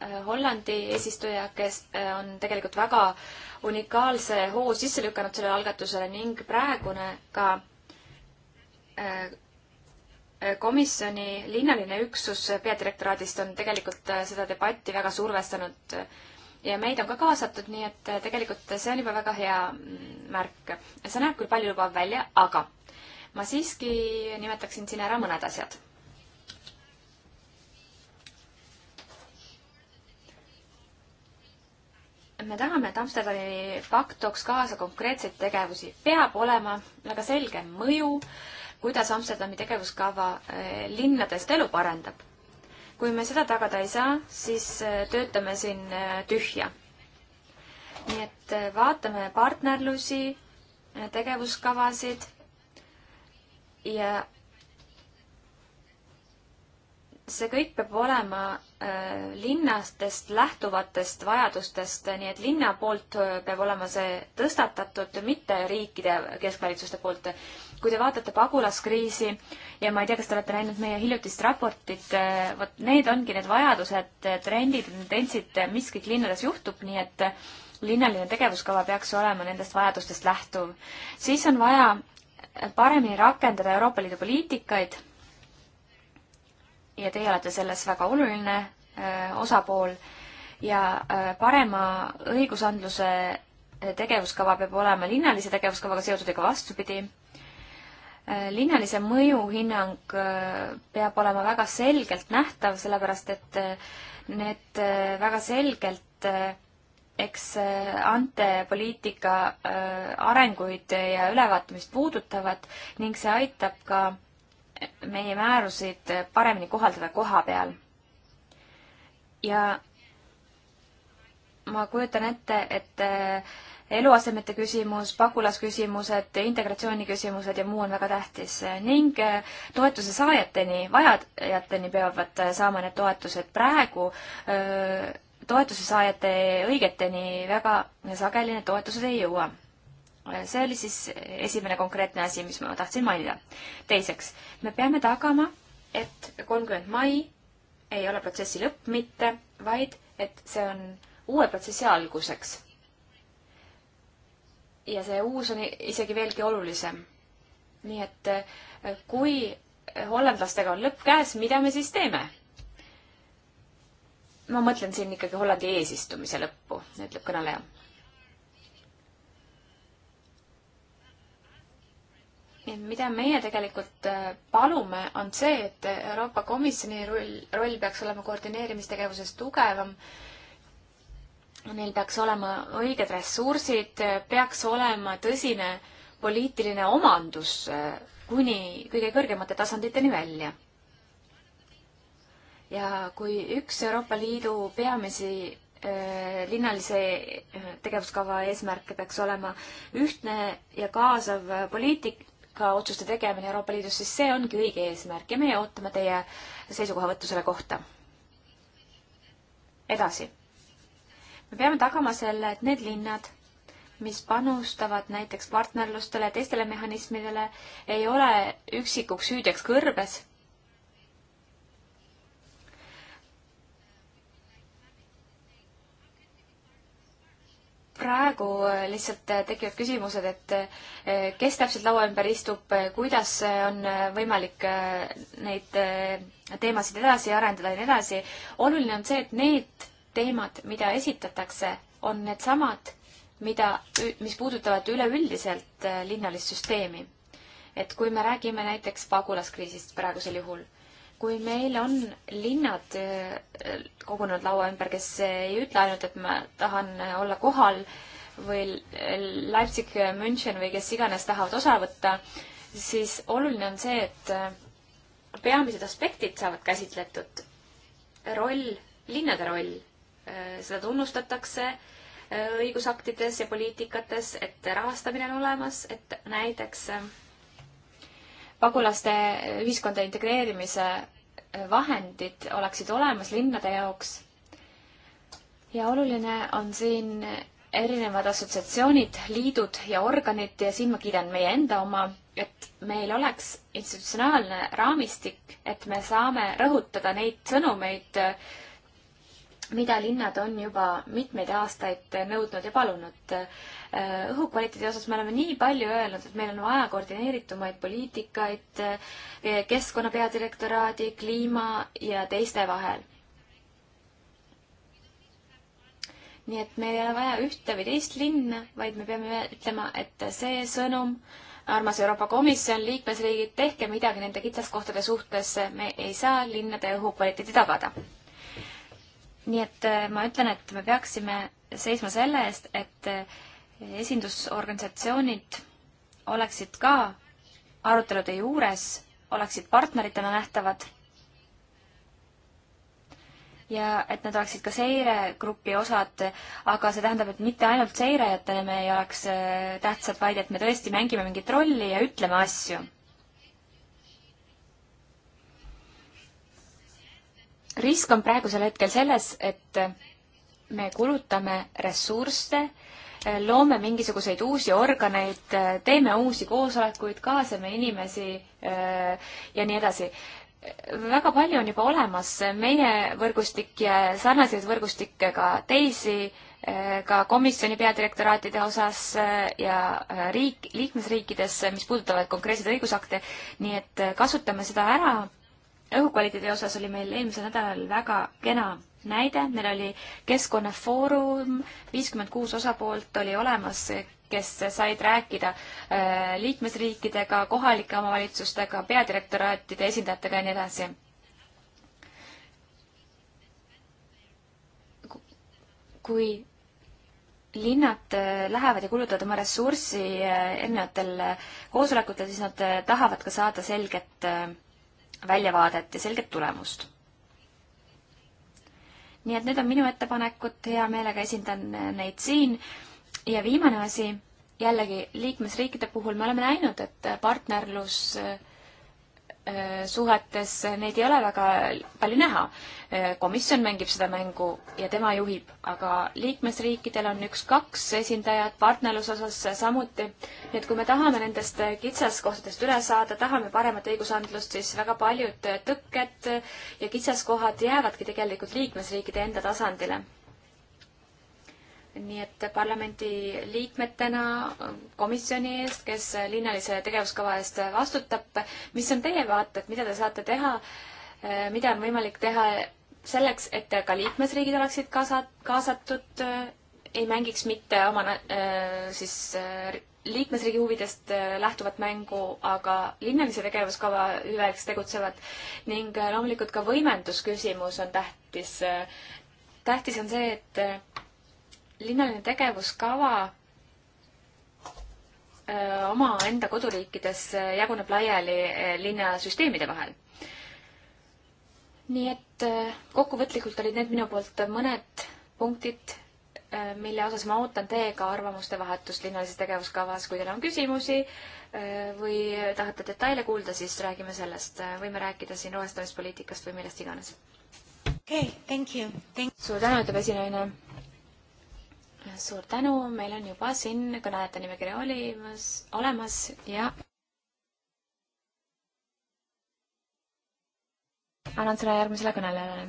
äh, Hollandi eesistuja, kes äh, on tegelikult väga unikaalse hoo sisse lükanud sellele algatusele ning praegune ka äh, komisjoni linnaline üksus peadirektoraadist on tegelikult seda debatti väga survestanud ja meid on ka kaasatud, nii et tegelikult see on juba väga hea mm, märk. see näeb küll paljulubav välja, aga ma siiski nimetaksin siin ära mõned asjad. me tahame, et Amsterdami pakt tooks kaasa konkreetseid tegevusi. peab olema väga selge mõju, kuidas Amsterdami tegevuskava eh, linnadest elu parendab. kui me seda tagada ei saa, siis eh, töötame siin eh, tühja. nii et vaatame partnerlusi, tegevuskavasid ja see kõik peab olema äh, linnastest lähtuvatest vajadustest, nii et linna poolt äh, peab olema see tõstatatud, mitte riikide keskvalitsuste poolt. kui te vaatate pagulaskriisi ja ma ei tea, kas te olete näinud meie hiljutist raportit, äh, vot need ongi need vajadused, trendid, tendentsid, mis kõik linnades juhtub, nii et äh, linnaline tegevuskava peaks olema nendest vajadustest lähtuv. siis on vaja paremini rakendada Euroopa Liidu poliitikaid ja teie olete selles väga oluline äh, osapool ja äh, parema õigusandluse äh, tegevuskava peab olema linnalise tegevuskavaga seotud ega vastupidi. linnalise mõjuhinnang peab olema väga selgelt nähtav, sellepärast et need väga selgelt eks ante poliitika arenguid ja ülevaatamist puudutavad ning see aitab ka meie määrusid paremini kohaldada koha peal. ja ma kujutan ette, et äh, eluasemete küsimus, pagulasküsimused, integratsiooni küsimused ja muu on väga tähtis ning äh, toetuse saajateni, vajajateni peavad äh, saama need toetused praegu toetuse saajate õigeteni väga sageli need toetused ei jõua Äh, see oli siis esimene konkreetne asi, mis ma tahtsin mainida. teiseks, me peame tagama, et kolmkümmend mai ei ole protsessi lõpp mitte, vaid et see on uue protsessi alguseks. ja see uus on isegi veelgi olulisem. nii et äh, kui hollandlastega on lõpp käes, mida me siis teeme? ma mõtlen siin ikkagi Hollandi eesistumise lõppu, ütleb kõneleja mida meie tegelikult äh, palume, on see, et Euroopa Komisjoni roll, roll peaks olema koordineerimistegevuses tugevam. Neil peaks olema õiged ressursid, peaks olema tõsine poliitiline omandus äh, kuni kõige kõrgemate tasanditeni välja. ja kui üks Euroopa Liidu peamisi äh, linnalise tegevuskava eesmärke peaks olema ühtne ja kaasav poliitik, ka otsuste tegemine Euroopa Liidus, siis see ongi õige eesmärk ja meie ootame teie seisukohavõttu selle kohta. edasi. me peame tagama selle, et need linnad, mis panustavad näiteks partnerlustele, teistele mehhanismidele, ei ole üksikuks süüdjaks kõrbes praegu äh, lihtsalt äh, tekivad küsimused, et äh, kes täpselt laua ümber istub, kuidas on võimalik neid teemasid edasi arendada ja nii edasi. oluline on see, et need teemad, mida esitatakse, on needsamad, mida, mis puudutavad üleüldiselt linnalist süsteemi. et kui me räägime näiteks pagulaskriisist praegusel juhul kui meil on linnad eh, kogunenud laua ümber, kes ei ütle ainult, et ma tahan olla kohal või Leipzig, München või kes iganes tahavad osa võtta, siis oluline on see, et eh, peamised aspektid saavad käsitletud. roll, linnade roll, eh, seda tunnustatakse õigusaktides ja poliitikates, et rahastamine on olemas, et näiteks pagulaste ühiskonda integreerimise vahendid oleksid olemas linnade jaoks. ja oluline on siin erinevad assotsiatsioonid, liidud ja organid ja siin ma kiidan meie enda oma, et meil oleks institutsionaalne raamistik, et me saame rõhutada neid sõnumeid äh, mida linnad on juba mitmeid aastaid nõudnud ja palunud. Äh, õhukvaliteedi osas me oleme nii palju öelnud, et meil on vaja koordineeritumaid poliitikaid äh, keskkonna peadirektoraadi, kliima ja teiste vahel. nii et meil ei ole vaja ühte või teist linna, vaid me peame ütlema, et see sõnum, armas Euroopa Komisjon, liikmesriigid, tehke midagi nende kitsaskohtade suhtes, me ei saa linnade õhukvaliteedi tagada nii et äh, ma ütlen, et me peaksime seisma selle eest, et äh, esindusorganisatsioonid oleksid ka arutelude juures, oleksid partneritena nähtavad ja et nad oleksid ka seiregrupi osad, aga see tähendab, et mitte ainult seirajatena me ei oleks äh, tähtsad, vaid et me tõesti mängime mingit rolli ja ütleme asju. risk on praegusel hetkel selles, et me kulutame ressursse, loome mingisuguseid uusi organeid, teeme uusi koosolekuid, kaasame inimesi äh, ja nii edasi. väga palju on juba olemas meie võrgustik ja sarnaseid võrgustikke ka teisi, äh, ka komisjoni peadirektoraatide osas äh, ja riik, liikmesriikides, mis puudutavad konkreetseid õigusakte, nii et kasutame seda ära õhukvaliteedi osas oli meil eelmisel nädalal väga kena näide, meil oli keskkonnafoorum, viiskümmend kuus osapoolt oli olemas, kes said rääkida äh, liikmesriikidega, kohalike omavalitsustega, peadirektoraatide esindajatega ja nii edasi. kui linnad äh, lähevad ja kulutavad oma ressurssi äh, erinevatel koosolekutel, siis nad tahavad ka saada selget väljavaadet ja selget tulemust. nii et need on minu ettepanekud, hea meelega esindan neid siin ja viimane asi, jällegi liikmesriikide puhul me oleme näinud, et partnerlus äh, Äh, suhetes, neid ei ole väga palju näha. Äh, komisjon mängib seda mängu ja tema juhib, aga liikmesriikidel on üks-kaks esindajat partnerluse osas samuti. nii et kui me tahame nendest kitsaskohtadest üle saada, tahame paremat õigusandlust, siis väga paljud tõkked ja kitsaskohad jäävadki tegelikult liikmesriikide enda tasandile nii et parlamendi liikmetena ähm, komisjoni eest, kes linnalise tegevuskava eest vastutab, mis on teie vaated, mida te saate teha, äh, mida on võimalik teha selleks, et ka liikmesriigid oleksid kaasa, kaasatud, äh, ei mängiks mitte oma äh, siis liikmesriigi huvidest lähtuvat mängu, aga linnalise tegevuskava hüveks tegutsevad ning loomulikult ka võimendusküsimus on tähtis. tähtis on see, et linnaline tegevuskava omaenda koduriikides jaguneb laiali linnasüsteemide vahel. nii et kokkuvõtlikult olid need minu poolt mõned punktid, mille osas ma ootan teiega arvamuste vahetust linnalises tegevuskavas. kui teil on küsimusi või tahate detaile kuulda, siis räägime sellest. võime rääkida siin rohestamispoliitikast või millest iganes. okei okay,, thank you thank.... suur tänu, ütleb esinaine suur tänu, meil on juba siin kõnelejate nimekiri olimas, olemas ja annan sõna järgmisele kõnelejale.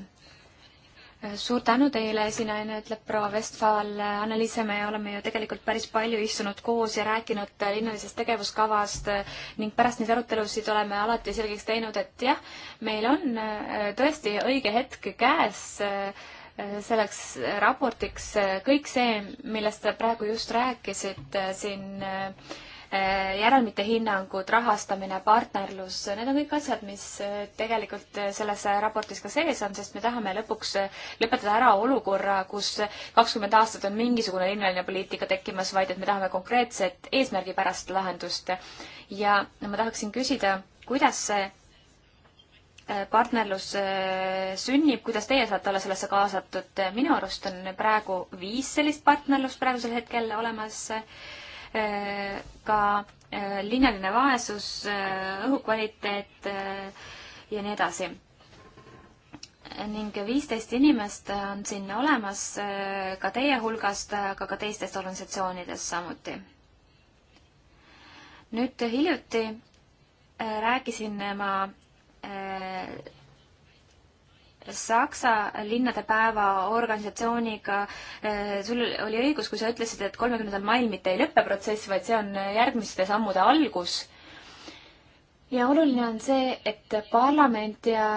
suur tänu teile, esinaine, ütleb proua Vestfal. Anneliise, me oleme ju tegelikult päris palju istunud koos ja rääkinud linnalisest tegevuskavast ning pärast neid arutelusid oleme alati selgeks teinud, et jah, meil on tõesti õige hetk käes selleks raportiks äh, kõik see, millest te praegu just rääkisite äh, siin äh, järelmite hinnangud, rahastamine, partnerlus, need on kõik asjad, mis tegelikult selles raportis ka sees on, sest me tahame lõpuks lõpetada ära olukorra, kus kakskümmend aastat on mingisugune linnaline poliitika tekkimas, vaid et me tahame konkreetset eesmärgipärast lahendust. ja ma tahaksin küsida, kuidas see partnerlus eh, sünnib, kuidas teie saate olla sellesse kaasatud? minu arust on praegu viis sellist partnerlust praegusel hetkel olemas, eh, ka eh, linnaline vaesus, õhukvaliteet ja nii edasi. ning viisteist inimest on siin olemas ka teie hulgast, aga ka teistest organisatsioonidest samuti. nüüd hiljuti rääkisin ma Äh, Saksa linnade päeva organisatsiooniga, äh, sul oli õigus, kui sa ütlesid, et kolmekümnendal mail mitte ei lõpe protsess, vaid see on järgmiste sammude algus. ja oluline on see, et parlament ja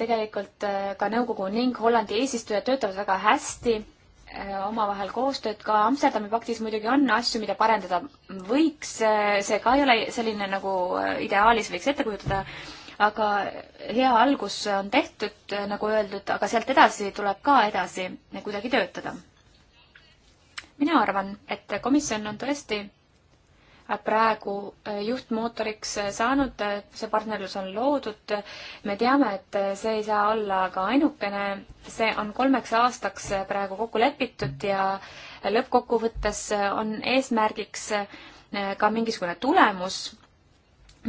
tegelikult äh, ka nõukogu ning Hollandi eesistuja töötavad väga hästi omavahel koostööd, ka Amsterdami paktis muidugi on asju, mida parendada võiks, see ka ei ole selline, nagu ideaalis võiks ette kujutada aga hea algus on tehtud, nagu öeldud, aga sealt edasi tuleb ka edasi kuidagi töötada. mina arvan, et komisjon on tõesti praegu juhtmootoriks saanud, see partnerlus on loodud. me teame, et see ei saa olla ka ainukene, see on kolmeks aastaks praegu kokku lepitud ja lõppkokkuvõttes on eesmärgiks ka mingisugune tulemus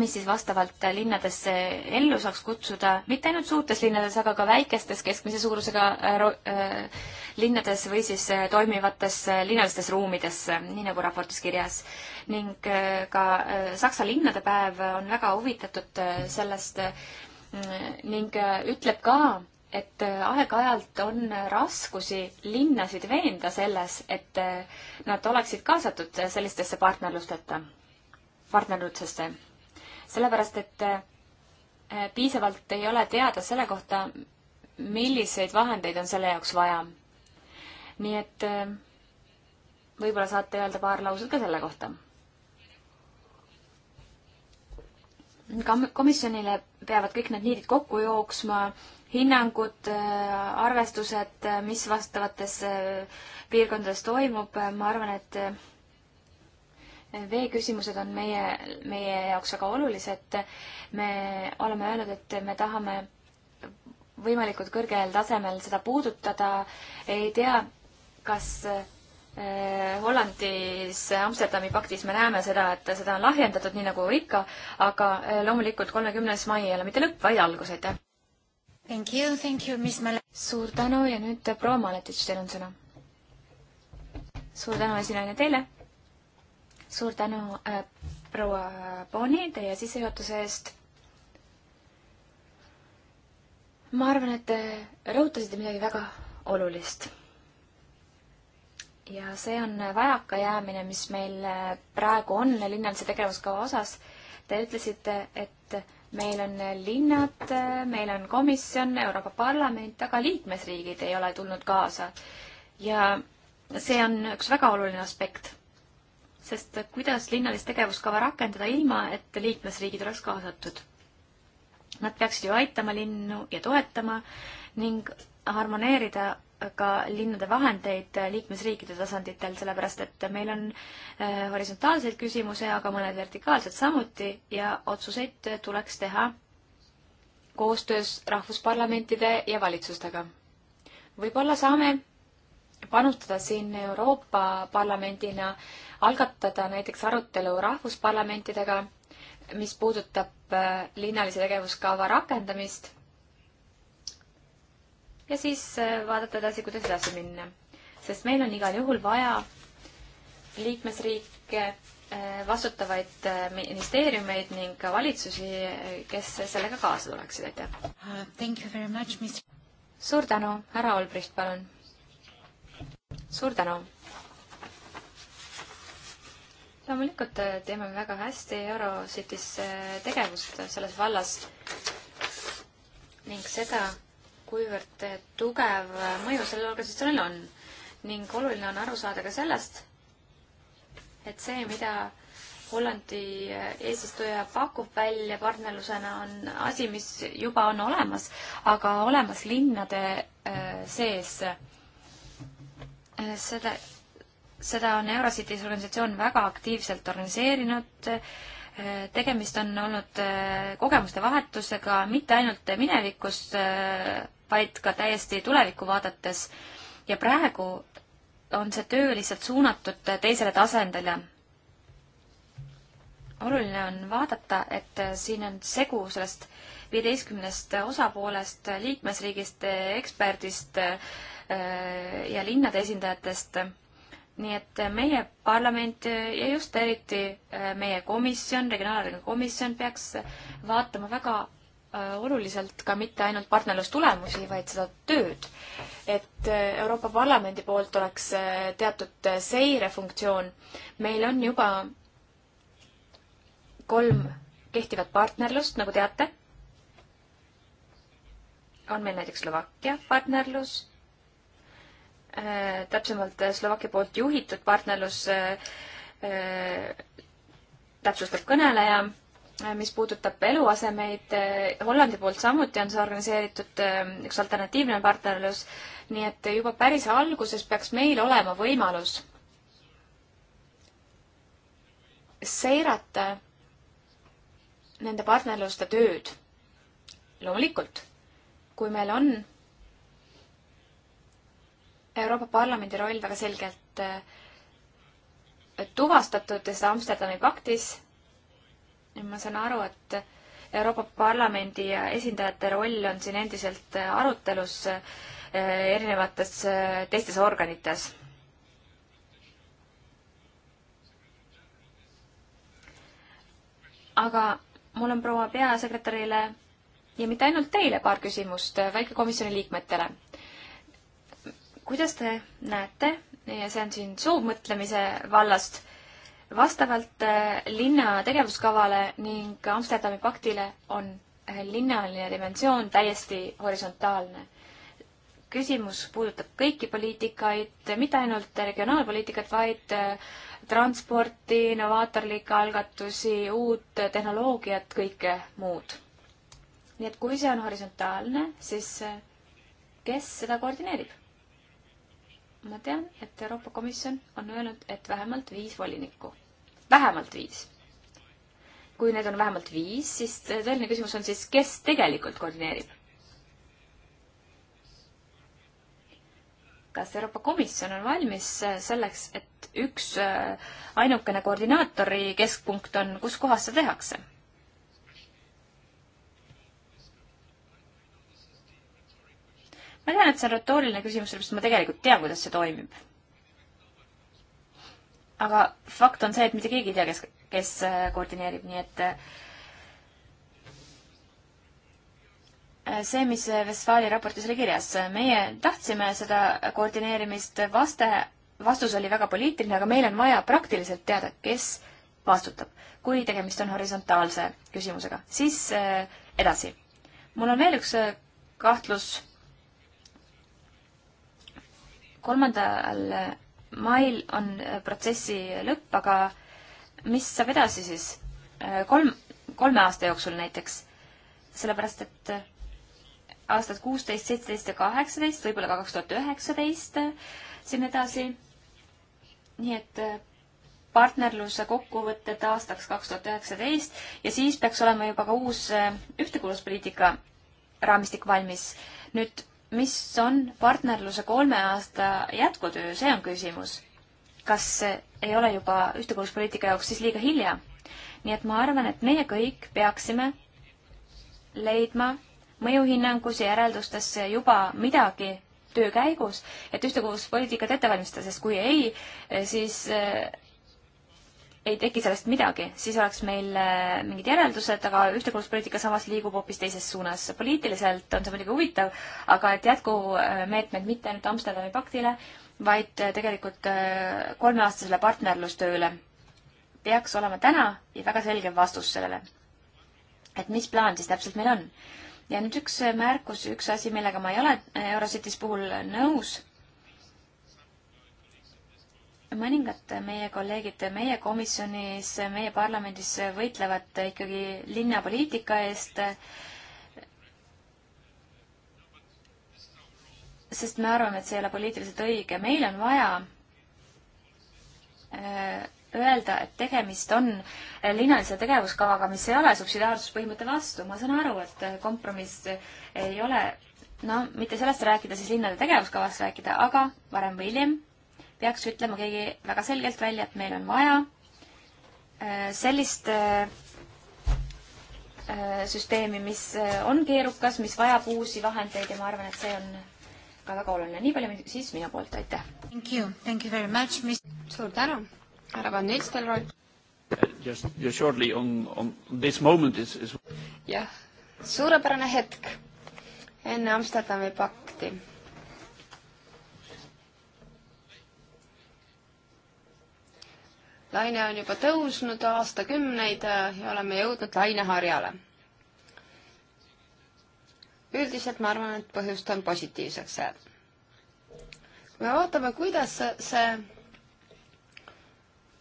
mis siis vastavalt linnadesse ellu saaks kutsuda, mitte ainult suurtes linnades, aga ka väikestes keskmise suurusega äh, äh linnades või siis äh, toimivates äh, linnalistes ruumides, nii nagu raportis kirjas. ning ka Saksa linnade päev on väga huvitatud sellest ning ütleb ka, et aeg-ajalt on raskusi linnasid veenda selles, et nad oleksid kaasatud sellistesse partnerlusteta, partnerlusesse sellepärast et äh, piisavalt ei ole teada selle kohta, milliseid vahendeid on selle jaoks vaja. nii et äh, võib-olla saate öelda paar lauset ka selle kohta. komisjonile peavad kõik need niidid kokku jooksma, hinnangud, äh, arvestused, mis vastavates piirkondades toimub, ma arvan, et veeküsimused on meie, meie jaoks väga olulised. me oleme öelnud, et me tahame võimalikult kõrgel tasemel seda puudutada. ei tea, kas äh, Hollandis Amsterdami paktis me näeme seda, et seda on lahjendatud, nii nagu ikka, aga äh, loomulikult kolmekümnes mai ei ole mitte lõpp, vaid algus, aitäh! Thank you, thank you, mis me suur tänu ja nüüd äh, proua Maletitš, teil on sõna. suur tänu, esinaine, teile! suur tänu äh,, proua Boni, teie sissejuhatuse eest. ma arvan, et te rõhutasite midagi väga olulist. ja see on vajakajäämine, mis meil äh, praegu on linnalise tegevuskava osas. Te ütlesite, et meil on linnad, äh, meil on komisjon, Euroopa Parlament, aga liikmesriigid ei ole tulnud kaasa. ja see on üks väga oluline aspekt sest kuidas linnalist tegevuskava rakendada ilma, et liikmesriigid oleks kaasatud? Nad peaksid ju aitama linnu ja toetama ning harmoneerida ka linnade vahendeid liikmesriikide tasanditel, sellepärast et meil on äh, horisontaalseid küsimusi, aga mõned vertikaalsed samuti ja otsuseid tuleks teha koostöös rahvusparlamentide ja valitsustega. võib-olla saame panustada siin Euroopa Parlamendina, algatada näiteks arutelu rahvusparlamentidega, mis puudutab äh, linnalise tegevuskava rakendamist. ja siis äh, vaadata edasi, kuidas edasi minna, sest meil on igal juhul vaja liikmesriike, äh, vastutavaid ministeeriumeid ning ka valitsusi, kes sellega kaasa tuleksid, aitäh! Uh, suur tänu, härra Olbricht, palun! suur tänu! loomulikult äh, teeme me väga hästi Eurocities äh, tegevust selles vallas ning seda, kuivõrd äh, tugev mõju sellel organisatsioonil on. ning oluline on aru saada ka sellest, et see, mida Hollandi eesistuja pakub välja partnerlusena, on asi, mis juba on olemas, aga olemas linnade sees seda, seda on Eurocities organisatsioon väga aktiivselt organiseerinud, tegemist on olnud äh, kogemuste vahetusega mitte ainult minevikus, äh, vaid ka täiesti tulevikku vaadates. ja praegu on see töö lihtsalt suunatud teisele tasandile. oluline on vaadata, et siin on segu sellest viieteistkümnest osapoolest, liikmesriigist, eksperdist, Äh, ja linnade esindajatest. nii et meie parlament ja just eriti äh, meie komisjon, regionaalarengu komisjon peaks vaatama väga äh, oluliselt ka mitte ainult partnerlustulemusi, vaid seda tööd. et Euroopa Parlamendi poolt oleks teatud seirefunktsioon. meil on juba kolm kehtivat partnerlust, nagu teate. on meil näiteks Slovakkia partnerlus, Äh, täpsemalt äh, Slovakkia poolt juhitud partnerlus äh, täpsustab kõneleja, mis puudutab eluasemeid, Hollandi poolt samuti on see organiseeritud üks alternatiivne partnerlus, nii et juba päris alguses peaks meil olema võimalus seirata nende partnerluste tööd. loomulikult, kui meil on Euroopa Parlamendi roll väga selgelt äh, tuvastatud seda Amsterdami paktis. ma saan aru, et Euroopa Parlamendi esindajate roll on siin endiselt arutelus äh, erinevates äh, teistes organites. aga mul on proua peasekretärile ja mitte ainult teile paar küsimust, vaid ka komisjoni liikmetele kuidas te näete, ja see on siin soovmõtlemise vallast, vastavalt äh, linna tegevuskavale ning Amsterdami paktile on äh, linnaline dimensioon täiesti horisontaalne küsimus puudutab kõiki poliitikaid, mitte ainult regionaalpoliitikat, vaid äh, transporti, innovaatorlikke algatusi, uut tehnoloogiat, kõike muud. nii et kui see on horisontaalne, siis kes seda koordineerib? ma tean, et Euroopa Komisjon on öelnud, et vähemalt viis volinikku. vähemalt viis. kui neid on vähemalt viis, siis tõeline küsimus on siis, kes tegelikult koordineerib? kas Euroopa Komisjon on valmis selleks, et üks äh, ainukene koordinaatori keskpunkt on, kus kohas see tehakse? ma tean, et see on retooriline küsimus, sellepärast ma tegelikult tean, kuidas see toimib. aga fakt on see, et mitte keegi ei tea, kes, kes äh, koordineerib, nii et äh, see, mis Vestfaali raportis oli kirjas, meie tahtsime seda koordineerimist, vaste, vastus oli väga poliitiline, aga meil on vaja praktiliselt teada, kes vastutab, kui tegemist on horisontaalse küsimusega. siis äh, edasi. mul on veel üks kahtlus kolmandal mail on äh, protsessi lõpp, aga mis saab edasi siis? Äh, kolm, kolme aasta jooksul näiteks. sellepärast, et äh, aastad kuusteist, seitseteist ja kaheksateist, võib-olla ka kaks tuhat üheksateist siin edasi. nii et partnerluse kokkuvõtted aastaks kaks tuhat üheksateist ja siis peaks olema juba ka uus ühtekuuluvuspoliitika raamistik valmis. nüüd mis on partnerluse kolme aasta jätkutöö, see on küsimus. kas ei ole juba ühtekuuluvuspoliitika jaoks siis liiga hilja? nii et ma arvan, et meie kõik peaksime leidma mõjuhinnangus ja järeldustes juba midagi töö käigus, et ühtekuuluvuspoliitikat ette valmistada, sest kui ei, siis eh, ei teki sellest midagi, siis oleks meil äh, mingid järeldused, aga ühtekuuluvuspoliitika samas liigub hoopis teises suunas. poliitiliselt on see muidugi huvitav, aga et jätkumeetmed äh, mitte ainult Amsterdami paktile, vaid äh, tegelikult kolmeaastasele partnerlustööle peaks olema täna ja väga selge vastus sellele. et mis plaan siis täpselt meil on. ja nüüd üks märkus, üks asi, millega ma ei ole Eurocities puhul nõus mõningad meie kolleegid meie komisjonis, meie parlamendis võitlevad ikkagi linnapoliitika eest, sest me arvame, et see ei ole poliitiliselt õige. meil on vaja äh, öelda, et tegemist on linnalise tegevuskavaga, mis ei ole subsidiaarsuspõhimõtte vastu. ma saan aru, et kompromiss ei ole, no mitte sellest rääkida, siis linnade tegevuskavast rääkida, aga varem või hiljem peaks ütlema keegi väga selgelt välja, et meil on vaja äh, sellist äh, äh, süsteemi, mis on keerukas, mis vajab uusi vahendeid ja ma arvan, et see on ka väga oluline. nii palju siis minu poolt, aitäh! Thank you, thank you very much, mis suur tänu, härra Van Nistelrooy! Uh, just, just shortly on, on this moment is, is jah, suurepärane hetk enne Amsterdami pakti laine on juba tõusnud aastakümneid äh, ja oleme jõudnud laineharjale. üldiselt ma arvan, et põhjust on positiivseks jääb. kui me vaatame, kuidas see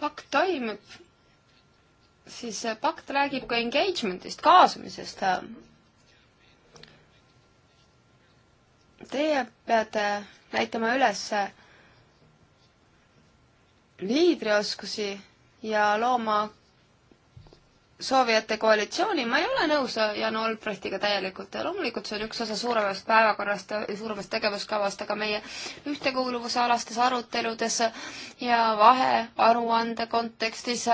pakt toimib, siis pakt räägib ka engagement'ist, kaasamisest teie peate näitama üles äh, liidrioskusi ja looma soovijate koalitsiooni, ma ei ole nõus Jan Olbrechtiga täielikult ja loomulikult see on üks osa suuremast päevakorrast, suuremast tegevuskavast, aga meie ühtekuuluvusealastes aruteludes ja vahearuande kontekstis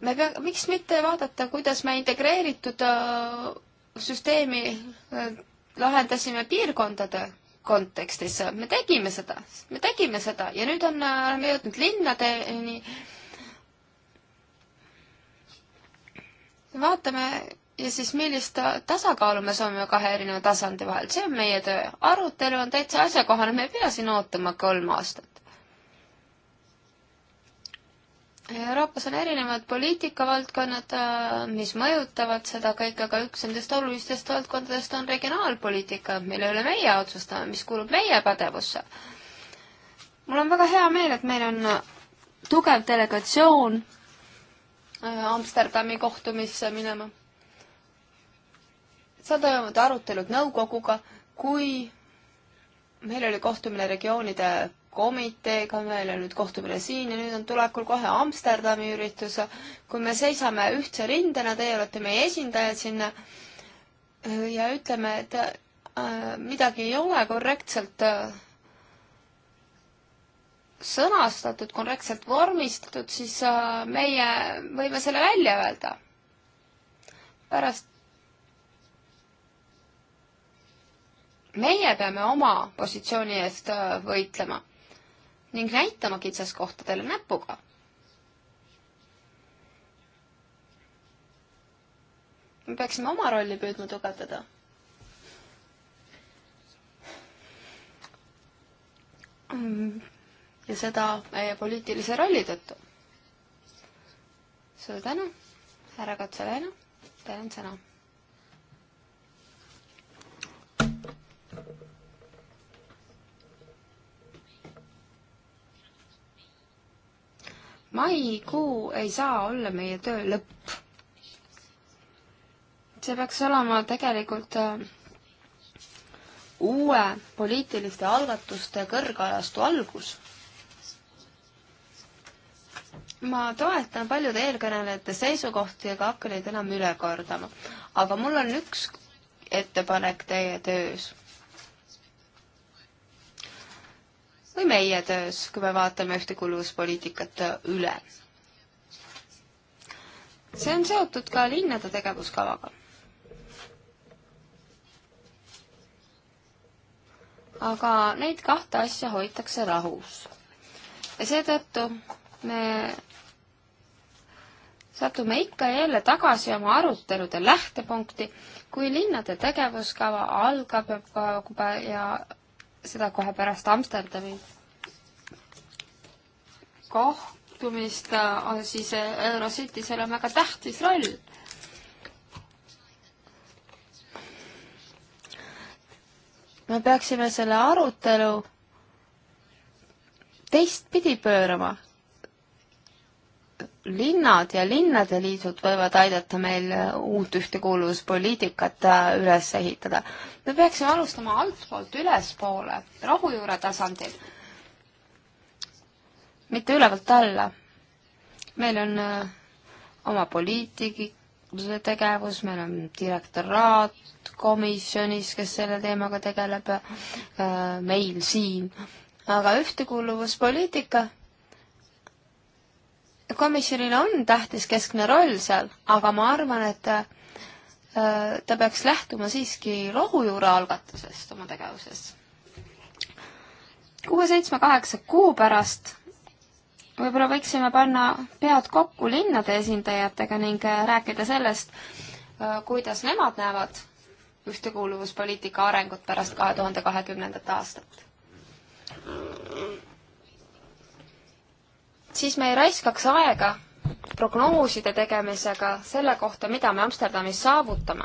me pea, miks mitte vaadata, kuidas me integreeritud äh, süsteemi äh, lahendasime piirkondade kontekstis, me tegime seda, me tegime seda ja nüüd on, oleme äh, jõudnud linnadeni. vaatame ja siis millist tasakaalu me soovime kahe erineva tasandi vahel, see on meie töö. arutelu on täitsa asjakohane, me ei pea siin ootama kolm aastat. Euroopas on erinevad poliitikavaldkonnad, äh, mis mõjutavad seda kõike, aga üks nendest olulistest valdkondadest on regionaalpoliitika, mille üle meie otsustame, mis kuulub meie pädevusse. mul on väga hea meel, et meil on tugev delegatsioon äh, Amsterdami kohtumisse minema. seal toimuvad arutelud nõukoguga, kui meil oli kohtumine regioonide komiteega, meil on nüüd kohtumine siin ja nüüd on tulekul kohe Amsterdami üritus. kui me seisame ühtse rindena, teie olete meie esindajad sinna äh, ja ütleme, et äh, midagi ei ole korrektselt äh, sõnastatud, korrektselt vormistatud, siis äh, meie võime selle välja öelda. pärast meie peame oma positsiooni eest äh, võitlema ning näitama kitsaskohtadele näpuga. me peaksime oma rolli püüdma tugevdada. ja seda meie poliitilise rolli tõttu. suur tänu, härra Katselaine, teil on sõna maikuu ei saa olla meie töö lõpp. see peaks olema tegelikult äh, uue poliitiliste algatuste kõrgajastu algus. ma toetan paljude eelkõnelejate seisukohti ega hakka neid enam üle kordama, aga mul on üks ettepanek teie töös või meie töös, kui me vaatame ühtekuuluvuspoliitikat üle. see on seotud ka linnade tegevuskavaga. aga neid kahte asja hoitakse rahus. ja seetõttu me satume ikka ja jälle tagasi oma arutelude lähtepunkti, kui linnade tegevuskava algab ja seda kohe pärast Amsterdami kohtumist, siis äh, Eurocitisel on väga tähtis roll me peaksime selle arutelu teistpidi pöörama linnad ja linnade liidud võivad aidata meil äh, uut ühtekuuluvuspoliitikat äh, üles ehitada. me peaksime alustama altpoolt ülespoole, rohujuure tasandil, mitte ülevalt alla. meil on äh, oma poliitikute tegevus, meil on direktoraat komisjonis, kes selle teemaga tegeleb, meil siin, aga ühtekuuluvuspoliitika komisjonil on tähtis keskne roll seal, aga ma arvan, et äh, ta peaks lähtuma siiski rohujuure algatusest oma tegevuses. kuue, seitsme, kaheksa kuu pärast võib-olla võiksime panna pead kokku linnade esindajatega ning äh, rääkida sellest, äh, kuidas nemad näevad ühtekuuluvuspoliitika arengut pärast kahe tuhande kahekümnendat aastat siis me ei raiskaks aega prognooside tegemisega selle kohta, mida me Amsterdamis saavutame.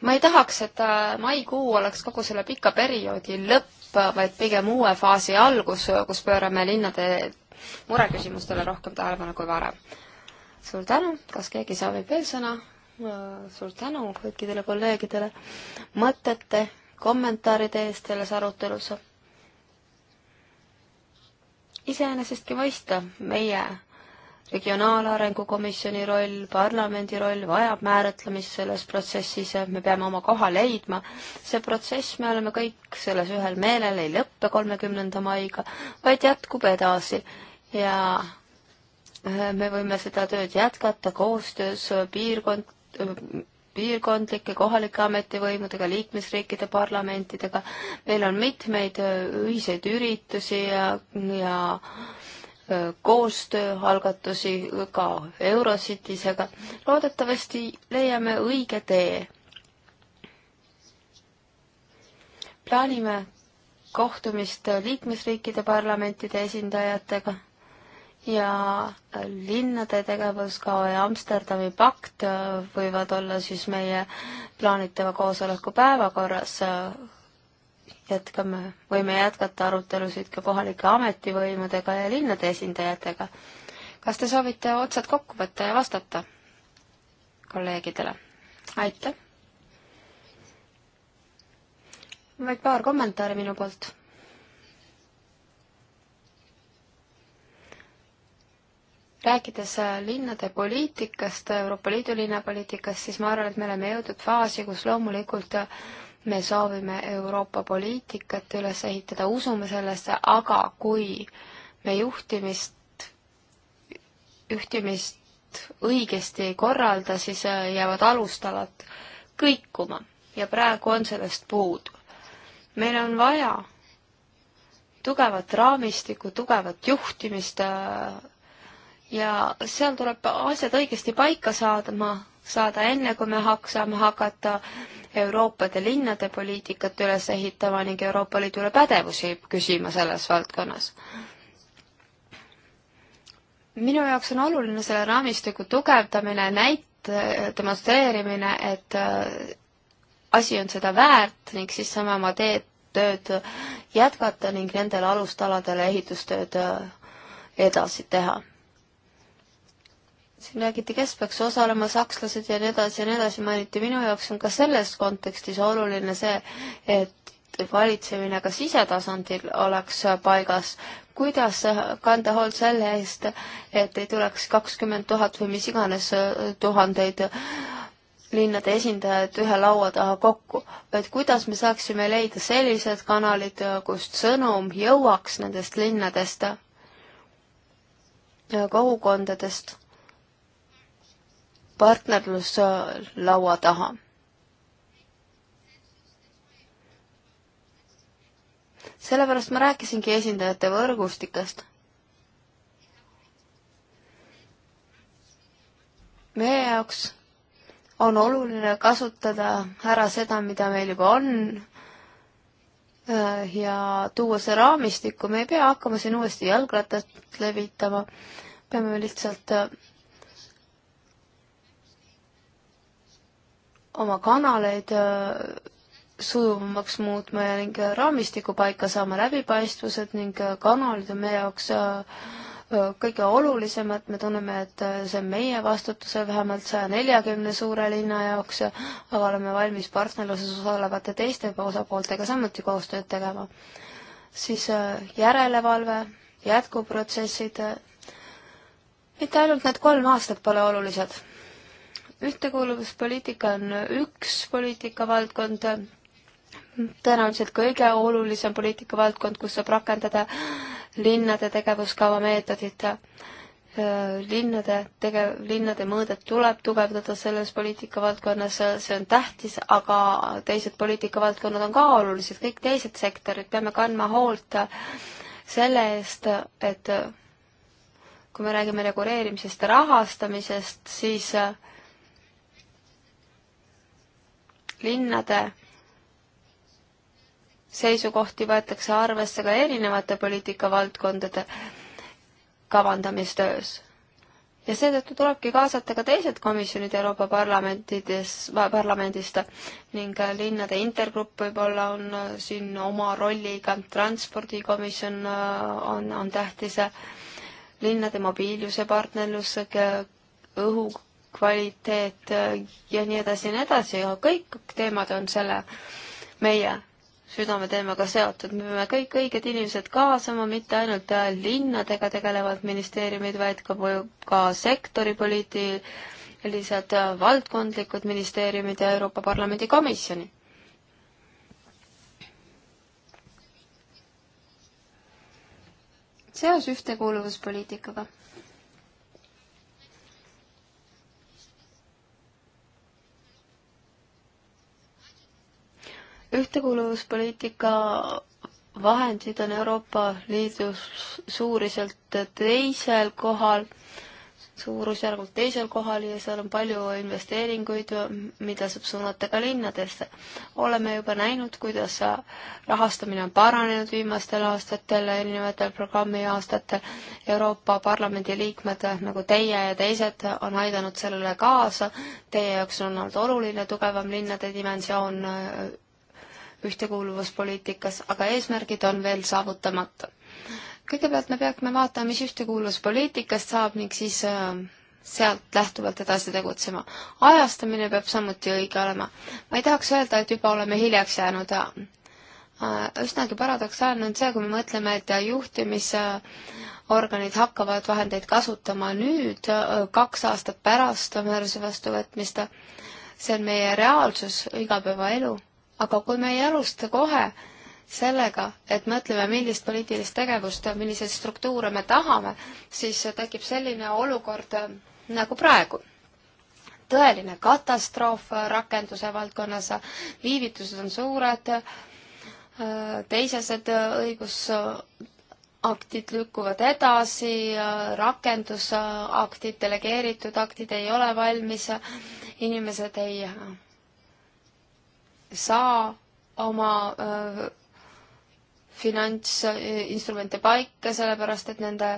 ma ei tahaks, et äh, maikuu oleks kogu selle pika perioodi lõpp, vaid pigem uue faasi algus, kus pöörame linnade mureküsimustele rohkem tähelepanu kui varem. suur tänu, kas keegi soovib veel sõna? Äh, suur tänu kõikidele kolleegidele mõtete, kommentaaride eest selles arutelus iseenesestki mõista, meie regionaalarengu komisjoni roll, parlamendi roll vajab määratlemist selles protsessis, me peame oma koha leidma. see protsess, me oleme kõik selles ühel meelel, ei lõppe kolmekümnenda maiga, vaid jätkub edasi ja äh, me võime seda tööd jätkata koostöös piirkond, piirkondlike kohalike ametivõimudega, liikmesriikide parlamentidega. meil on mitmeid äh, ühiseid üritusi ja, ja äh, koostööalgatusi ka Eurocitisega. loodetavasti leiame õige tee. plaanime kohtumist liikmesriikide parlamentide esindajatega ja linnade tegevuskava ja Amsterdami pakt äh, võivad olla siis meie plaanitava koosoleku päevakorras. jätkame, võime jätkata arutelusid ka kohalike ametivõimudega ja linnade esindajatega. kas te soovite otsad kokku võtta ja vastata kolleegidele? aitäh! vaid paar kommentaari minu poolt rääkides äh, linnade poliitikast, Euroopa Liidu linnapoliitikast, siis ma arvan, et me oleme jõudnud faasi, kus loomulikult äh, me soovime Euroopa poliitikat üles ehitada, usume sellesse, aga kui me juhtimist, juhtimist õigesti ei korralda, siis äh, jäävad alustalad kõikuma ja praegu on sellest puudu. meil on vaja tugevat raamistikku, tugevat juhtimist ja seal tuleb asjad õigesti paika saadma, saada enne, kui me hak-, saame hakata Euroopade linnade poliitikat üles ehitama ning Euroopa Liidule pädevusi küsima selles valdkonnas. minu jaoks on oluline selle raamistiku tugevdamine, näit-, demonstreerimine, et äh, asi on seda väärt ning siis saame oma teed, tööd jätkata ning nendele alustaladele ehitustööd äh, edasi teha siin räägiti, kes peaks osalema, sakslased ja nii edasi ja nii edasi mainiti, minu jaoks on ka selles kontekstis oluline see, et valitsemine ka sisetasandil oleks paigas, kuidas kanda hoolt selle eest, et ei tuleks kakskümmend tuhat või mis iganes äh, tuhandeid linnade esindajad ühe laua taha kokku, vaid kuidas me saaksime leida sellised kanalid, kust sõnum jõuaks nendest linnadest, kogukondadest partnerluslaua taha. sellepärast ma rääkisingi esindajate võrgustikest. meie jaoks on oluline kasutada ära seda, mida meil juba on ja tuua see raamistikku, me ei pea hakkama siin uuesti jalgratast levitama, peame lihtsalt oma kanaleid äh, sujuvamaks muutma ja ning äh, raamistiku paika saama läbipaistvused ning äh, kanalid on meie jaoks kõige olulisemad, me tunneme, et see on meie vastutusel vähemalt saja neljakümne suure linna jaoks, aga oleme valmis partnerluses osalevate teiste osapooltega samuti koostööd tegema. siis järelevalve, jätkuprotsessid, mitte ainult need kolm aastat pole olulised ühtekuuluvuspoliitika on üks poliitikavaldkond, tõenäoliselt kõige olulisem poliitikavaldkond, kus saab rakendada linnade tegevuskava meetodit linnade tege-, linnade mõõdet tuleb tugevdada selles poliitikavaldkonnas, see on tähtis, aga teised poliitikavaldkonnad on ka olulised, kõik teised sektorid, peame kandma hoolt selle eest, et kui me räägime reguleerimisest ja rahastamisest, siis äh, linnade seisukohti võetakse arvesse ka erinevate poliitikavaldkondade kavandamistöös. ja seetõttu tulebki kaasata ka teised komisjonid Euroopa parlamentides, parlamendist ning linnade intergrupp võib-olla on äh, siin oma rolliga, transpordikomisjon äh, on, on tähtis, linnade mobiilsuse partnerlus, äh, õhu kvaliteet äh, ja nii edasi ja nii edasi, aga kõik teemad on selle meie südameteemaga seotud, me peame kõik õiged inimesed kaasama, mitte ainult äh, linnadega tegelevad ministeeriumid, vaid ka, ka sektori poliitilised äh, valdkondlikud ministeeriumid ja Euroopa Parlamendi komisjoni. seos ühtekuuluvuspoliitikaga ühtekuuluvuspoliitika vahendid on Euroopa Liidus suuriselt teisel kohal, suurusjärgult teisel kohal ja seal on palju investeeringuid, mida saab suunata ka linnadesse. oleme juba näinud, kuidas rahastamine on paranenud viimastel aastatel, erinevatel programmi aastatel. Euroopa Parlamendi liikmed nagu teie ja teised on aidanud sellele kaasa. Teie jaoks on olnud oluline tugevam linnade dimensioon ühtekuuluvuspoliitikas, aga eesmärgid on veel saavutamata. kõigepealt me peame vaatama, mis ühtekuuluvuspoliitikast saab ning siis äh, sealt lähtuvalt edasi tegutsema. ajastamine peab samuti õige olema. ma ei tahaks öelda, et juba oleme hiljaks jäänud. Äh, üsnagi paradoksaalne on see, kui me mõtleme, et juhtimisorganid hakkavad vahendeid kasutama nüüd, äh, kaks aastat pärast määruse vastuvõtmist. see on meie reaalsus, igapäevaelu aga kui me ei alusta kohe sellega, et mõtleme, millist poliitilist tegevust, milliseid struktuure me tahame, siis tekib selline olukord äh, nagu praegu. tõeline katastroof äh, rakenduse valdkonnas, äh, viivitused on suured, teised õigusaktid lükkuvad edasi, rakendusaktid, delegeeritud aktid ei ole valmis, inimesed ei saa oma öö, äh, finantsinstrumente paika, sellepärast et nende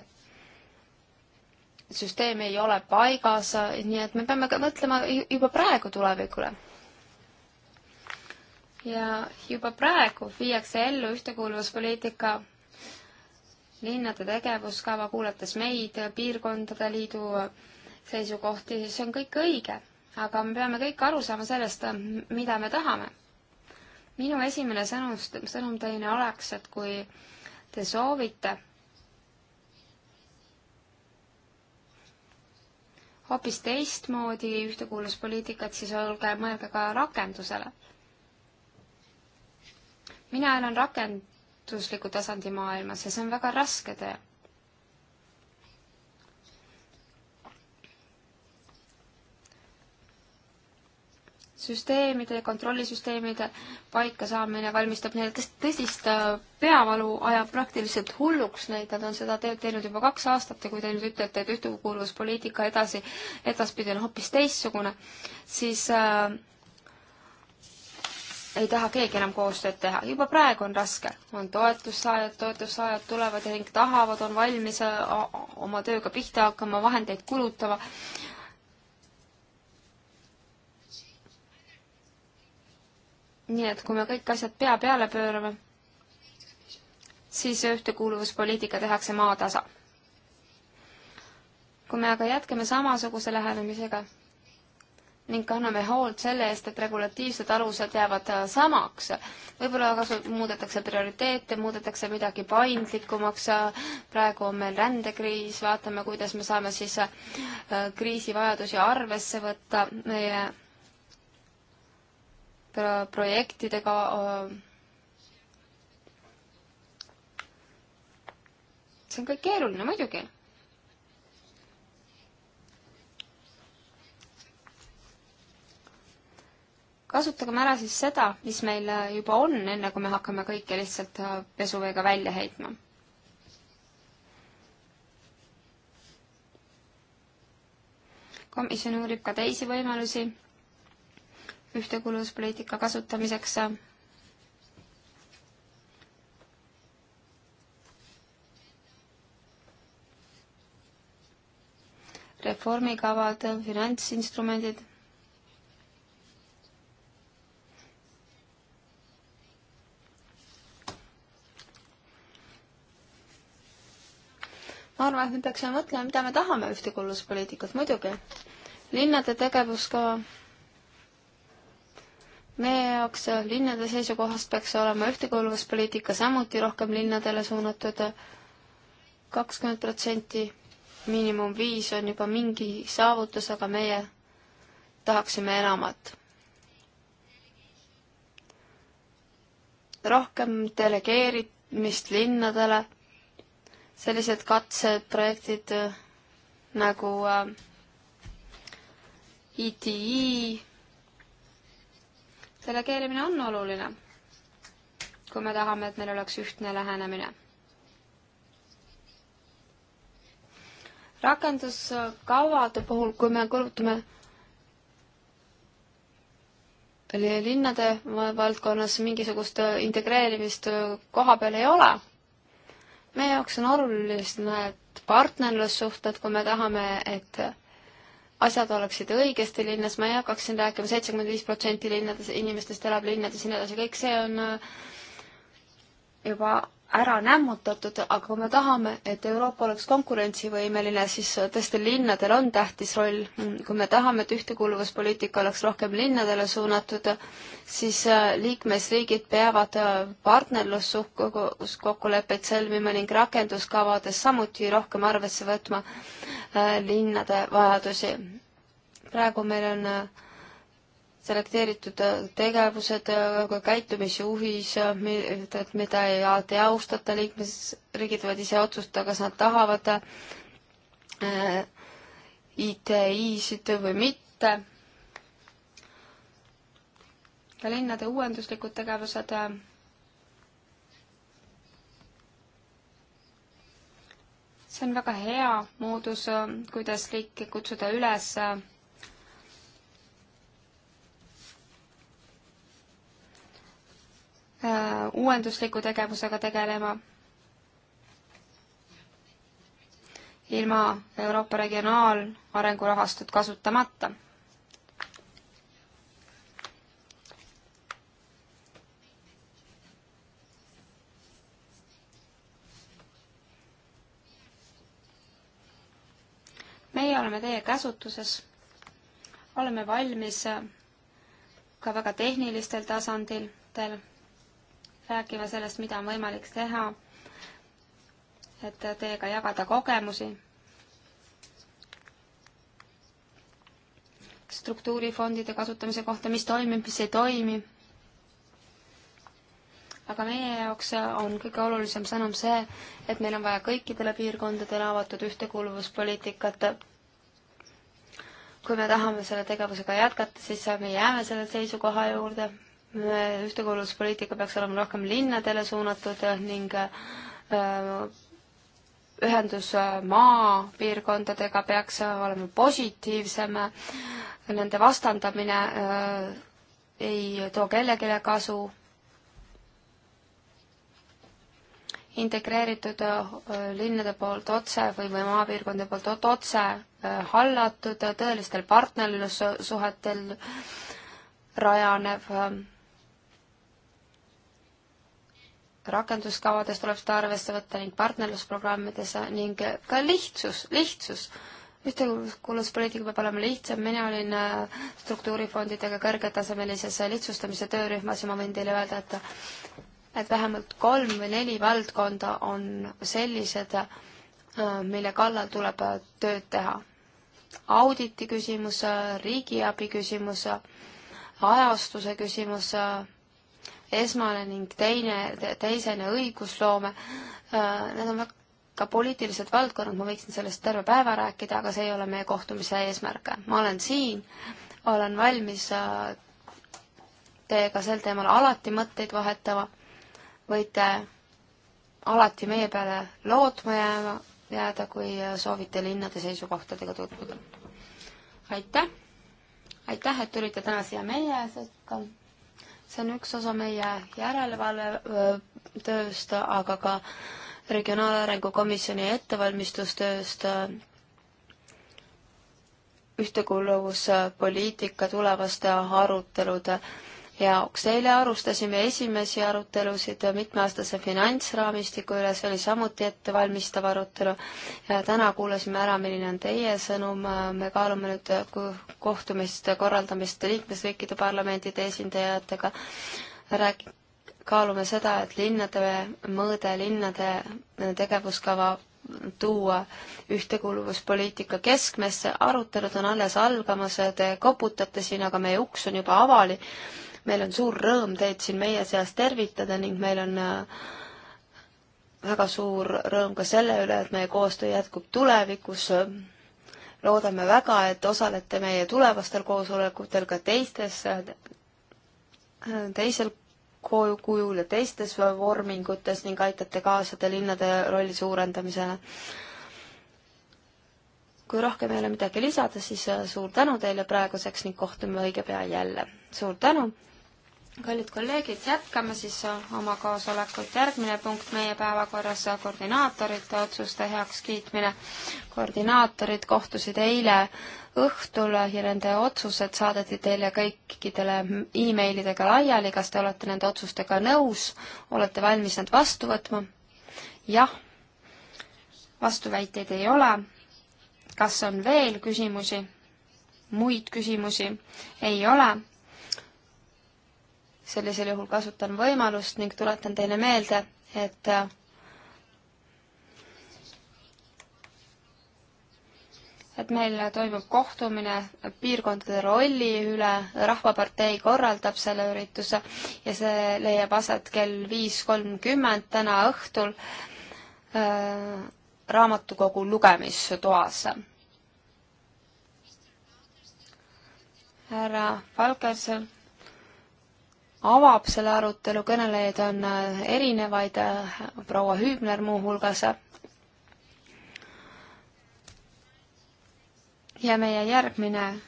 süsteem ei ole paigas, nii et me peame ka mõtlema juba praegu tulevikule. ja juba praegu viiakse ellu ühtekuuluvuspoliitika linnade tegevuskava, kuulates meid, piirkondade liidu seisukohti, see on kõik õige, aga me peame kõik aru saama sellest, mida me tahame minu esimene sõnum, sõnum teile oleks, et kui te soovite hoopis teistmoodi ühtekuuluvuspoliitikat, siis olge, mõelge ka rakendusele. mina elan rakendusliku tasandi maailmas ja see on väga raske töö. süsteemide, kontrollisüsteemide paikasaamine valmistab neile tõsist äh, peavalu, ajab praktiliselt hulluks neid, nad on seda tööd teinud juba kaks aastat ja kui te nüüd ütlete, et ühtekuuluvuspoliitika edasi, edaspidi on hoopis teistsugune, siis äh, ei taha keegi enam koostööd teha, juba praegu on raske, on toetussaajad, toetussaajad tulevad ja ning tahavad, on valmis äh, oma tööga pihta hakkama, vahendeid kulutama, nii et kui me kõik asjad pea peale pöörame, siis ühtekuuluvuspoliitika tehakse maatasa. kui me aga jätkame samasuguse lähenemisega ning anname hoolt selle eest, et regulatiivsed alused jäävad samaks, võib-olla kasu-, muudetakse prioriteete, muudetakse midagi paindlikumaks, praegu on meil rändekriis, vaatame, kuidas me saame siis äh, kriisivajadusi arvesse võtta meie projektidega äh, see on kõik keeruline muidugi. kasutagem ära siis seda, mis meil äh, juba on, enne kui me hakkame kõike lihtsalt äh, pesuveega välja heitma. komisjon uurib ka teisi võimalusi ühtekuuluvuspoliitika kasutamiseks. reformikavad, finantsinstrumendid ma arvan, et me peaksime mõtlema, mida me tahame ühtekuuluvuspoliitikat, muidugi. linnade tegevuskava meie jaoks linnade seisukohast peaks olema ühtekuuluvuspoliitika samuti rohkem linnadele suunatud, kakskümmend protsenti, miinimum viis on juba mingi saavutus, aga meie tahaksime enamat. rohkem delegeerimist linnadele, sellised katseprojektid äh, nagu ITI, äh, e e, delegeerimine on oluline, kui me tahame, et meil oleks ühtne lähenemine. rakenduskavade puhul, kui me kulutame linnade valdkonnas mingisugust äh, integreerimist äh, koha peal ei ole. meie jaoks on oluline partnerlussuhted, kui me tahame, et asjad oleksid õigesti linnas, ma ei hakkaks siin rääkima, seitsekümmend viis protsenti linnades, inimestest elab linnades ja nii edasi, kõik see on äh, juba ära nämmutatud, aga kui me tahame, et Euroopa oleks konkurentsivõimeline, siis tõesti linnadel on tähtis roll. kui me tahame, et ühtekuuluvuspoliitika oleks rohkem linnadele suunatud, siis äh, liikmesriigid peavad äh, partnerluskokkuleppeid sõlmima ning rakenduskavades samuti rohkem arvesse võtma äh, linnade vajadusi. praegu meil on selekteeritud äh, tegevused, äh, käitumisjuhis, äh, mida ei teostata, liikmesriigid võivad ise otsustada, kas nad tahavad ITI-sid või mitte. ka linnade uuenduslikud tegevused. see on väga hea moodus, kuidas riiki kutsuda üles Äh, uuendusliku tegevusega tegelema. ilma Euroopa Regionaalarengu rahastut kasutamata. meie oleme teie käsutuses, oleme valmis ka väga tehnilistel tasanditel rääkima sellest, mida on võimalik teha, et teiega jagada kogemusi. struktuurifondide kasutamise kohta, mis toimib, mis ei toimi. aga meie jaoks on kõige olulisem sõnum see, et meil on vaja kõikidele piirkondadele avatud ühtekuuluvuspoliitikat kui me tahame selle tegevusega jätkata, siis me jääme selle seisukoha juurde, ühtekuuluvuspoliitika peaks olema rohkem linnadele suunatud ning äh, ühendus äh, maapiirkondadega peaks olema positiivsem, nende vastandamine äh, ei too kellelegi kasu. integreeritud linnade poolt otse või, või maapiirkondade poolt otse hallatud, tõelistel partnerlussuhetel rajanev rakenduskavades tuleb seda arvesse võtta ning partnerlusprogrammides ning ka lihtsus, lihtsus. ühtekuuluvuspoliitika peab olema lihtsam, mina olin äh, struktuurifondidega kõrgetasemelises lihtsustamise töörühmas ja ma võin teile öelda, et et vähemalt kolm või neli valdkonda on sellised, äh, mille kallal tuleb äh, tööd teha. auditi küsimus, riigiabi küsimus, ajastuse küsimus esmane ning teine te,, teisene õigusloome, äh, need on väga ka poliitilised valdkonnad, ma võiksin sellest terve päeva rääkida, aga see ei ole meie kohtumise eesmärk. ma olen siin, olen valmis äh, teiega sel teemal alati mõtteid vahetama, võite alati meie peale lootma jääma, jääda, kui soovite linnade seisukohtadega tutvuda. aitäh! aitäh, et tulite täna siia meie sekka! see on üks osa meie järelevalve tööst, aga ka Regionaalarengu Komisjoni ettevalmistustööst ühtekuuluvuspoliitika tulevaste arutelude jaoks. eile alustasime esimesi arutelusid mitmeaastase finantsraamistiku üle, see oli samuti ettevalmistav arutelu ja täna kuulasime ära, milline on teie sõnum, me kaalume nüüd kohtumist, korraldamist liikmesriikide parlamendide esindajatega, rääk-, kaalume seda, et linnade mõõde, linnade tegevuskava tuua ühtekuuluvuspoliitika keskmesse, arutelud on alles algamas, te koputate siin, aga meie uks on juba avali, meil on suur rõõm teid siin meie seas tervitada ning meil on äh, väga suur rõõm ka selle üle, et meie koostöö jätkub tulevikus. loodame väga, et osalete meie tulevastel koosolekutel ka teistes, äh, teisel kujul ja teistes vormingutes ning aitate kaasa te linnade rolli suurendamisele. kui rohkem ei ole midagi lisada, siis äh, suur tänu teile praeguseks ning kohtume õige pea jälle. suur tänu kallid kolleegid, jätkame siis oma koosolekut. järgmine punkt meie päevakorras, koordinaatorite otsuste heakskiitmine. koordinaatorid kohtusid eile õhtul ja nende otsused saadeti teile kõikidele emailidega laiali. kas te olete nende otsustega nõus? olete valmis nad vastu võtma? jah. vastuväiteid ei ole. kas on veel küsimusi? muid küsimusi ei ole sellisel juhul kasutan võimalust ning tuletan teile meelde, et et meil toimub kohtumine piirkondade rolli üle, Rahvapartei korraldab selle ürituse ja see leiab aset kell viis kolmkümmend täna õhtul äh, raamatukogu lugemistoas. härra Valkersel avab selle arutelu, kõnelejaid on äh, erinevaid, äh, proua Hüübner muuhulgas. ja meie järgmine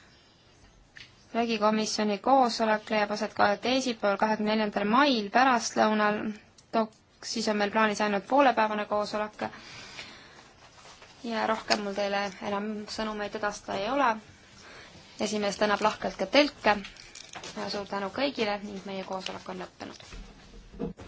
vägikomisjoni koosolek leiab aset ka teisipäeval, kahekümne neljandal mail pärastlõunal. siis on meil plaanis ainult poolepäevane koosolek. ja rohkem mul teile enam sõnumeid edastada ei ole. esimees tänab lahkelt ka telke suur tänu kõigile ning meie koosolek on lõppenud.